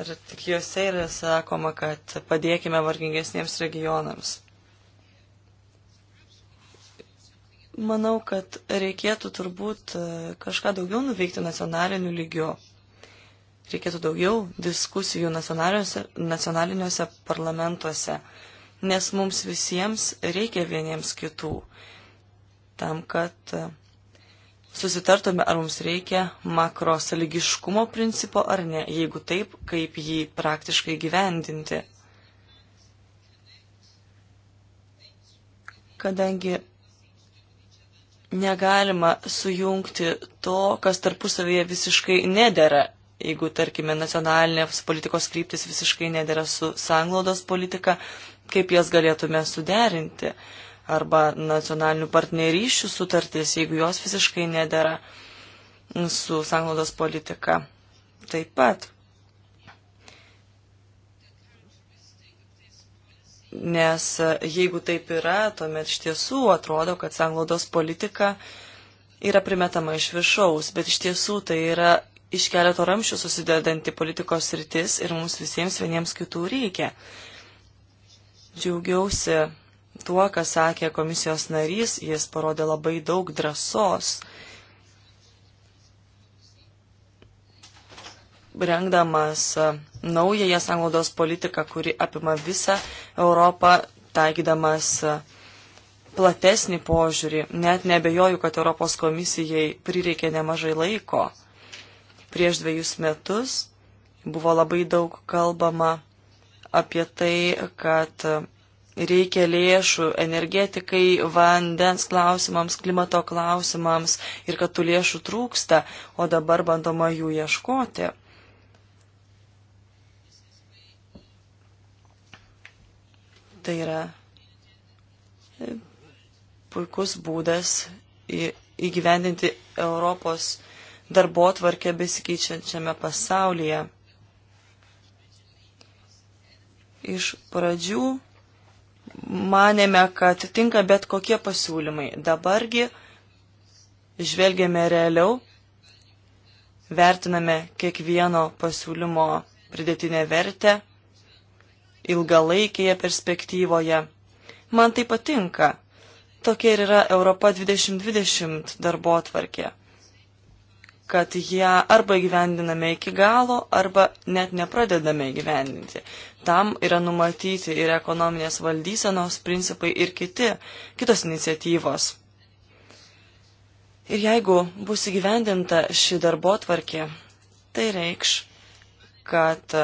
ar tik juose yra sakoma, kad padėkime vargingesniems regionams. Manau, kad reikėtų turbūt e, kažką daugiau nuveikti nacionaliniu lygiu. Reikėtų daugiau diskusijų nacionaliniuose, nacionaliniuose parlamentuose, nes mums visiems reikia vieniems kitų tam, kad e, susitartume, ar mums reikia makrosaligiškumo principo ar ne, jeigu taip, kaip jį praktiškai gyvendinti. Kadangi negalima sujungti to, kas tarpusavėje visiškai nedėra, jeigu, tarkime, nacionalinės politikos kryptis visiškai nedėra su sanglaudos politika, kaip jas galėtume suderinti. Uh, arba nacionalinių partnerysčių sutartys, jeigu jos visiškai nedėra su sanglaudos politika. Taip pat. Nes e, jeigu taip yra, tuomet iš tiesų atrodo, kad sanglaudos politika yra primetama iš viršaus, bet iš tiesų tai yra iš keleto ramščių susidedanti politikos rytis ir mums visiems vieniems kitų reikia. Džiaugiausi tuo, ką sakė komisijos narys, jis parodė labai daug drąsos, rengdamas e, naująją sanglaudos politiką, kuri apima visą Europą, taikydamas e, platesnį požiūrį. Net nebejoju, kad Europos komisijai prireikė nemažai laiko. Prieš dviejus metus buvo labai daug kalbama apie tai, kad reikia lėšų energetikai, vandens klausimams, klimato klausimams ir kad tų lėšų trūksta, o dabar bandoma jų ieškoti. Tai yra puikus būdas įgyvendinti Europos darbo tvarkę besikeičiančiame pasaulyje. Iš pradžių manėme, kad tinka bet kokie pasiūlymai. Dabargi žvelgiame realiau, vertiname kiekvieno pasiūlymo pridėtinę vertę ilgalaikėje perspektyvoje. Man tai patinka. Tokia ir yra Europa 2020 darbo atvarkė kad ją arba gyvendiname iki galo, arba net nepradedame gyvendinti. Tam yra numatyti ir ekonominės valdysenos principai ir kiti, kitos iniciatyvos. Ir jeigu bus įgyvendinta ši darbo tvarkė, tai reikš, kad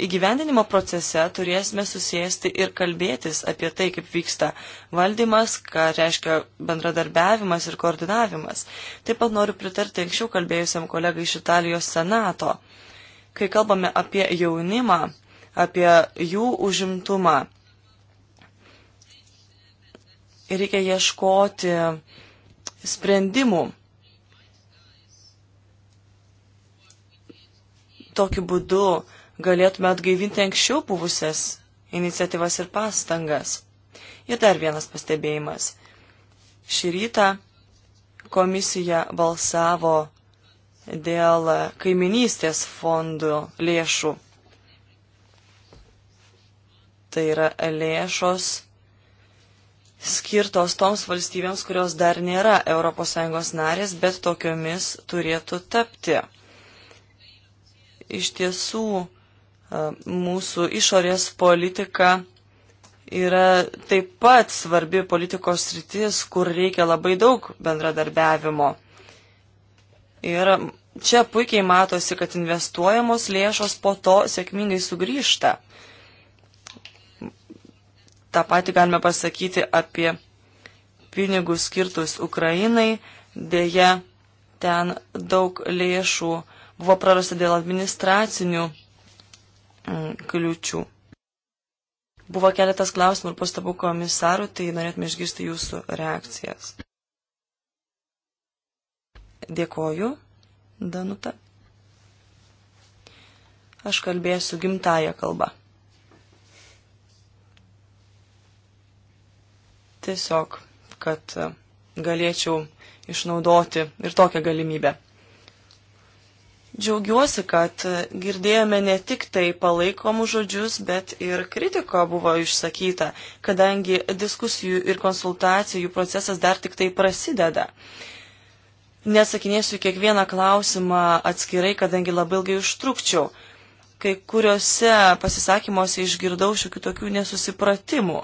įgyvendinimo procese turėsime susėsti ir kalbėtis apie tai, kaip vyksta valdymas, ką reiškia bendradarbiavimas ir koordinavimas. Taip pat noriu pritarti anksčiau kalbėjusiam kolegai iš Italijos Senato. Kai kalbame apie jaunimą, apie jų užimtumą, reikia ieškoti sprendimų. Tokiu būdu galėtume atgaivinti anksčiau buvusias iniciatyvas ir pastangas. Ir dar vienas pastebėjimas. Šį rytą komisija balsavo dėl kaiminystės fondų lėšų. Tai yra lėšos skirtos toms valstybėms, kurios dar nėra ES narės, bet tokiomis turėtų tapti. Iš tiesų, mūsų išorės politika yra taip pat svarbi politikos rytis, kur reikia labai daug bendradarbiavimo. Ir čia puikiai matosi, kad investuojamos lėšos po to sėkmingai sugrįžta. Ta pati galime pasakyti apie pinigus skirtus Ukrainai. Deja, ten daug lėšų buvo prarasta dėl administracinių Mm, kliučių. Buvo keletas klausimų ir pastabų komisarų, tai norėtume išgirsti jūsų reakcijas. Dėkoju, Danuta. Aš kalbėsiu gimtają kalbą. Tiesiog, kad galėčiau išnaudoti ir tokią galimybę. Džiaugiuosi, kad girdėjome ne tik tai palaikomų žodžius, bet ir kritiko buvo išsakyta, kadangi diskusijų ir konsultacijų procesas dar tik tai prasideda. Nesakinėsiu kiekvieną klausimą atskirai, kadangi labai ilgai užtrukčiau. Kai kuriuose pasisakymuose išgirdau šiokių tokių nesusipratimų.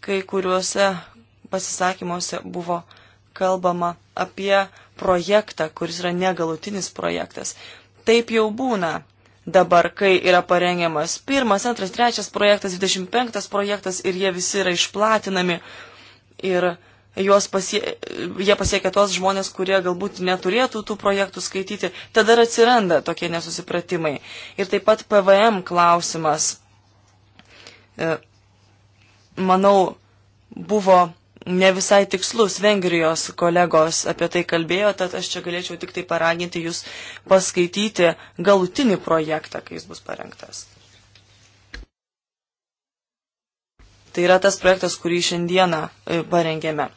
Kai kuriuose pasisakymuose buvo kalbama apie projektą, kuris yra negalutinis projektas. Taip jau būna dabar, kai yra parengiamas pirmas, antras, trečias projektas, 25 projektas ir jie visi yra išplatinami ir pasie, jie pasiekia tos žmonės, kurie galbūt neturėtų tų projektų skaityti, tada ir atsiranda tokie nesusipratimai. Ir taip pat PVM klausimas, e, manau, buvo ne visai tikslus. Vengrijos kolegos apie tai kalbėjo, tad aš čia galėčiau tik tai paraginti jūs paskaityti galutinį projektą, kai jis bus parengtas. Tai yra tas projektas, kurį šiandieną e, parengėme.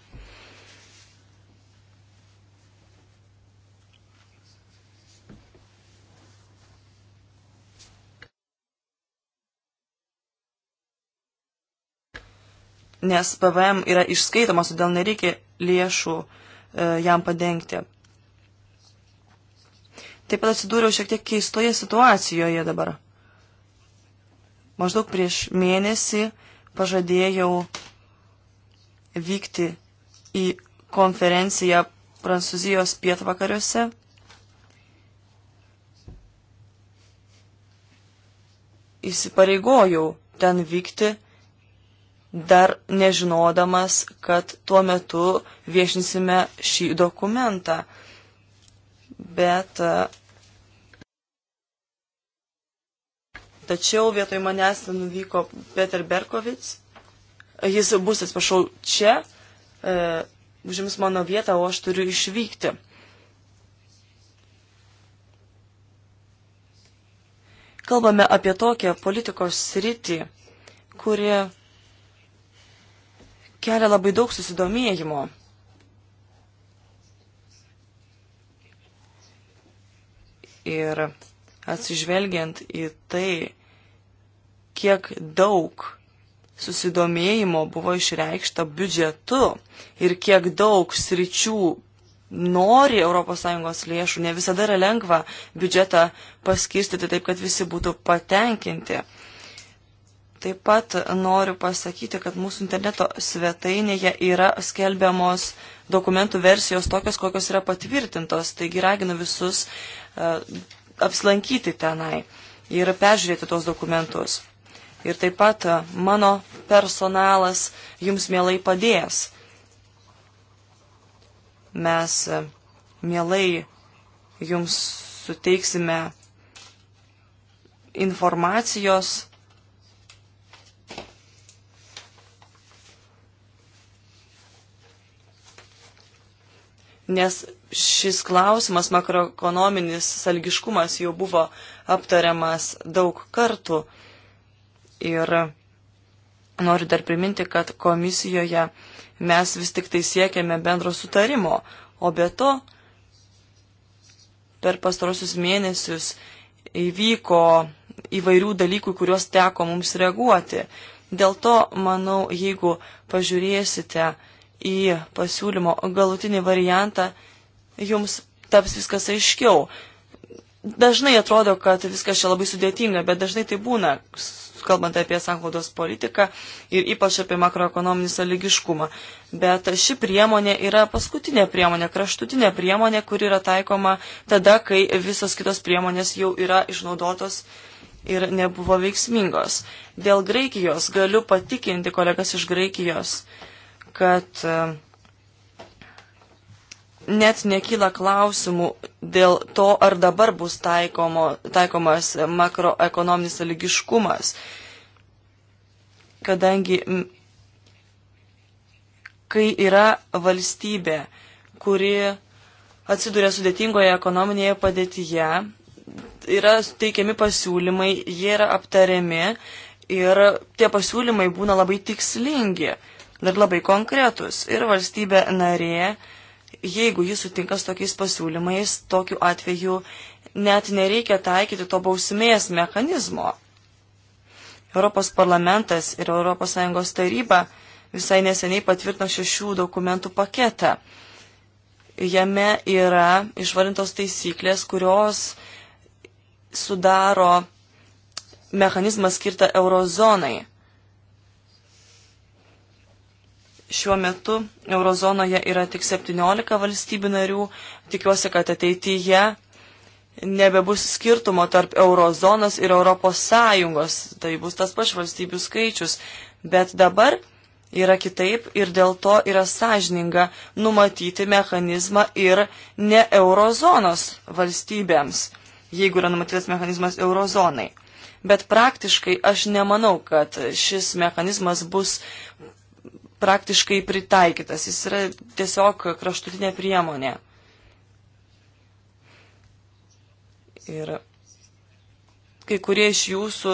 nes PVM yra išskaitomas, todėl nereikia lėšų e, jam padengti. Taip pat atsidūriau šiek tiek keistoje situacijoje dabar. Maždaug prieš mėnesį pažadėjau vykti į konferenciją Prancūzijos pietvakariuose. Įsipareigojau ten vykti dar nežinodamas, kad tuo metu viešinsime šį dokumentą. Bet. E, tačiau vietoj manęs nuvyko Peter Berkovic. Jis bus, atsiprašau, čia, e, užims mano vietą, o aš turiu išvykti. Kalbame apie tokią politikos sritį, kuri kelia labai daug susidomėjimo. Ir atsižvelgiant į tai, kiek daug susidomėjimo buvo išreikšta biudžetu ir kiek daug sričių nori ES lėšų, ne visada yra lengva biudžetą paskirstyti taip, kad visi būtų patenkinti. Taip pat noriu pasakyti, kad mūsų interneto svetainėje yra skelbiamos dokumentų versijos tokios, kokios yra patvirtintos. Taigi raginu visus uh, apsilankyti tenai ir peržiūrėti tos dokumentus. Ir taip pat uh, mano personalas jums mielai padės. Mes uh, mielai jums suteiksime informacijos nes šis klausimas, makroekonominis salgiškumas jau buvo aptariamas daug kartų. Ir noriu dar priminti, kad komisijoje mes vis tik tai siekiame bendro sutarimo, o be to per pastarosius mėnesius įvyko įvairių dalykų, kuriuos teko mums reaguoti. Dėl to, manau, jeigu pažiūrėsite, į pasiūlymo galutinį variantą, jums taps viskas aiškiau. Dažnai atrodo, kad viskas čia labai sudėtinga, bet dažnai tai būna, kalbant apie sanklaudos politiką ir ypač apie makroekonominį sąlygiškumą. Bet ši priemonė yra paskutinė priemonė, kraštutinė priemonė, kuri yra taikoma tada, kai visos kitos priemonės jau yra išnaudotos ir nebuvo veiksmingos. Dėl Graikijos galiu patikinti kolegas iš Graikijos, kad e, net nekyla klausimų dėl to, ar dabar bus taikomo, taikomas makroekonominis lygiškumas, kadangi kai yra valstybė, kuri atsiduria sudėtingoje ekonominėje padėtyje, yra teikiami pasiūlymai, jie yra aptariami ir tie pasiūlymai būna labai tikslingi dar labai konkretus. Ir valstybė narė, jeigu jis sutinka su tokiais pasiūlymais, tokiu atveju net nereikia taikyti to bausmės mechanizmo. Europos parlamentas ir ES taryba visai neseniai patvirtino šešių dokumentų paketą. Jame yra išvarintos taisyklės, kurios sudaro mechanizmą skirtą eurozonai. Šiuo metu eurozonoje yra tik 17 valstybių narių. Tikiuosi, kad ateityje nebebus skirtumo tarp eurozonos ir Europos Sąjungos. Tai bus tas pats valstybių skaičius. Bet dabar yra kitaip ir dėl to yra sąžininga numatyti mechanizmą ir ne eurozonos valstybėms, jeigu yra numatytas mechanizmas eurozonai. Bet praktiškai aš nemanau, kad šis mechanizmas bus praktiškai pritaikytas, jis yra tiesiog kraštutinė priemonė. Ir kai kurie iš jūsų,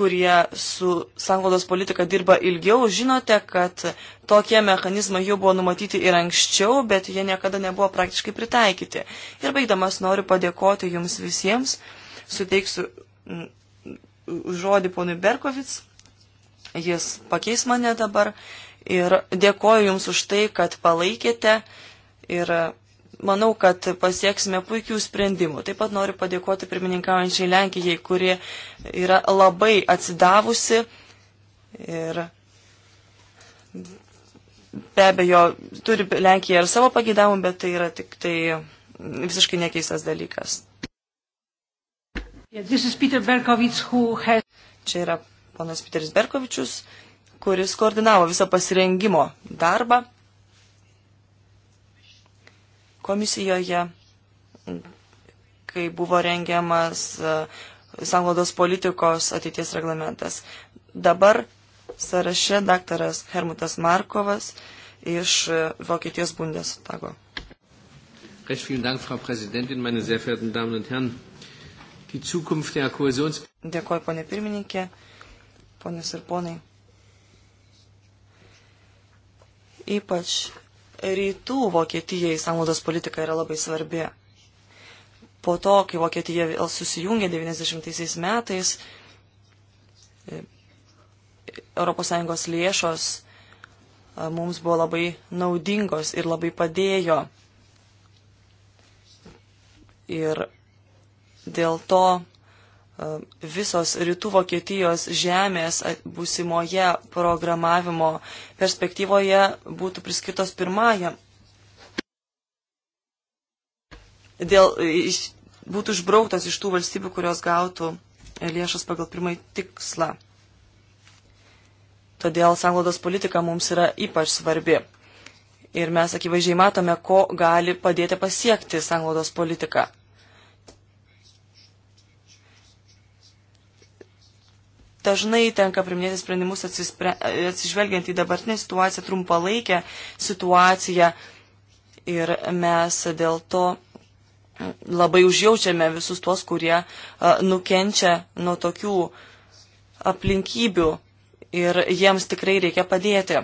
kurie su sanglaudos politika dirba ilgiau, žinote, kad tokie mechanizmai jau buvo numatyti ir anksčiau, bet jie niekada nebuvo praktiškai pritaikyti. Ir baigdamas noriu padėkoti jums visiems, suteiksiu mm, žodį ponui Berkovic Jis pakeis mane dabar ir dėkoju Jums už tai, kad palaikėte ir manau, kad pasieksime puikių sprendimų. Taip pat noriu padėkoti pirmininkaujančiai Lenkijai, kuri yra labai atsidavusi ir be abejo turi Lenkija ir savo pagėdavimų, bet tai yra tik tai visiškai nekeistas dalykas. Yeah, has... Čia yra ponas Piteris Berkovičius, kuris koordinavo visą pasirengimo darbą komisijoje, kai buvo rengiamas e, sanglaudos politikos ateities reglamentas. Dabar sąraše daktaras Hermutas Markovas iš e, Vokietijos Bundestago. Recht vielen Dank, Frau Präsidentin, meine sehr verehrten Damen und Herren. Die Zukunft der Kohäsions... Dėkuoju, ponė pirmininkė ponius ir ponai. Ypač rytų Vokietijai sąnaudos politika yra labai svarbi. Po to, kai Vokietija vėl susijungė 90 metais, ES lėšos mums buvo labai naudingos ir labai padėjo. Ir dėl to E, visos rytų Vokietijos žemės būsimoje programavimo perspektyvoje būtų priskirtos pirmajam. Dėl, e, iš, būtų išbrauktos iš tų valstybių, kurios gautų lėšas pagal pirmąjį tikslą. Todėl sanglodos politika mums yra ypač svarbi. Ir mes akivaizdžiai matome, ko gali padėti pasiekti sanglodos politika. dažnai tenka priminėti sprendimus atsispre, atsižvelgiant į dabartinę situaciją, trumpalaikę situaciją ir mes dėl to labai užjaučiame visus tuos, kurie nukenčia nuo tokių aplinkybių ir jiems tikrai reikia padėti.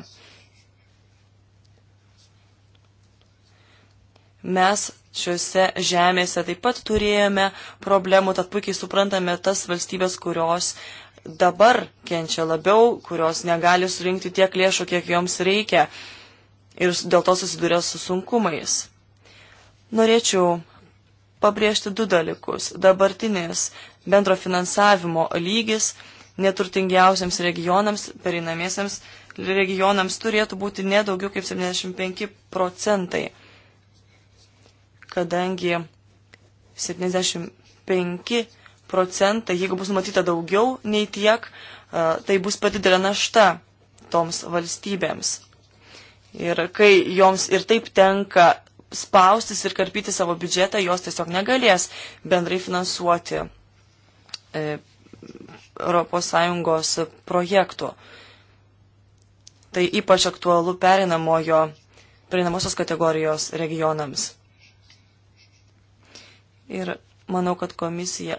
Mes šiuose žemėse taip pat turėjome problemų, tad puikiai suprantame tas valstybės, kurios uh, dabar kenčia labiau, kurios negali surinkti tiek lėšų, kiek joms reikia ir dėl to susiduria su sunkumais. Norėčiau pabrėžti du dalykus. Dabartinis bendro finansavimo lygis neturtingiausiams regionams, perinamiesiams regionams turėtų būti nedaugiau kaip 75 procentai, kadangi 75 procentą, jeigu bus numatyta daugiau nei tiek, e, tai bus pati didelė našta toms valstybėms. Ir kai joms ir taip tenka spaustis ir karpyti savo biudžetą, jos tiesiog negalės bendrai finansuoti ES projektų. Tai ypač aktualu perinamojo, perinamosios kategorijos regionams. Ir manau, kad komisija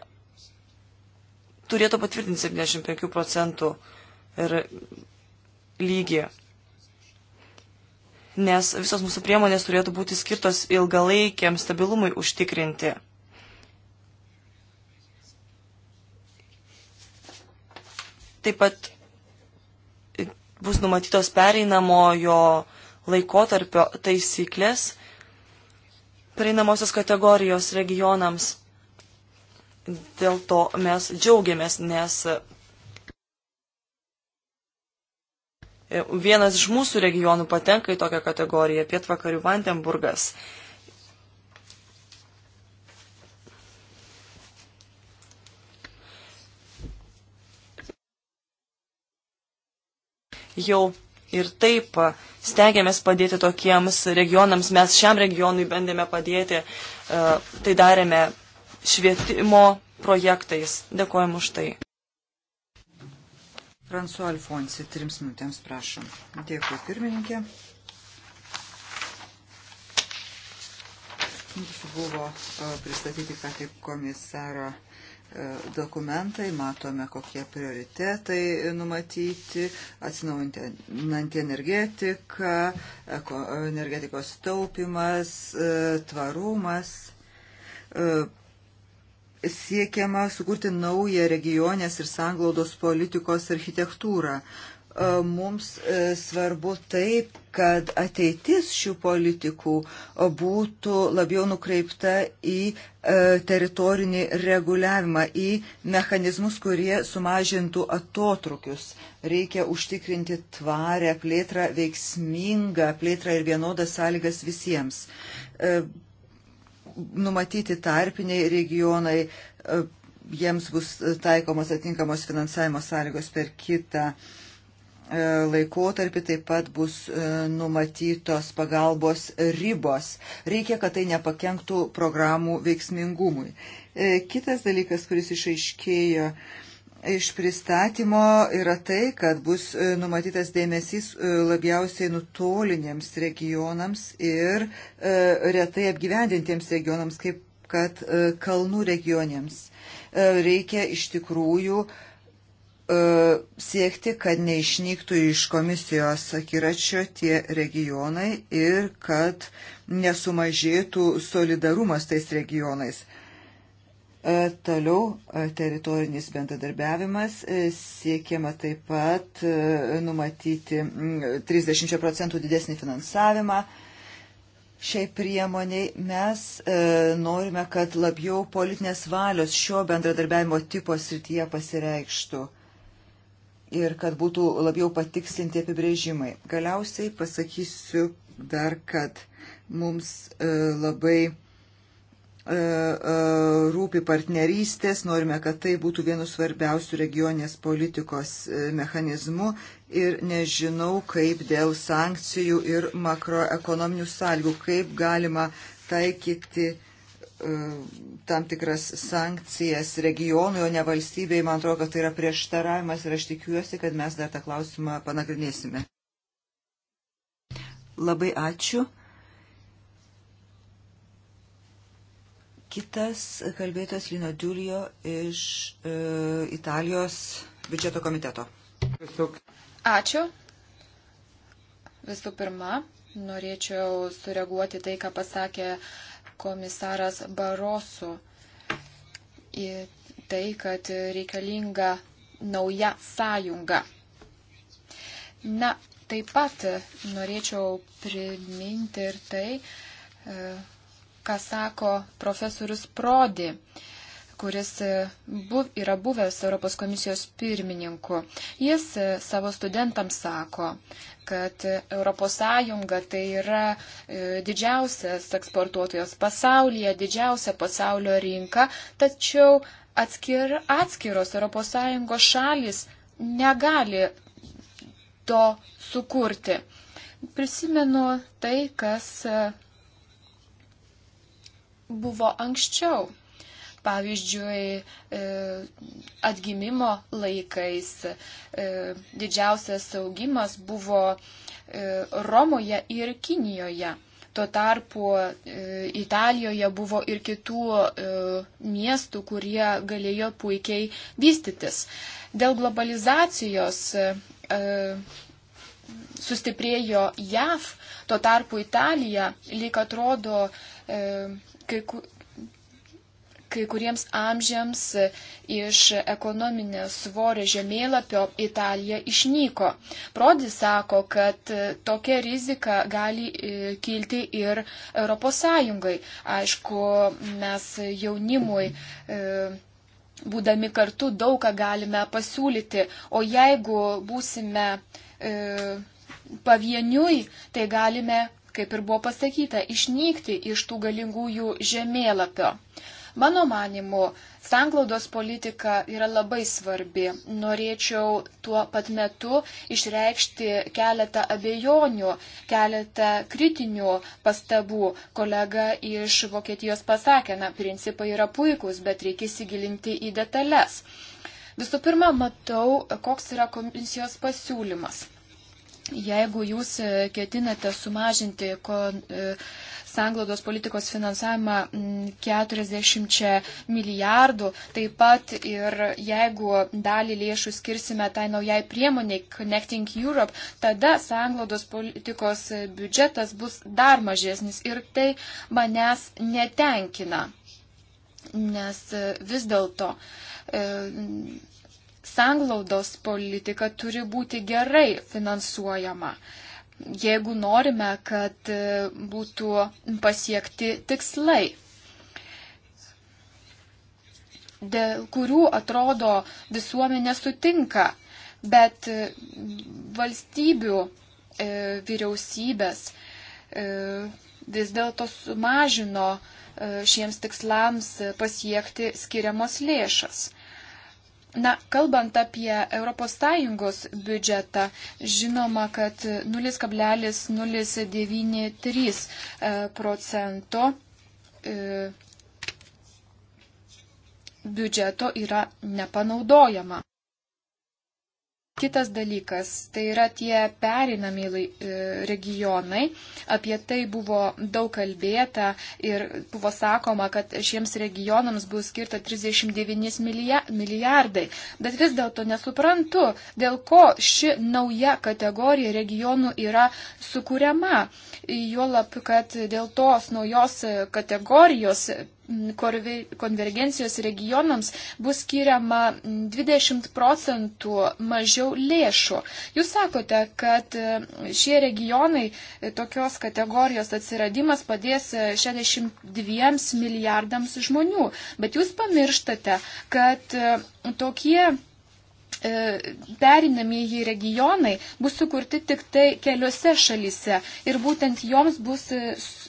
turėtų patvirtinti 75 procentų ir lygį. Nes visos mūsų priemonės turėtų būti skirtos ilgalaikiam stabilumui užtikrinti. Taip pat bus numatytos pereinamojo laikotarpio taisyklės, pereinamosios kategorijos regionams Dėl to mes džiaugiamės, nes vienas iš mūsų regionų patenka į tokią kategoriją - pietvakarių Vandenburgas. Jau ir taip stengiamės padėti tokiems regionams, mes šiam regionui bandėme padėti, e, tai darėme švietimo projektais. Dėkojame už tai. Fransu Alfonsi, trims minutėms prašom. Dėkui, pirmininkė. Mūsų buvo e, pristatyti ką kaip komisaro e, dokumentai, matome, kokie prioritetai numatyti, atsinaujinti energetiką, energetikos taupimas, e, tvarumas siekiama sukurti naują regionės ir sanglaudos politikos architektūrą. E, mums e, svarbu taip, kad ateitis šių politikų e, būtų labiau nukreipta į teritorinį reguliavimą, į mechanizmus, kurie sumažintų atotrukius. Reikia užtikrinti tvarę plėtrą, veiksmingą plėtrą ir vienodas sąlygas visiems numatyti tarpiniai regionai, e, jiems bus taikomos atinkamos finansavimo sąlygos per kitą e, laikotarpį taip pat bus e, numatytos pagalbos ribos. Reikia, kad tai nepakenktų programų veiksmingumui. Kitas dalykas, kuris išaiškėjo, iš pristatymo yra tai, kad bus e, numatytas dėmesys e, labiausiai nutolinėms regionams ir e, retai apgyvendintiems regionams, kaip kad kalnų regionėms. Reikia iš tikrųjų siekti, kad neišnyktų iš komisijos akiračio tie regionai ir kad nesumažėtų solidarumas tais regionais. E, toliau e, teritorinis bendradarbiavimas e, siekiama taip pat numatyti 30 procentų didesnį finansavimą. Šiai priemoniai mes e, norime, kad labiau politinės valios šio bendradarbiavimo tipo srityje pasireikštų ir kad būtų labiau patikslinti apibrėžimai. Galiausiai pasakysiu dar, kad mums e, labai E, e, rūpi partnerystės, norime, kad tai būtų vienu svarbiausių regionės politikos e, mechanizmų ir nežinau, kaip dėl sankcijų ir makroekonominių sąlygų, kaip galima taikyti tam tikras sankcijas regionui, o ne valstybei. Man atrodo, kad tai yra prieštaravimas ir aš tikiuosi, kad mes dar tą klausimą panagrinėsime. Labai ačiū. Kitas kalbėtas Lino Džiulio iš e, Italijos biudžeto komiteto. Ačiū. Visų pirma, norėčiau sureaguoti tai, ką pasakė komisaras Barosu. Į tai, kad reikalinga nauja sąjunga. Na, taip pat norėčiau priminti ir tai, e, ką sako profesorius Prodi kuris e, buv, yra buvęs Europos komisijos pirmininku. Jis e, savo studentams sako, kad ES tai yra e, didžiausias eksportuotojas pasaulyje, didžiausia pasaulio rinka, tačiau atskir, atskiros ES šalis negali to sukurti. Prisimenu tai, kas buvo anksčiau. Pavyzdžiui, e, atgimimo laikais e, didžiausias augimas buvo e, Romoje ir Kinijoje. Tuo tarpu Italijoje buvo ir kitų miestų, kurie galėjo puikiai vystytis. Dėl globalizacijos sustiprėjo JAV, tuo tarpu Italija lyg atrodo kai, ku, kai kuriems amžiams e, iš ekonominio svorio žemėlapio Italija išnyko. Prodi sako, kad e, tokia rizika gali e, kilti ir ES. Aišku, mes jaunimui. Būdami kartu daug ką galime pasiūlyti, o jeigu būsime e, pavieniui, tai galime kaip ir buvo pasakyta, išnykti iš tų galingųjų žemėlapio. Mano manimu, sanglaudos politika yra labai svarbi. Norėčiau tuo pat metu išreikšti keletą abejonių, keletą kritinių pastabų. Kolega iš Vokietijos pasakė, na, principai yra puikūs, bet reikia įsigilinti į detalės. Visų pirma, matau, koks yra komisijos pasiūlymas. Jeigu jūs e, ketinate sumažinti e, sanglaudos politikos finansavimą 40 milijardų, taip pat ir jeigu dalį lėšų skirsime tai naujai priemoniai Connecting Europe, tada sanglaudos politikos e, biudžetas bus dar mažesnis ir tai manęs netenkina. Nes vis dėlto. E, sanglaudos politika turi būti gerai finansuojama. Jeigu norime, kad e, būtų pasiekti tikslai, dėl kurių atrodo visuomenė sutinka, bet e, valstybių e, vyriausybės vis dėlto sumažino šiems tikslams pasiekti skiriamos lėšas. Na, kalbant apie ES biudžetą, žinoma, kad 0,093 e, procento e, biudžeto yra nepanaudojama. Kitas dalykas - tai yra tie perinami e, regionai. Apie tai buvo daug kalbėta ir buvo sakoma, kad šiems regionams bus skirta 39 milijardai. Bet vis dėlto nesuprantu, dėl ko ši nauja kategorija regionų yra sukūriama. Juolab, kad dėl tos naujos kategorijos konvergencijos regionams bus skiriama 20 procentų mažiau lėšų. Jūs sakote, kad e, šie regionai e, tokios kategorijos atsiradimas padės 62 e, milijardams žmonių, bet jūs pamirštate, kad tokie E, perinamieji regionai bus sukurti tik tai keliose šalyse ir būtent joms bus e,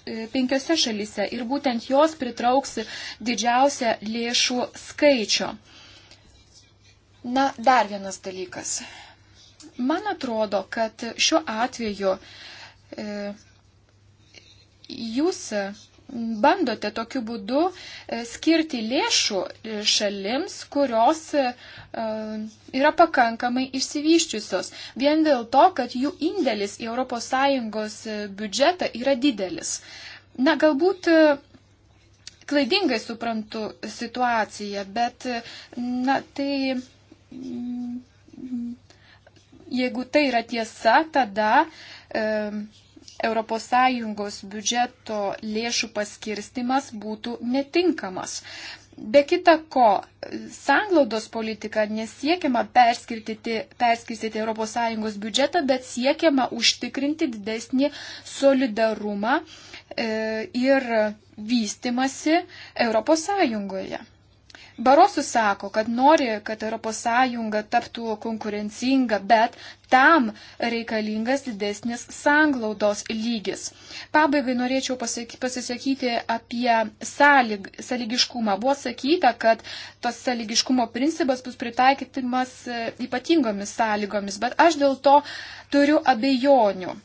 e, penkiose šalyse ir būtent jos pritrauks didžiausią lėšų skaičio. Na, dar vienas dalykas. Man atrodo, kad šiuo atveju e, jūs bandote tokiu būdu e, skirti lėšų e, šalims, kurios e, yra pakankamai išsivyščiusios, vien dėl to, kad jų indėlis į ES biudžetą yra didelis. Na, galbūt klaidingai suprantu situaciją, bet, na, tai. Mm, jeigu tai yra tiesa, tada e, ES biudžeto lėšų paskirstimas būtų netinkamas. Be kita ko, sanglaudos politika nesiekiama perskirstyti ES biudžetą, bet siekiama užtikrinti didesnį solidarumą e, ir vystimasi ES. Barosus sako, kad nori, kad ES taptų konkurencinga, bet tam reikalingas didesnis sanglaudos lygis. Pabaigai norėčiau pasisakyti apie sąlyg, sąlygiškumą. Buvo sakyta, kad tas sąlygiškumo principas bus pritaikytimas e, ypatingomis sąlygomis, bet aš dėl to turiu abejonių.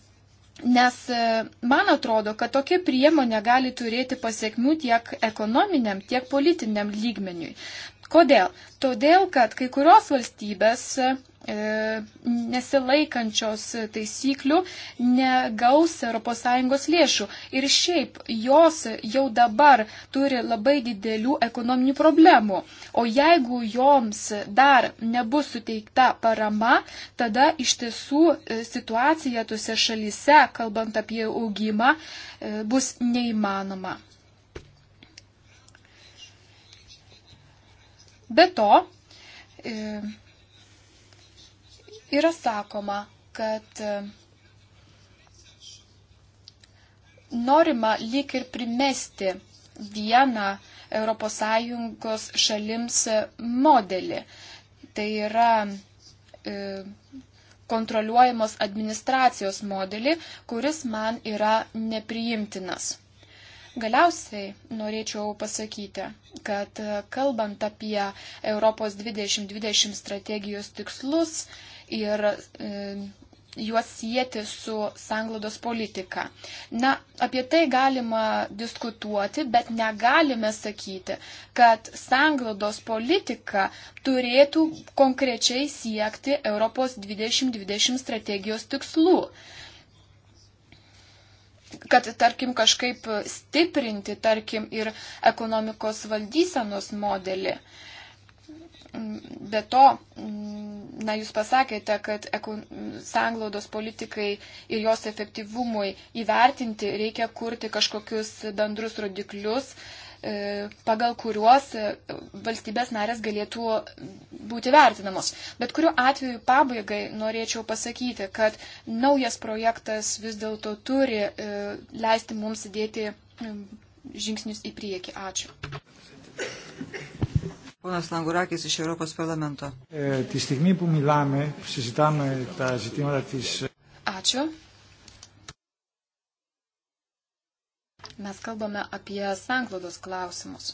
Nes e, man atrodo, kad tokia priemonė gali turėti pasiekmių tiek ekonominiam, tiek politiniam lygmeniui. Kodėl? Todėl, kad kai kurios valstybės E, nesilaikančios taisyklių negaus ES lėšų. Ir šiaip jos jau dabar turi labai didelių ekonominių problemų. O jeigu joms dar nebus suteikta parama, tada iš tiesų e, situacija tuose šalyse, kalbant apie augimą, e, bus neįmanoma. Be to, yra sakoma, kad e, norima lyg ir primesti vieną ES šalims modelį. Tai yra e, kontroliuojamos administracijos modelį, kuris man yra nepriimtinas. Galiausiai norėčiau pasakyti, kad e, kalbant apie Europos 2020 strategijos tikslus, ir e, juos sieti su sanglodos politika. Na, apie tai galima diskutuoti, bet negalime sakyti, kad sanglodos politika turėtų konkrečiai siekti Europos 2020 strategijos tikslų kad, tarkim, kažkaip stiprinti, tarkim, ir ekonomikos valdysenos modelį. Be to, mm, na, jūs pasakėte, kad sanglaudos politikai ir jos efektyvumui įvertinti reikia kurti kažkokius bendrus rodiklius, e, pagal kuriuos e, valstybės narės galėtų būti vertinamos. Bet kuriuo atveju pabaigai norėčiau pasakyti, kad naujas projektas vis dėlto turi e, leisti mums dėti žingsnius į priekį. Ačiū. Ponas Langurakis iš Europos parlamento. E, Ačiū. Mes kalbame apie sanglaudos klausimus.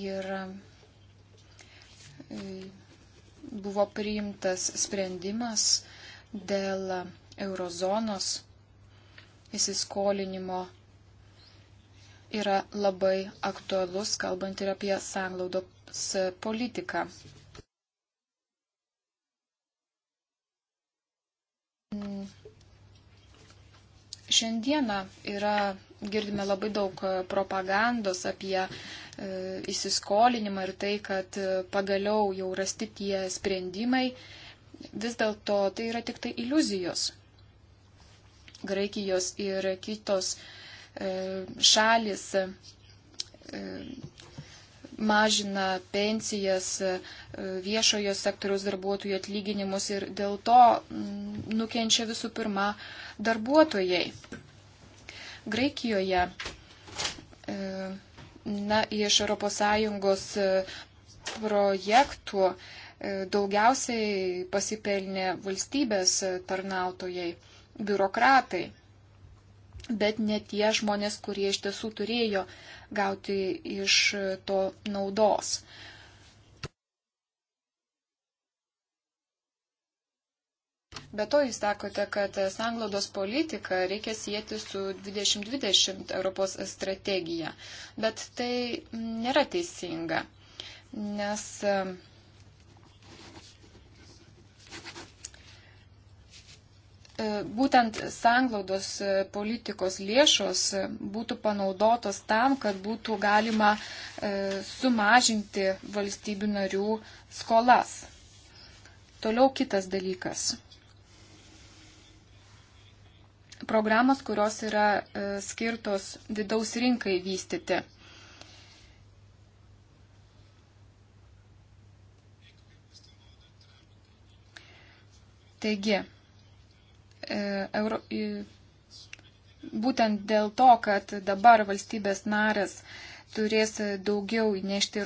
Ir e, buvo priimtas sprendimas dėl eurozonos įsiskolinimo yra labai aktualus, kalbant ir apie sanglaudos politiką. Šiandieną yra, girdime labai daug propagandos apie e, įsiskolinimą ir tai, kad e, pagaliau jau rasti tie sprendimai. Vis dėlto tai yra tik tai iliuzijos. Graikijos ir kitos e, šalis e, mažina pensijas e, viešojo sektoriaus darbuotojų atlyginimus ir dėl to mm, nukenčia visų pirma darbuotojai. Graikijoje e, na, iš ES projektų daugiausiai pasipelnė valstybės tarnautojai, biurokratai bet ne tie žmonės, kurie iš tiesų turėjo gauti iš to naudos. Be to jūs sakote, kad sanglaudos politiką reikia sieti su 2020 Europos strategija, bet tai nėra teisinga, nes E, būtent sanglaudos e, politikos lėšos e, būtų panaudotos tam, kad būtų galima sumažinti valstybių narių skolas. Toliau kitas dalykas. Programos, kurios yra skirtos vidaus rinkai vystyti. Taigi, E, euro, būtent dėl to, kad dabar valstybės narės turės daugiau įnešti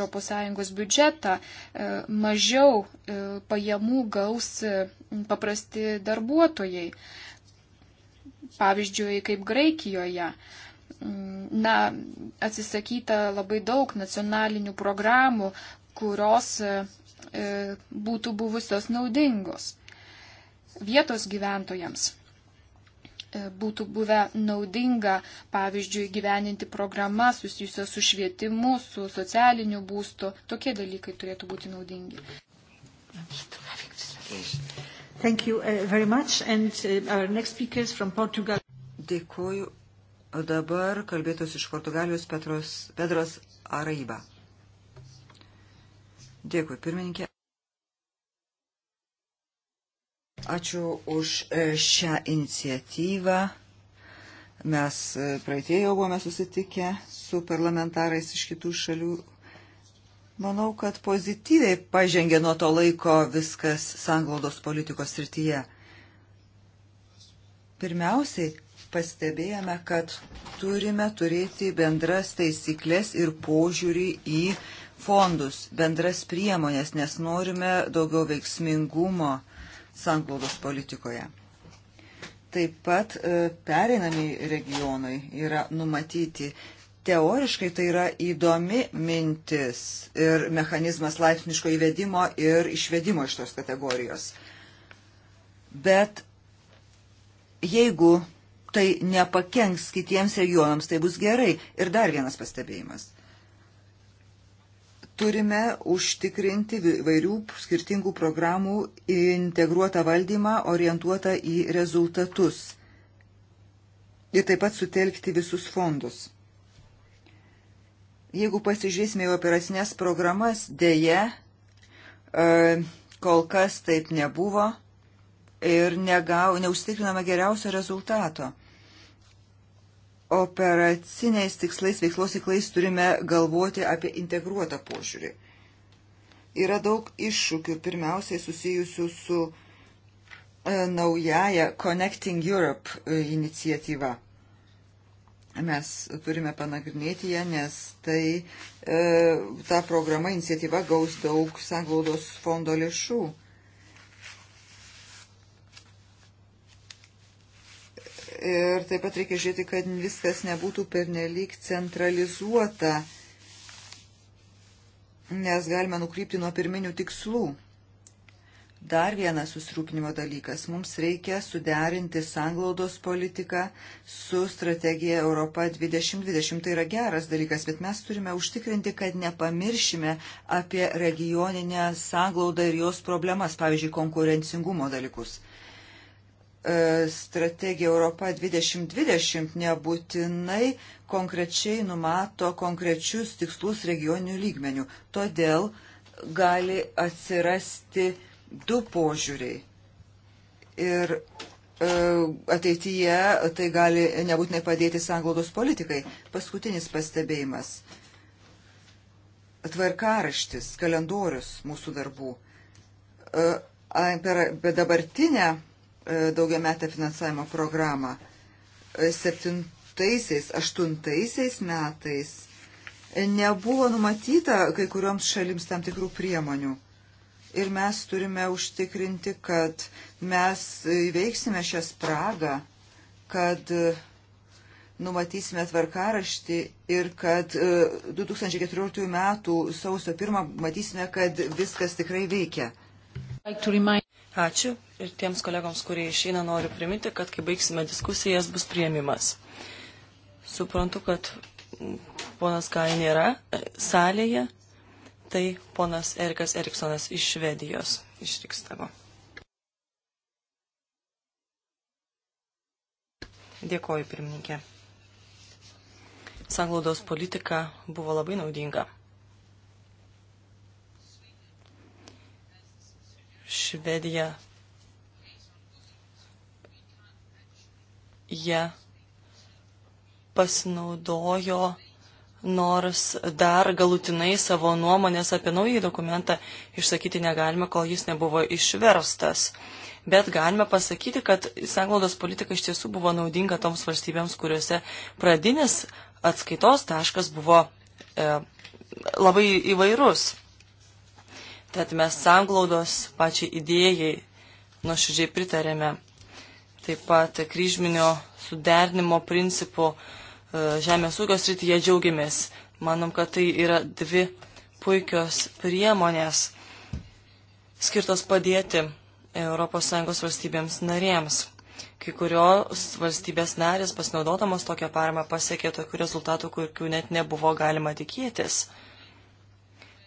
ES biudžetą, e, mažiau e, pajamų gaus paprasti darbuotojai. Pavyzdžiui, kaip Graikijoje. Na, atsisakyta labai daug nacionalinių programų, kurios būtų buvusios naudingos vietos gyventojams e, būtų buvę naudinga, pavyzdžiui, gyveninti programas susijusias su švietimu, su socialiniu būstu. Tokie dalykai turėtų būti naudingi. Thank you uh, very much. And uh, our next speaker is from Portugal. Dėkuoju. O dabar kalbėtos iš Portugalijos Petros, Pedros Araiba. Dėkui, pirmininkė. Ačiū už e, šią iniciatyvą. Mes e, praeitie jau buvome susitikę su parlamentarais iš kitų šalių. Manau, kad pozityviai pažengė nuo to laiko viskas sanglaudos politikos srityje. Pirmiausiai pastebėjome, kad turime turėti bendras taisyklės ir požiūrį į fondus, bendras priemonės, nes norime daugiau veiksmingumo sanglaudos politikoje. Taip pat e, pereinami regionai yra numatyti. Teoriškai tai yra įdomi mintis ir mechanizmas laipsniško įvedimo ir išvedimo iš tos kategorijos. Bet jeigu tai nepakenks kitiems regionams, tai bus gerai. Ir dar vienas pastebėjimas – turime užtikrinti vairių skirtingų programų integruotą valdymą orientuotą į rezultatus ir taip pat sutelkti visus fondus. Jeigu pasižiūrėsime į operacinės programas, dėje e, kol kas taip nebuvo ir negau, neužtikrinama geriausio rezultato operaciniais tikslais veiklos įklais turime galvoti apie integruotą požiūrį. Yra daug iššūkių, pirmiausiai susijusių su e, naujaja Connecting Europe e, iniciatyva. Mes turime panagrinėti ją, nes tai e, ta programa, iniciatyva gaus daug sanglaudos fondo lėšų. ir taip pat reikia žiūrėti, kad viskas nebūtų pernelyg centralizuota, nes galime nukrypti nuo pirminių tikslų. Dar vienas susirūpinimo dalykas. Mums reikia suderinti sanglaudos politiką su strategija Europa 2020. Tai yra geras dalykas, bet mes turime užtikrinti, kad nepamiršime apie regioninę sanglaudą ir jos problemas, pavyzdžiui, konkurencingumo dalykus. E, strategija Europa 2020 nebūtinai konkrečiai numato konkrečius tikslus regioninių lygmenių. Todėl gali atsirasti du požiūriai. Ir e, ateityje tai gali nebūtinai padėti sanglaudos politikai. Paskutinis pastebėjimas. Tvarkaraštis, kalendorius mūsų darbų. E, per dabartinę E, daugiametę finansavimo programą. E, septintaisiais, aštuntaisiais metais nebuvo numatyta kai kurioms šalims tam tikrų priemonių. Ir mes turime užtikrinti, kad mes įveiksime šią spragą, kad e, numatysime tvarkaraštį ir kad 2014 metų sausio pirmą matysime, kad viskas tikrai veikia. Ačiū ir tiems kolegoms, kurie išeina, noriu priminti, kad kai baigsime diskusijas, bus prieimimas. Suprantu, kad ponas Kai nėra salėje, tai ponas Erikas Eriksonas iš Švedijos išrikstavo. Dėkoju, pirmininkė. Sanglaudos politika buvo labai naudinga. Švedija. Jie pasinaudojo nors dar galutinai savo nuomonės apie naują dokumentą išsakyti negalime, kol jis nebuvo išverstas. Bet galime pasakyti, kad sanglaudos politika iš tiesų buvo naudinga toms valstybėms, kuriuose pradinis atskaitos taškas buvo e, labai įvairus. Tad mes sanglaudos pačiai idėjai nuoširdžiai pritarėme. Taip pat kryžminio sudernimo principų e, žemės ūkio srityje džiaugiamės. Manom, kad tai yra dvi puikios priemonės skirtos padėti ES valstybėms narėms. Kai kurios valstybės narės pasinaudodamos tokią paramą pasiekė tokių rezultatų, kurių net nebuvo galima tikėtis.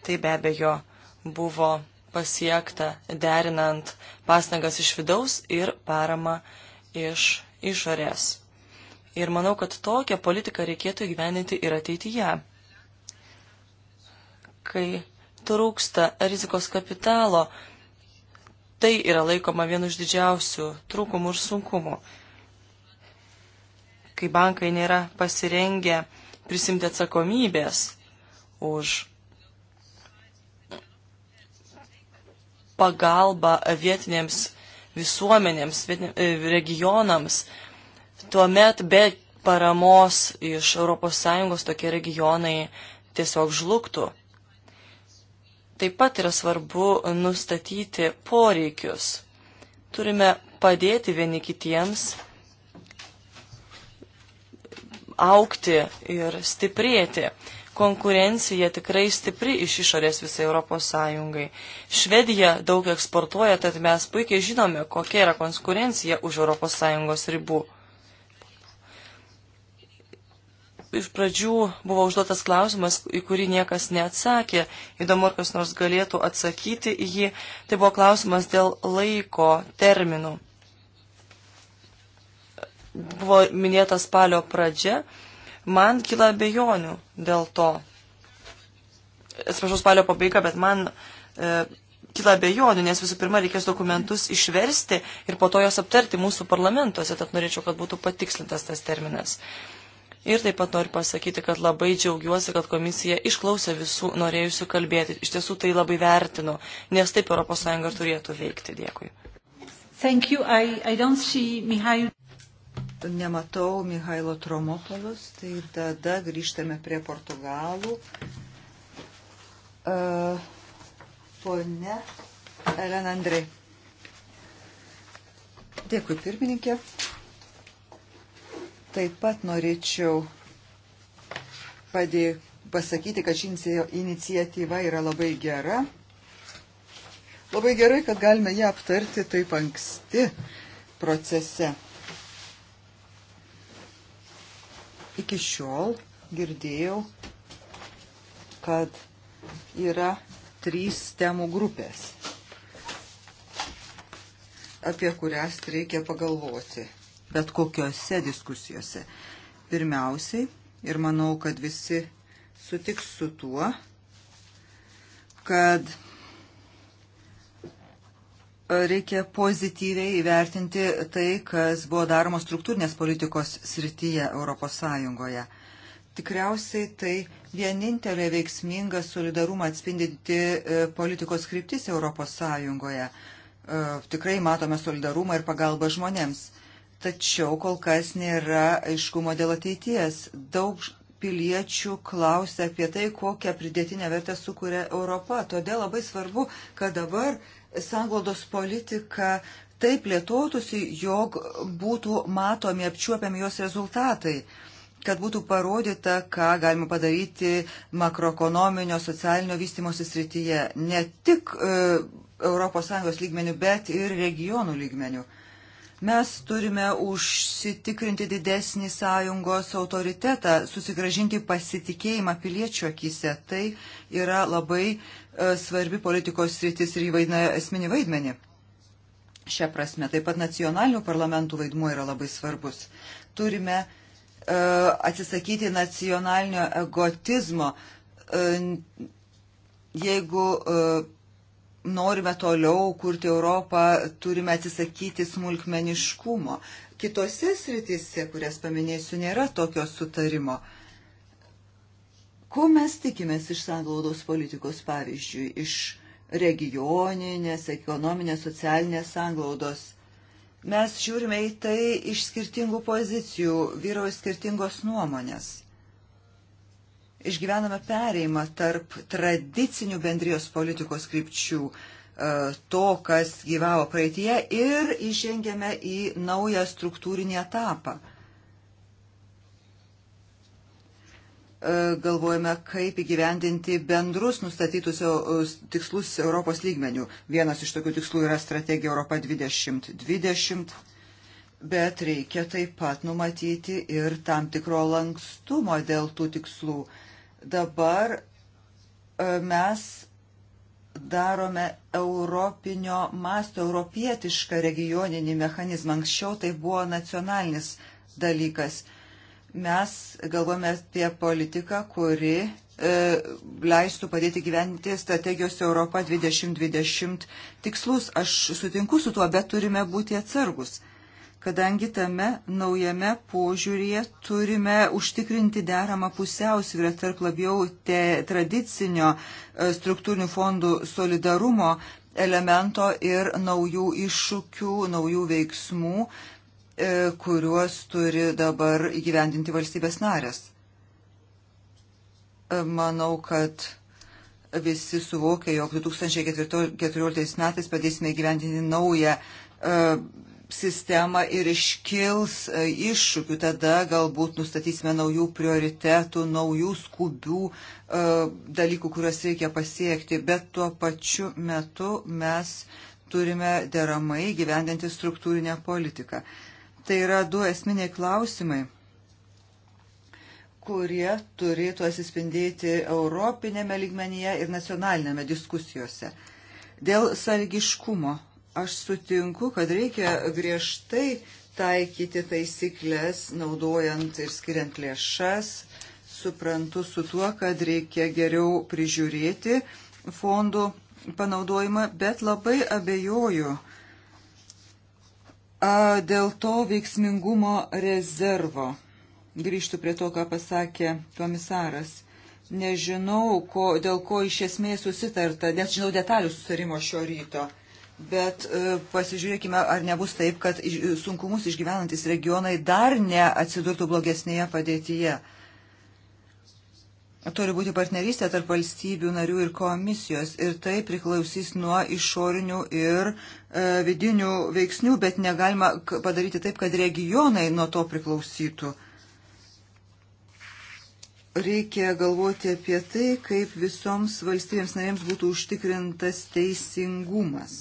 Tai be abejo buvo pasiekta derinant pastangas iš vidaus ir paramą iš išorės. Ir manau, kad tokią politiką reikėtų įgyveninti ir ateityje. Kai trūksta rizikos kapitalo, tai yra laikoma vienu iš didžiausių trūkumų ir sunkumų. Kai bankai nėra pasirengę prisimti atsakomybės už pagalbą vietinėms visuomenėms, e, regionams, tuomet be paramos iš ES tokie regionai tiesiog žlugtų. Taip pat yra svarbu nustatyti poreikius. Turime padėti vieni kitiems aukti ir stiprėti konkurencija tikrai stipri iš išorės visai Europos Sąjungai. Švedija daug eksportuoja, tad mes puikiai žinome, kokia yra konkurencija už Europos Sąjungos ribų. Iš pradžių buvo užduotas klausimas, į kurį niekas neatsakė. Įdomu, ar kas nors galėtų atsakyti į jį. Tai buvo klausimas dėl laiko terminų. Buvo minėta spalio pradžia Man kyla bejonių dėl to. Atsiprašau spalio pabaigą, bet man e, kyla bejonių, nes visų pirma reikės dokumentus išversti ir po to jos aptarti mūsų parlamentuose, tad norėčiau, kad būtų patikslintas tas terminas. Ir taip pat noriu pasakyti, kad labai džiaugiuosi, kad komisija išklausė visų norėjusių kalbėti. Iš tiesų tai labai vertinu, nes taip ES turėtų veikti. Dėkui. Thank you. I, I don't see Mihail nematau Mihailo Tromopolos, tai tada grįžtame prie Portugalų. E, pone Elena Andrei. Dėkui, pirmininkė. Taip pat norėčiau padė, pasakyti, kad ši iniciatyva yra labai gera. Labai gerai, kad galime ją aptarti taip anksti procese. Iki šiol girdėjau, kad yra trys temų grupės, apie kurias reikia pagalvoti, bet kokiuose diskusijose. Pirmiausiai, ir manau, kad visi sutiks su tuo, kad reikia pozityviai įvertinti tai, kas buvo daroma struktūrinės politikos srityje Europos Sąjungoje. Tikriausiai tai vienintelė veiksminga solidarumą atspindinti e, politikos kryptis Europos Sąjungoje. E, tikrai matome solidarumą ir pagalbą žmonėms. Tačiau kol kas nėra aiškumo dėl ateities. Daug piliečių klausia apie tai, kokią pridėtinę vertę sukuria Europa. Todėl labai svarbu, kad dabar sanglaudos politika taip plėtotųsi, jog būtų matomi apčiuopiami jos rezultatai kad būtų parodyta, ką galima padaryti makroekonominio, socialinio vystimosi srityje, ne tik ES lygmenių, bet ir regionų lygmenių. Mes turime užsitikrinti didesnį sąjungos autoritetą, susigražinti pasitikėjimą piliečių akise. Tai yra labai E, svarbi politikos sritis ir įvaidina esminį vaidmenį. Šią prasme taip pat nacionalinių parlamentų vaidmuo yra labai svarbus. Turime uh, atsisakyti nacionalinio egotizmo. Uh, jeigu uh, norime toliau kurti Europą, turime atsisakyti smulkmeniškumo. Kitose sritise, kurias paminėsiu, nėra tokio sutarimo. Uh, Ko mes tikimės iš sanglaudos politikos, pavyzdžiui, iš regioninės, ekonominės, socialinės sanglaudos? Mes žiūrime į tai iš skirtingų pozicijų, vyrauja skirtingos nuomonės. Išgyvename pereimą tarp tradicinių bendrijos politikos krypčių e, to, kas gyvavo praeitie ir įžengėme į naują struktūrinį etapą. E, galvojame, kaip įgyvendinti bendrus nustatytus e, tikslus Europos lygmenių. Vienas iš tokių tikslų yra strategija Europa 2020, bet reikia taip pat numatyti ir tam tikro lankstumo dėl tų tikslų. Dabar e, mes darome europinio masto, europietišką regioninį mechanizmą. Anksčiau tai buvo nacionalinis dalykas Mes galvome apie politiką, kuri e, leistų padėti gyventi strategijos Europa 2020 tikslus. Aš sutinku su tuo, bet turime būti atsargus, kadangi tame naujame požiūrėje turime užtikrinti deramą pusiausvyrą tarp labiau te tradicinio e, struktūrinių fondų solidarumo elemento ir naujų iššūkių, naujų veiksmų, E, kuriuos turi dabar įgyvendinti valstybės narės. E, manau, kad visi suvokia, jog 2014 metais padėsime įgyvendinti naują e, sistemą ir iškils iššūkių, tada galbūt nustatysime naujų prioritetų, naujų skubių dalykų, kuriuos reikia pasiekti, bet tuo pačiu metu mes turime deramai gyvendinti struktūrinę politiką. Tai yra du esminiai klausimai, kurie turėtų atsispindėti europinėme lygmenyje ir nacionalinėme diskusijose. Dėl salgiškumo aš sutinku, kad reikia griežtai taikyti taisyklės, naudojant ir skiriant lėšas. Suprantu su tuo, kad reikia geriau prižiūrėti fondų panaudojimą, bet labai abejoju, Dėl to veiksmingumo rezervo. Grįžtų prie to, ką pasakė komisaras. Nežinau, ko, dėl ko iš esmės susitarta, nes žinau detalių susitarimo šio ryto. Bet e, pasižiūrėkime, ar nebus taip, kad sunkumus išgyvenantis regionai dar neatsidurtų blogesnėje padėtyje. Turi būti partnerystė tarp valstybių narių ir komisijos ir tai priklausys nuo išorinių ir E, vidinių veiksnių, bet negalima padaryti taip, kad regionai nuo to priklausytų. Reikia galvoti apie tai, kaip visoms valstybėms narėms būtų užtikrintas teisingumas.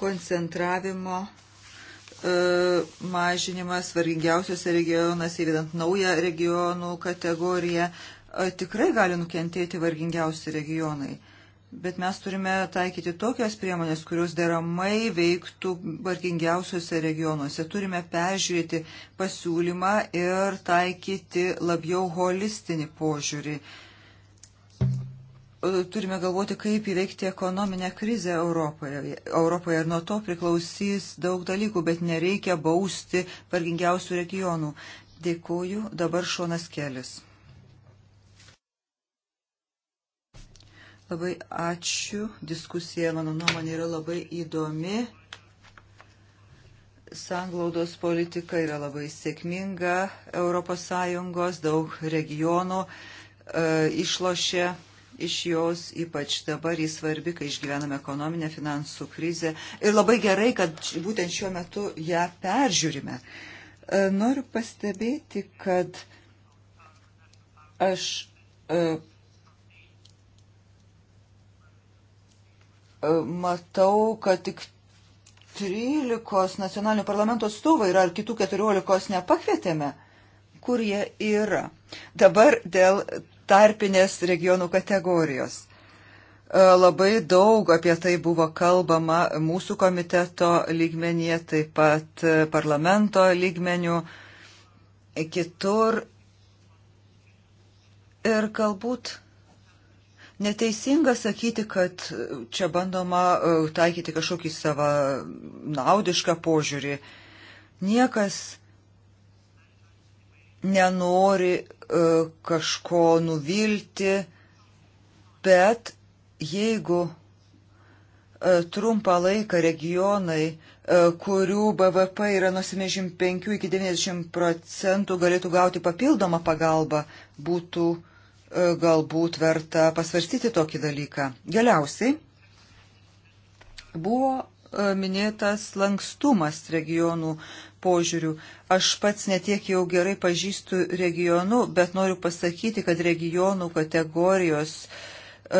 Koncentravimo e, mažinimas vargingiausiose regionuose, įvedant naują regionų kategoriją, e, tikrai gali nukentėti vargingiausi regionai. Bet mes turime taikyti tokias priemonės, kurios deramai veiktų vargingiausiuose regionuose. Turime peržiūrėti pasiūlymą ir taikyti labiau holistinį požiūrį e, turime galvoti, kaip įveikti ekonominę krizę Europoje. Europoje ir nuo to priklausys daug dalykų, bet nereikia bausti vargingiausių regionų. Dėkuoju, dabar Šonas Kelis. Labai ačiū. Diskusija, mano nuomonė, yra labai įdomi. Sanglaudos politika yra labai sėkminga ES, daug regionų e, išlošė iš jos, ypač dabar jis svarbi, kai išgyvename ekonominę finansų krizę. Ir labai gerai, kad būtent šiuo metu ją peržiūrime. E, noriu pastebėti, kad aš. E, matau, kad tik 13 nacionalinių parlamento atstovai yra, ar kitų 14 nepakvietėme, kur jie yra. Dabar dėl tarpinės regionų kategorijos. E, labai daug apie tai buvo kalbama mūsų komiteto lygmenyje, taip pat e, parlamento lygmenių, e, kitur. Ir galbūt Neteisinga sakyti, kad čia bandoma e, taikyti kažkokį savo naudišką požiūrį. Niekas nenori e, kažko nuvilti, bet jeigu e, trumpą laiką regionai, kurių BVP yra nuo 75 iki 90 procentų, galėtų gauti papildomą pagalbą, būtų uh, galbūt verta pasvarstyti tokį dalyką. Galiausiai buvo e, minėtas lankstumas regionų požiūrių. Aš pats netiek jau gerai pažįstu regionų, bet noriu pasakyti, kad regionų kategorijos uh, E,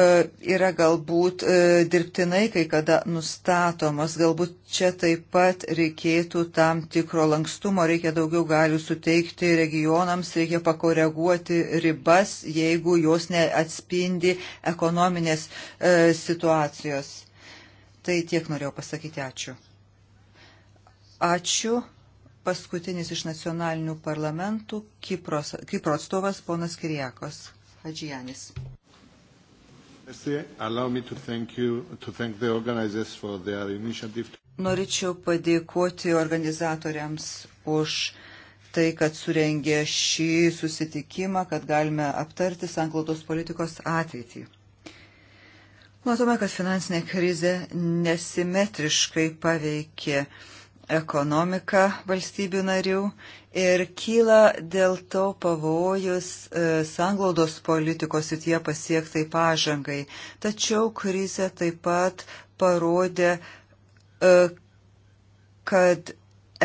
yra galbūt e, dirbtinai kai kada nustatomas. Galbūt čia taip pat reikėtų tam tikro lankstumo, reikia daugiau galių suteikti regionams, reikia pakoreguoti ribas, jeigu jos neatspindi ekonominės e, situacijos. Tai tiek norėjau pasakyti. Ačiū. Ačiū. Paskutinis iš nacionalinių parlamentų Kipros, Kipro atstovas ponas Kiriakos Hadžijanis. Norėčiau padėkoti organizatoriams už tai, kad surengė šį susitikimą, kad galime aptarti sanklaudos politikos ateitį. Matome, kad finansinė krizė nesimetriškai paveikė uh, ekonomiką valstybių narių ir kyla dėl to pavojus e, sanglaudos politikos ir tie pasiektai pažangai. Tačiau krize taip pat parodė, e, kad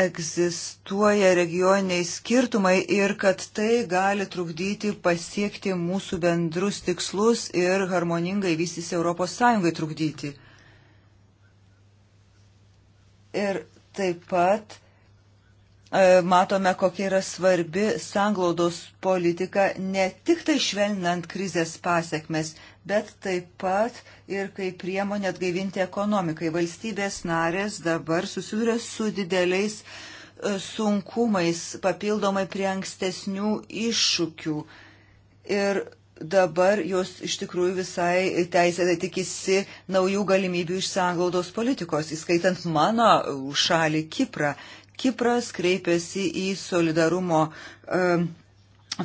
egzistuoja regioniniai skirtumai ir kad tai gali trukdyti pasiekti mūsų bendrus tikslus ir harmoningai vystysi ES trukdyti. Ir taip pat e, matome, kokia yra svarbi sanglaudos politika ne tik tai švelninant krizės pasiekmes, bet taip pat ir kaip priemonė atgaivinti ekonomikai. Valstybės narės dabar susiduria su dideliais e, sunkumais papildomai prie ankstesnių iššūkių. Ir dabar jos iš tikrųjų visai teisėtai tikisi naujų galimybių iš sanglaudos politikos, įskaitant mano šalį Kiprą. Kipras kreipėsi į solidarumo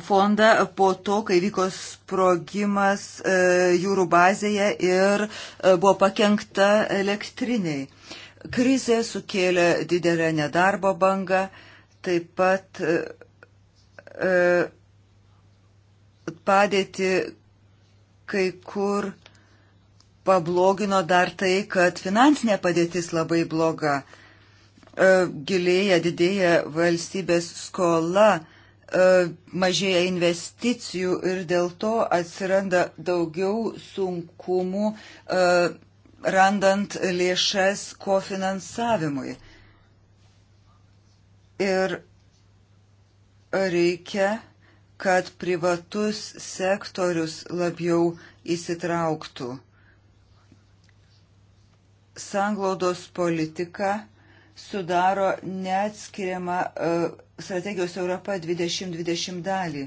fondą po to, kai vyko sprogimas e, jūrų bazėje ir e, buvo pakengta elektriniai. Krizė sukėlė didelę nedarbo bangą, taip pat e, padėti kai kur pablogino dar tai, kad finansinė padėtis labai bloga. E, gilėja, didėja valstybės skola, e, mažėja investicijų ir dėl to atsiranda daugiau sunkumų e, randant lėšas kofinansavimui. Ir reikia kad privatus sektorius labiau įsitrauktų. Sanglaudos politika sudaro neatskiriamą e, strategijos Europa 2020 dalį.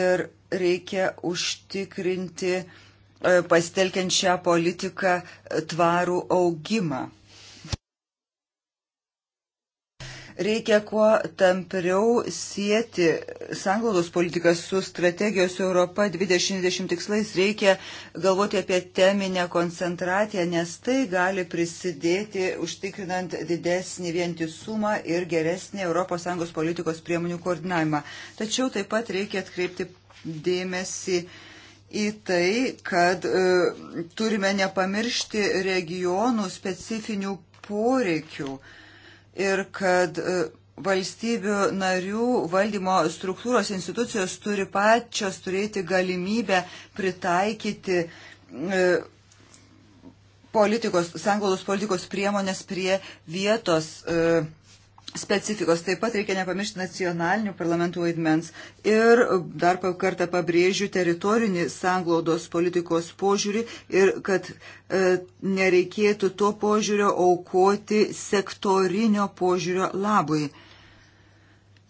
Ir reikia užtikrinti e, pasitelkiant šią politiką e, tvarų augimą. Reikia kuo tampriau sieti sanglaudos politiką su strategijos Europa 2020 tikslais. Reikia galvoti apie teminę koncentraciją, nes tai gali prisidėti užtikrinant didesnį vientisumą ir geresnį ES politikos priemonių koordinavimą. Tačiau taip pat reikia atkreipti dėmesį į tai, kad e, turime nepamiršti regionų specifinių poreikių. E, ir kad e, valstybių narių valdymo struktūros institucijos turi pačios turėti galimybę pritaikyti e, politikos, sanglaudos politikos priemonės prie vietos. E, specifikos. Taip pat reikia nepamiršti nacionalinių parlamentų vaidmens. Ir dar kartą pabrėžiu teritorinį sanglaudos politikos požiūrį ir kad e, nereikėtų to požiūrio aukoti sektorinio požiūrio labui.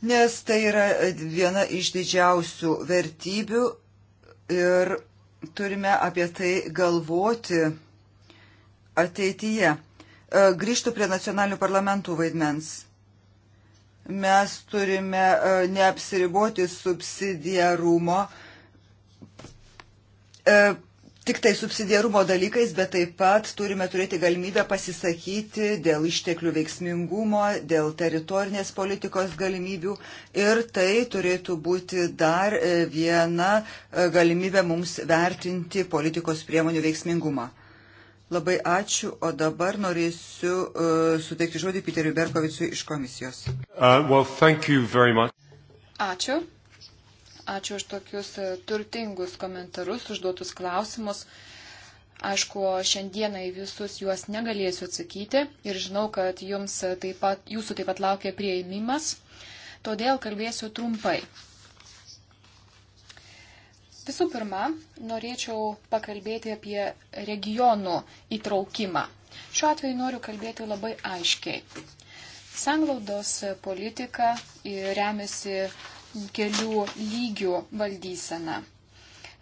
Nes tai yra viena iš didžiausių vertybių ir turime apie tai galvoti ateityje. E, grįžtų prie nacionalinių parlamentų vaidmens mes turime e, neapsiriboti subsidiarumo, e, tik tai subsidiarumo dalykais, bet taip pat turime turėti galimybę pasisakyti dėl išteklių veiksmingumo, dėl teritorinės politikos galimybių ir tai turėtų būti dar e, viena galimybė mums vertinti politikos priemonių veiksmingumą. Labai ačiū, o dabar norėsiu uh, suteikti žodį Piteriu Berkovicui iš komisijos. Uh, well, ačiū. Ačiū už tokius e, turtingus komentarus, užduotus klausimus. Aišku, šiandieną į visus juos negalėsiu atsakyti ir žinau, kad jums e, taip pat, jūsų taip pat laukia prieimimas, todėl kalbėsiu trumpai. Visų pirma, norėčiau pakalbėti apie regionų įtraukimą. Šiuo atveju noriu kalbėti labai aiškiai. Sanglaudos politika remiasi kelių lygių valdysena.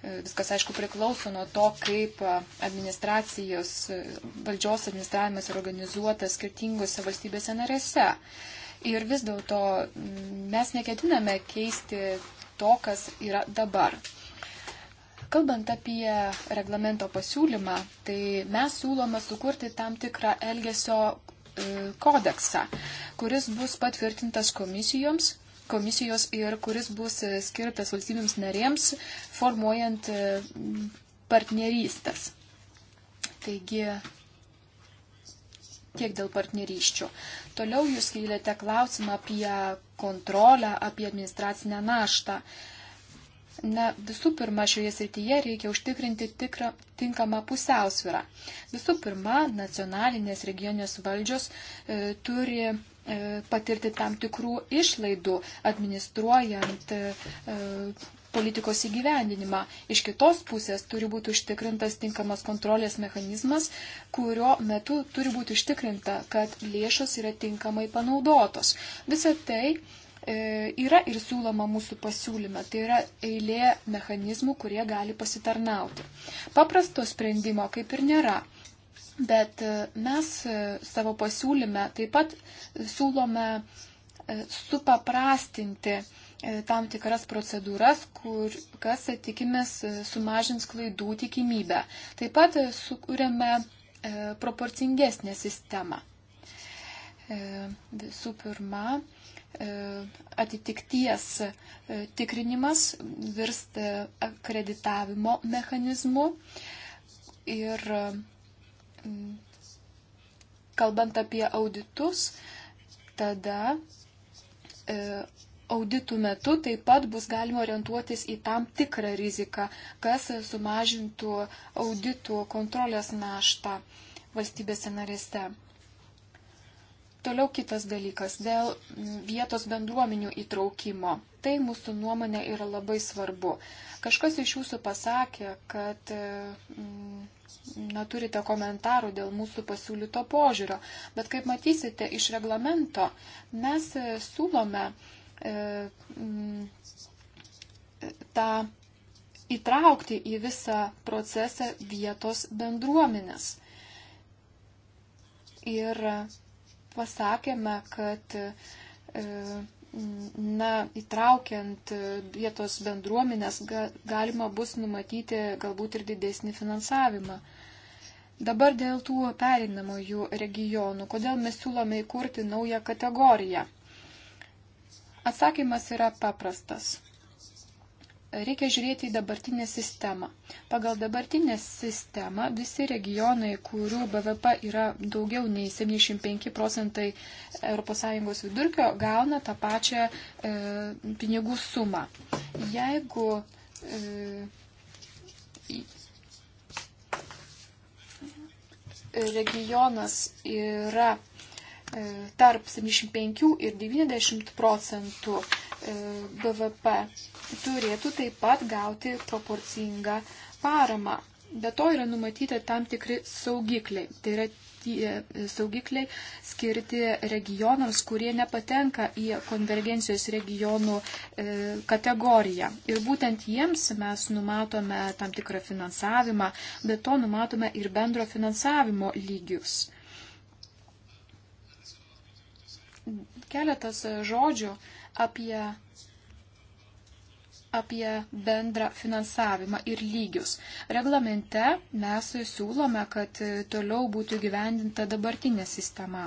Viskas, aišku, priklauso nuo to, kaip administracijos, valdžios administravimas yra organizuotas skirtingose valstybėse narėse. Ir vis dėlto mes neketiname keisti to, kas yra dabar. Kalbant apie reglamento pasiūlymą, tai mes siūlome sukurti tam tikrą elgesio e, kodeksą, kuris bus patvirtintas komisijoms, komisijos ir kuris bus e, skirtas valstybėms narėms, formuojant e, partnerystės. Taigi tiek dėl partnerysčių. Toliau jūs kėlėte klausimą apie kontrolę, apie administracinę naštą. Uh, Na, visų pirma, šioje srityje reikia užtikrinti tikrą, tinkamą pusiausvyrą. Visų pirma, nacionalinės regionės valdžios e, turi e, patirti tam tikrų išlaidų administruojant e, e politikos įgyvendinimą. Iš kitos pusės turi būti užtikrintas tinkamas kontrolės mechanizmas, kurio metu turi būti užtikrinta, kad lėšos yra tinkamai panaudotos. Visą tai E, yra ir siūloma mūsų pasiūlyme. Tai yra eilė mechanizmų, kurie gali pasitarnauti. Paprasto sprendimo kaip ir nėra. Bet e, mes e, savo pasiūlyme taip pat siūlome supaprastinti tam tikras procedūras, kur, kas, tikimės, sumažins klaidų tikimybę. Taip pat sukūrėme proporcingesnę sistemą. Visų pirma, E, atitikties e, tikrinimas virsta e, akreditavimo mechanizmu. Ir kalbant apie auditus, tada auditų metu taip pat bus galima orientuotis į tam tikrą riziką, kas sumažintų auditų kontrolės naštą valstybėse narėse. Toliau kitas dalykas dėl vietos bendruomenių įtraukimo. Tai mūsų nuomonė yra labai svarbu. Kažkas iš jūsų pasakė, kad mm, na, turite komentarų dėl mūsų pasiūlyto požiūrio, bet kaip matysite iš reglamento, mes e, siūlome e, mm, tą įtraukti į visą procesą vietos bendruomenės. Ir pasakėme, kad e, na, įtraukiant vietos bendruomenės galima bus numatyti galbūt ir didesnį finansavimą. Dabar dėl tų pereinamųjų regionų, kodėl mes siūlome įkurti naują kategoriją? Atsakymas yra paprastas reikia žiūrėti į dabartinę sistemą. Pagal dabartinę sistemą visi regionai, kurių BVP yra daugiau nei 75 procentai ES vidurkio, gauna tą pačią e, pinigų sumą. Jeigu e, regionas yra e, tarp 75 ir 90 procentų e, BVP turėtų taip pat gauti proporcingą paramą. Be to yra numatyti tam tikri saugikliai. Tai yra tie e, saugikliai skirti regionams, kurie nepatenka į konvergencijos regionų e, kategoriją. Ir būtent jiems mes numatome tam tikrą finansavimą, bet to numatome ir bendro finansavimo lygius. Keletas žodžių apie apie bendrą finansavimą ir lygius. Reglamente mes siūlome, kad toliau būtų gyvendinta dabartinė sistema.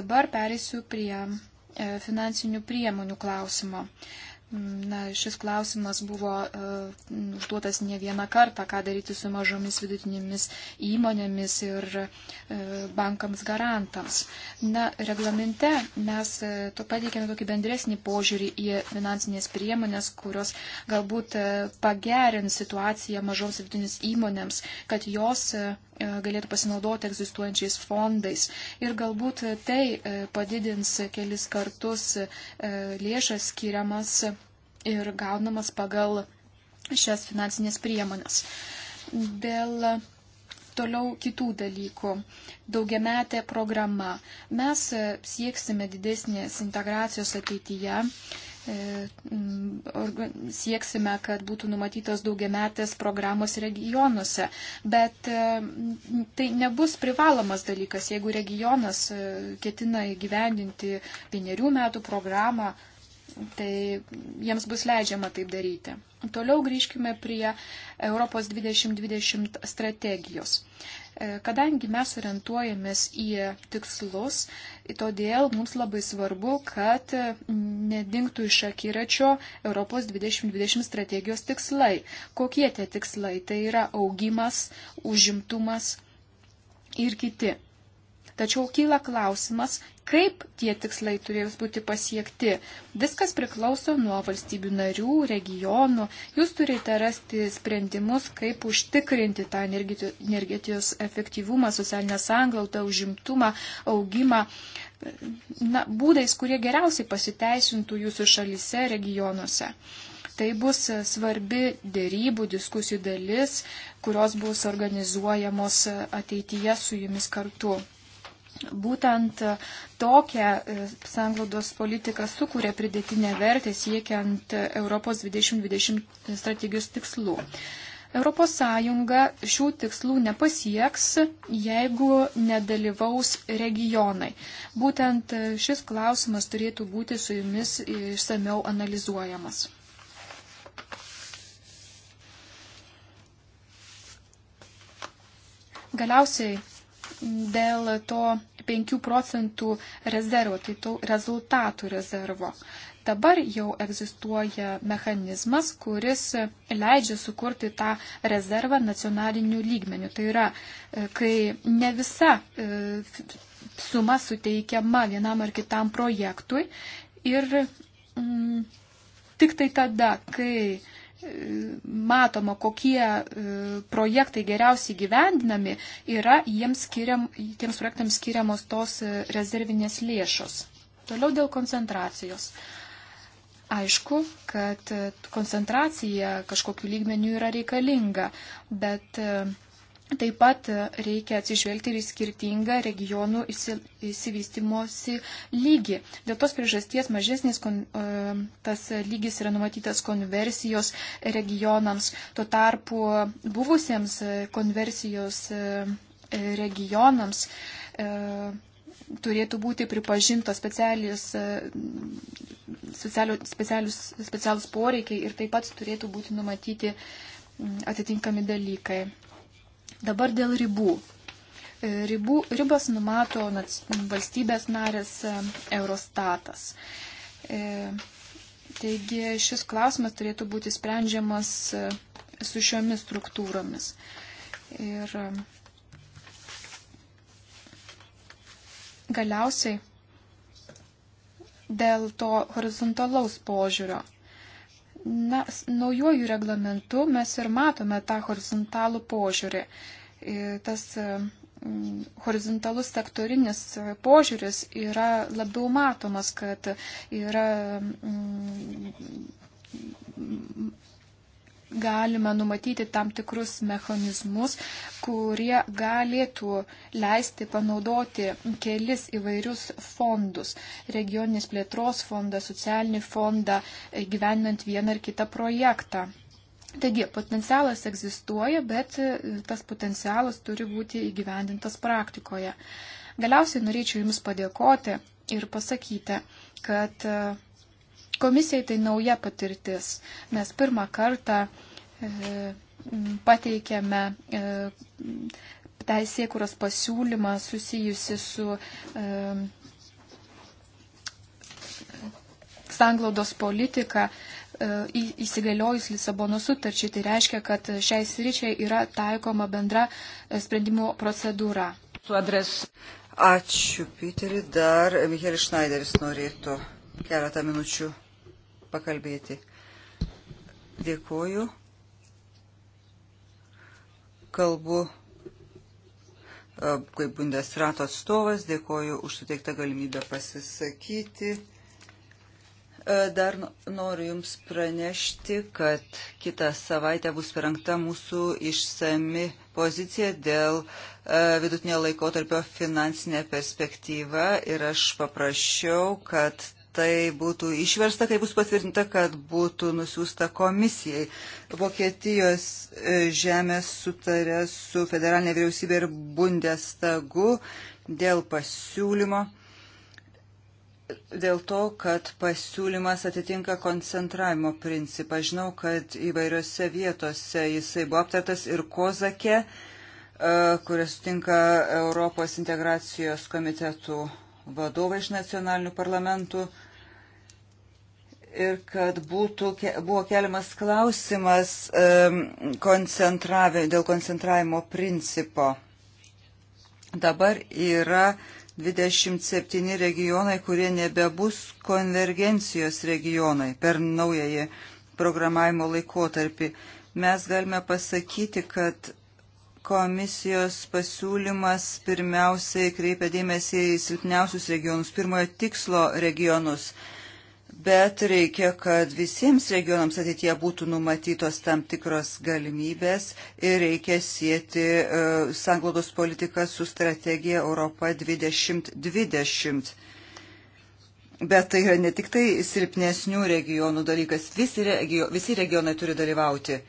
Dabar perėsiu prie e, finansinių priemonių klausimo. Na, šis klausimas buvo uh, užduotas ne vieną kartą, ką daryti su mažomis vidutinėmis įmonėmis ir uh, bankams garantams. Na, reglamente mes uh, to pateikėme tokį bendresnį požiūrį į finansinės priemonės, kurios galbūt uh, pagerins situaciją mažoms vidutinėms įmonėms, kad jos uh, E, galėtų pasinaudoti egzistuojančiais fondais. Ir galbūt tai e, padidins kelis kartus e, lėšas skiriamas ir gaunamas pagal šias finansinės priemonės. Dėl Toliau kitų dalykų. Daugiametė programa. Mes e, sieksime didesnės integracijos ateityje. E, sieksime, kad būtų numatytos daugiametės programos regionuose, bet e, tai nebus privalomas dalykas, jeigu regionas ketina įgyvendinti vienerių metų programą tai jiems bus leidžiama taip daryti. Toliau grįžkime prie Europos 2020 strategijos. E, kadangi mes orientuojamės į tikslus, todėl mums labai svarbu, kad nedingtų iš akiračio Europos 2020 strategijos tikslai. Kokie tie tikslai? Tai yra augimas, užimtumas ir kiti. Tačiau kyla klausimas, kaip tie tikslai turės būti pasiekti. Viskas priklauso nuo valstybių narių, regionų. Jūs turite rasti sprendimus, kaip užtikrinti tą energetijos efektyvumą, socialinę sąnglaudą, užimtumą, augimą. Na, būdais, kurie geriausiai pasiteisintų jūsų šalise, regionuose. Tai bus svarbi dėrybų, diskusijų dalis, kurios bus organizuojamos ateityje su jumis kartu. Būtent e, tokią e, sanglaudos politiką sukūrė pridėtinę vertę siekiant e, Europos 2020 strategijos tikslų. Europos Sąjunga šių tikslų nepasieks, jeigu nedalyvaus regionai. Būtent šis klausimas turėtų būti su jumis išsameu analizuojamas. Galiausiai dėl to 5 procentų rezervo, tai to rezultatų rezervo. Dabar jau egzistuoja mechanizmas, kuris leidžia sukurti tą rezervą nacionaliniu lygmeniu. Tai yra, e, kai ne visa e, suma suteikiama vienam ar kitam projektui ir mm, tik tai tada, kai matoma, kokie e, projektai geriausiai gyvendinami, yra jiems skiriam, tiems projektams skiriamos tos e, rezervinės lėšos. Toliau dėl koncentracijos. Aišku, kad e, koncentracija kažkokiu lygmeniu yra reikalinga, bet Taip pat e, reikia atsižvelgti ir į skirtingą regionų įsivystimosi lygį. Dėl tos priežasties mažesnis kon, e, tas lygis yra numatytas konversijos regionams. Tuo tarpu buvusiems e, konversijos regionams turėtų būti pripažintos specialius, specialius, specialus poreikiai ir taip pat turėtų būti numatyti atitinkami dalykai. Dabar dėl ribų. E, ribų, ribas numato valstybės narės e, Eurostatas. E, taigi šis klausimas turėtų būti sprendžiamas su šiomis struktūromis. Ir galiausiai dėl to horizontalaus požiūrio Na, naujojų reglamentų mes ir matome tą horizontalų požiūrį. E, tas e, horizontalus sektorinis e, požiūris yra labiau matomas, kad yra galime numatyti tam tikrus mechanizmus, kurie galėtų leisti panaudoti kelis įvairius fondus - regioninės plėtros fondą, socialinį fondą, e, gyvenant vieną ar kitą projektą. Taigi, potencialas egzistuoja, bet e, tas potencialas turi būti įgyvendintas praktikoje. Galiausiai norėčiau Jums padėkoti ir pasakyti, kad e, Komisijai tai nauja patirtis. Mes pirmą kartą E, pateikėme e, teisėkuros pasiūlymą susijusi su e, sanglaudos politika įsigaliojus Lisabono sutarčiai. Tai reiškia, kad šiai sričiai yra taikoma bendra sprendimų procedūra. Ačiū, Piterį. Dar Michelis Schneideris norėtų keletą minučių pakalbėti. Dėkuoju kalbu e, kaip Bundesrato atstovas, dėkoju už suteiktą galimybę pasisakyti. E, dar noriu Jums pranešti, kad kitą savaitę bus parengta mūsų išsami pozicija dėl e, vidutinio laikotarpio finansinė perspektyva ir aš paprašiau, kad tai būtų išversta, kai bus patvirtinta, kad būtų nusiųsta komisijai. Vokietijos e, žemės sutarė su federalinė vyriausybė ir Bundestagu dėl pasiūlymo, dėl to, kad pasiūlymas atitinka koncentravimo principą. Žinau, kad įvairiose vietose jisai buvo aptartas ir Kozakė, e, kuris tinka Europos integracijos komitetų vadovai iš nacionalinių parlamentų ir kad būtų, buvo keliamas klausimas koncentravė, dėl koncentravimo principo. Dabar yra 27 regionai, kurie nebebus konvergencijos regionai per naująjį programavimo laikotarpį. Mes galime pasakyti, kad komisijos pasiūlymas pirmiausiai kreipia dėmesį į silpniausius regionus, pirmojo tikslo regionus bet reikia, kad visiems regionams ateitie būtų numatytos tam tikros galimybės ir reikia sieti uh, sanglaudos politiką su strategija Europa 2020. Bet tai yra ne tik tai silpnesnių regionų dalykas, visi, regio, visi regionai turi dalyvauti.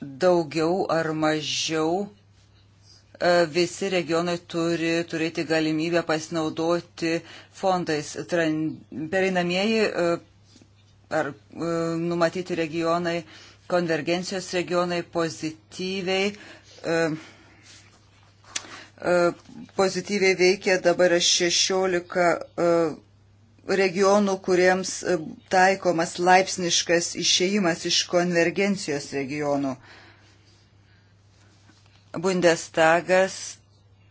Daugiau ar mažiau uh, E, visi regionai turi turėti galimybę pasinaudoti fondais. Pereinamieji e, ar e, numatyti regionai, konvergencijos regionai pozityviai pozityviai veikia dabar 16 regionų, kuriems taikomas laipsniškas išėjimas iš konvergencijos regionų. Uh, Bundestagas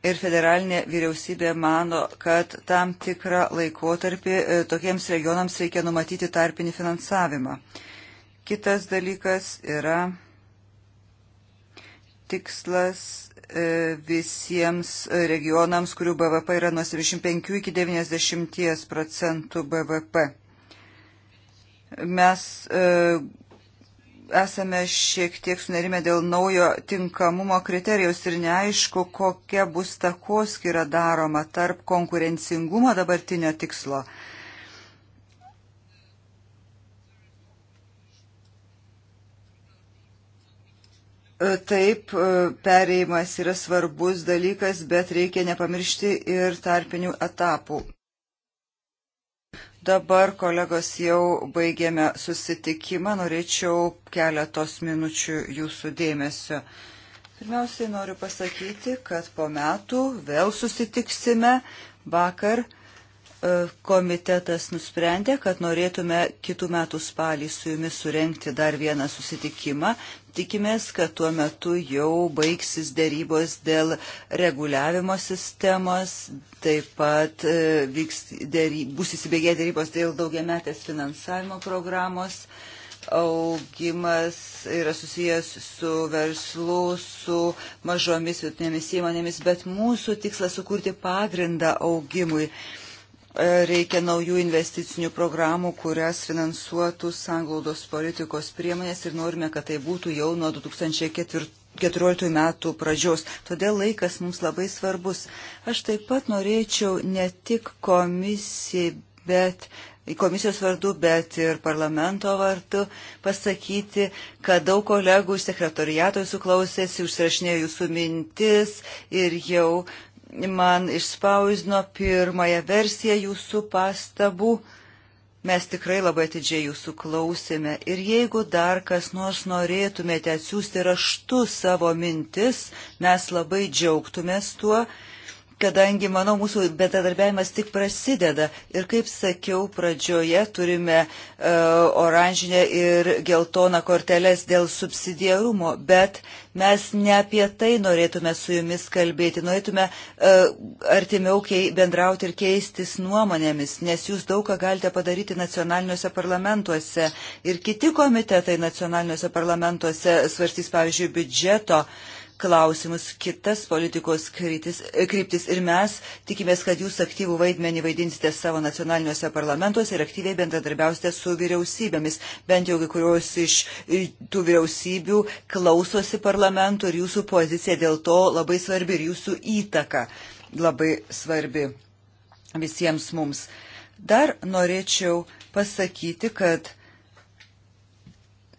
ir federalinė vyriausybė mano, kad tam tikrą laikotarpį e, tokiems regionams reikia numatyti tarpinį finansavimą. Kitas dalykas yra tikslas e, visiems regionams, kurių BVP yra nuo 75 iki 90 procentų BVP. Mes e, esame šiek tiek sunerime dėl naujo tinkamumo kriterijaus ir neaišku, kokia bus takoskira daroma tarp konkurencingumo dabartinio tikslo. E, taip, e, pereimas yra svarbus dalykas, bet reikia nepamiršti ir tarpinių etapų. Dabar, kolegos, jau baigėme susitikimą. Norėčiau keletos minučių jūsų dėmesio. Pirmiausiai noriu pasakyti, kad po metų vėl susitiksime. Vakar E, komitetas nusprendė, kad norėtume kitų metų spalį su jumis surenkti dar vieną susitikimą. Tikimės, kad tuo metu jau baigsis dėrybos dėl reguliavimo sistemos, taip pat e, vyks dėry, bus įsibėgė dėrybos dėl daugiametės finansavimo programos. Augimas yra susijęs su verslu, su mažomis vidutinėmis įmonėmis, bet mūsų tikslas sukurti pagrindą augimui. Uh, E, reikia naujų investicinių programų, kurias finansuotų sanglaudos politikos priemonės ir norime, kad tai būtų jau nuo 2014 metų pradžios. Todėl laikas mums labai svarbus. Aš taip pat norėčiau ne tik komisijai, bet komisijos vardu, bet ir parlamento vardu pasakyti, kad daug kolegų iš sekretoriato jūsų klausėsi, užsirašinėjo jūsų mintis ir jau man išspausdino pirmąją versiją jūsų pastabų. Mes tikrai labai atidžiai jūsų klausėme ir jeigu dar kas nors norėtumėte atsiųsti raštu savo mintis, mes labai džiaugtumės tuo kadangi, manau, mūsų betadarbiavimas tik prasideda. Ir kaip sakiau, pradžioje turime uh, oranžinę ir geltoną korteles dėl subsidiarumo, bet mes ne apie tai norėtume su jumis kalbėti, norėtume uh, artimiau kei, bendrauti ir keistis nuomonėmis, nes jūs daug ką galite padaryti nacionaliniuose parlamentuose ir kiti komitetai nacionaliniuose parlamentuose svarstys, pavyzdžiui, biudžeto. Uh, klausimus, kitas politikos kryptis, e, kryptis ir mes tikimės, kad jūs aktyvų vaidmenį vaidinsite savo nacionaliniuose parlamentuose ir aktyviai bendradarbiausite su vyriausybėmis. Bent jau kai kurios iš e, tų vyriausybių klausosi parlamentų ir jūsų pozicija dėl to labai svarbi ir jūsų įtaka labai svarbi visiems mums. Dar norėčiau pasakyti, kad,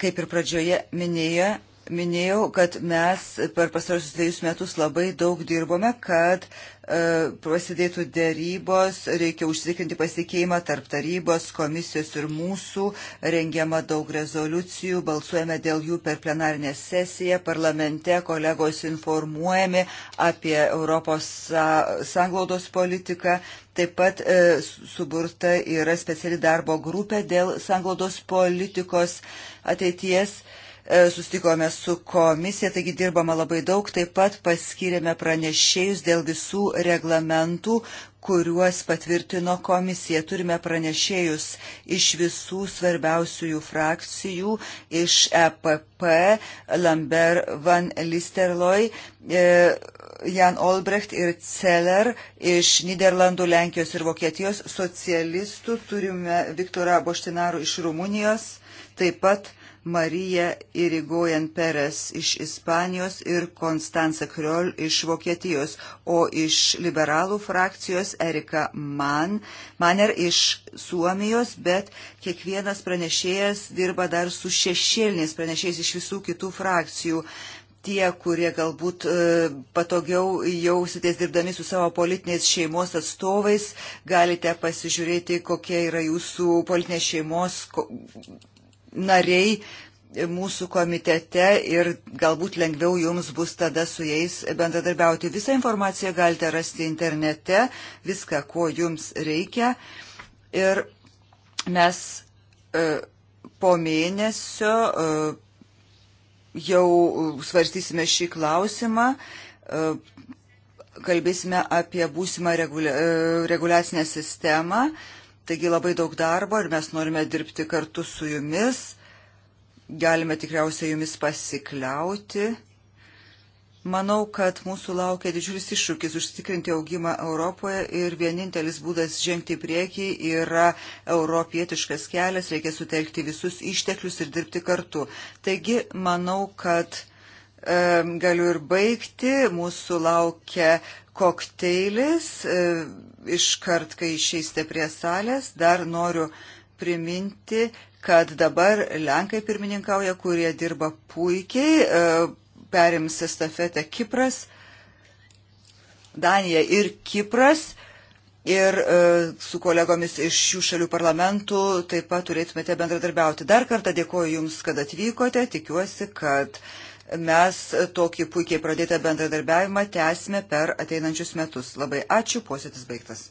kaip ir pradžioje minėjo, Minėjau, kad mes per pastarosius dviejus metus labai daug dirbome, kad e, prasidėtų dėrybos, reikia užsikrinti pasikeimą tarp tarybos, komisijos ir mūsų, rengiama daug rezoliucijų, balsuojame dėl jų per plenarinę sesiją, parlamente kolegos informuojami apie Europos sanglaudos politiką, Taip pat e, suburta yra speciali darbo grupė dėl sanglaudos politikos ateities. E, sustikome su komisija, taigi dirbama labai daug, taip pat paskyrėme pranešėjus dėl visų reglamentų, kuriuos patvirtino komisija. Turime pranešėjus iš visų svarbiausiųjų frakcijų, iš EPP, Lambert Van Listerloj, e, Jan Olbrecht ir Celler, iš Niderlandų, Lenkijos ir Vokietijos, socialistų turime Viktorą Boštinarų iš Rumunijos, taip pat Marija Irigojan Peres iš Ispanijos ir Konstanca Kriol iš Vokietijos, o iš liberalų frakcijos Erika Man, Maner iš Suomijos, bet kiekvienas pranešėjas dirba dar su šešėliniais pranešėjais iš visų kitų frakcijų tie, kurie galbūt e, patogiau jausitės dirbdami su savo politinės šeimos atstovais, galite pasižiūrėti, kokia yra jūsų politinės šeimos nariai mūsų komitete ir galbūt lengviau jums bus tada su jais bendradarbiauti. Visą informaciją galite rasti internete, viską, ko jums reikia. Ir mes e, po mėnesio e, jau svarstysime šį klausimą, e, kalbėsime apie būsimą reguliacinę sistemą Taigi labai daug darbo ir mes norime dirbti kartu su jumis. Galime tikriausiai jumis pasikliauti. Manau, kad mūsų laukia didžiulis iššūkis užtikrinti augimą Europoje ir vienintelis būdas žengti į priekį yra europietiškas kelias, reikia sutelkti visus išteklius ir dirbti kartu. Taigi, manau, kad e, galiu ir baigti, mūsų laukia kokteilis. E, iškart, kai išeisite prie salės. Dar noriu priminti, kad dabar Lenkai pirmininkauja, kurie dirba puikiai, e, perims estafetę Kipras, Danija ir Kipras. Ir e, su kolegomis iš šių šalių parlamentų taip pat turėtumėte bendradarbiauti. Dar kartą dėkoju Jums, kad atvykote. Tikiuosi, kad e, mes tokį puikiai pradėtą bendradarbiavimą tęsime per ateinančius metus. Labai ačiū, posėdis baigtas.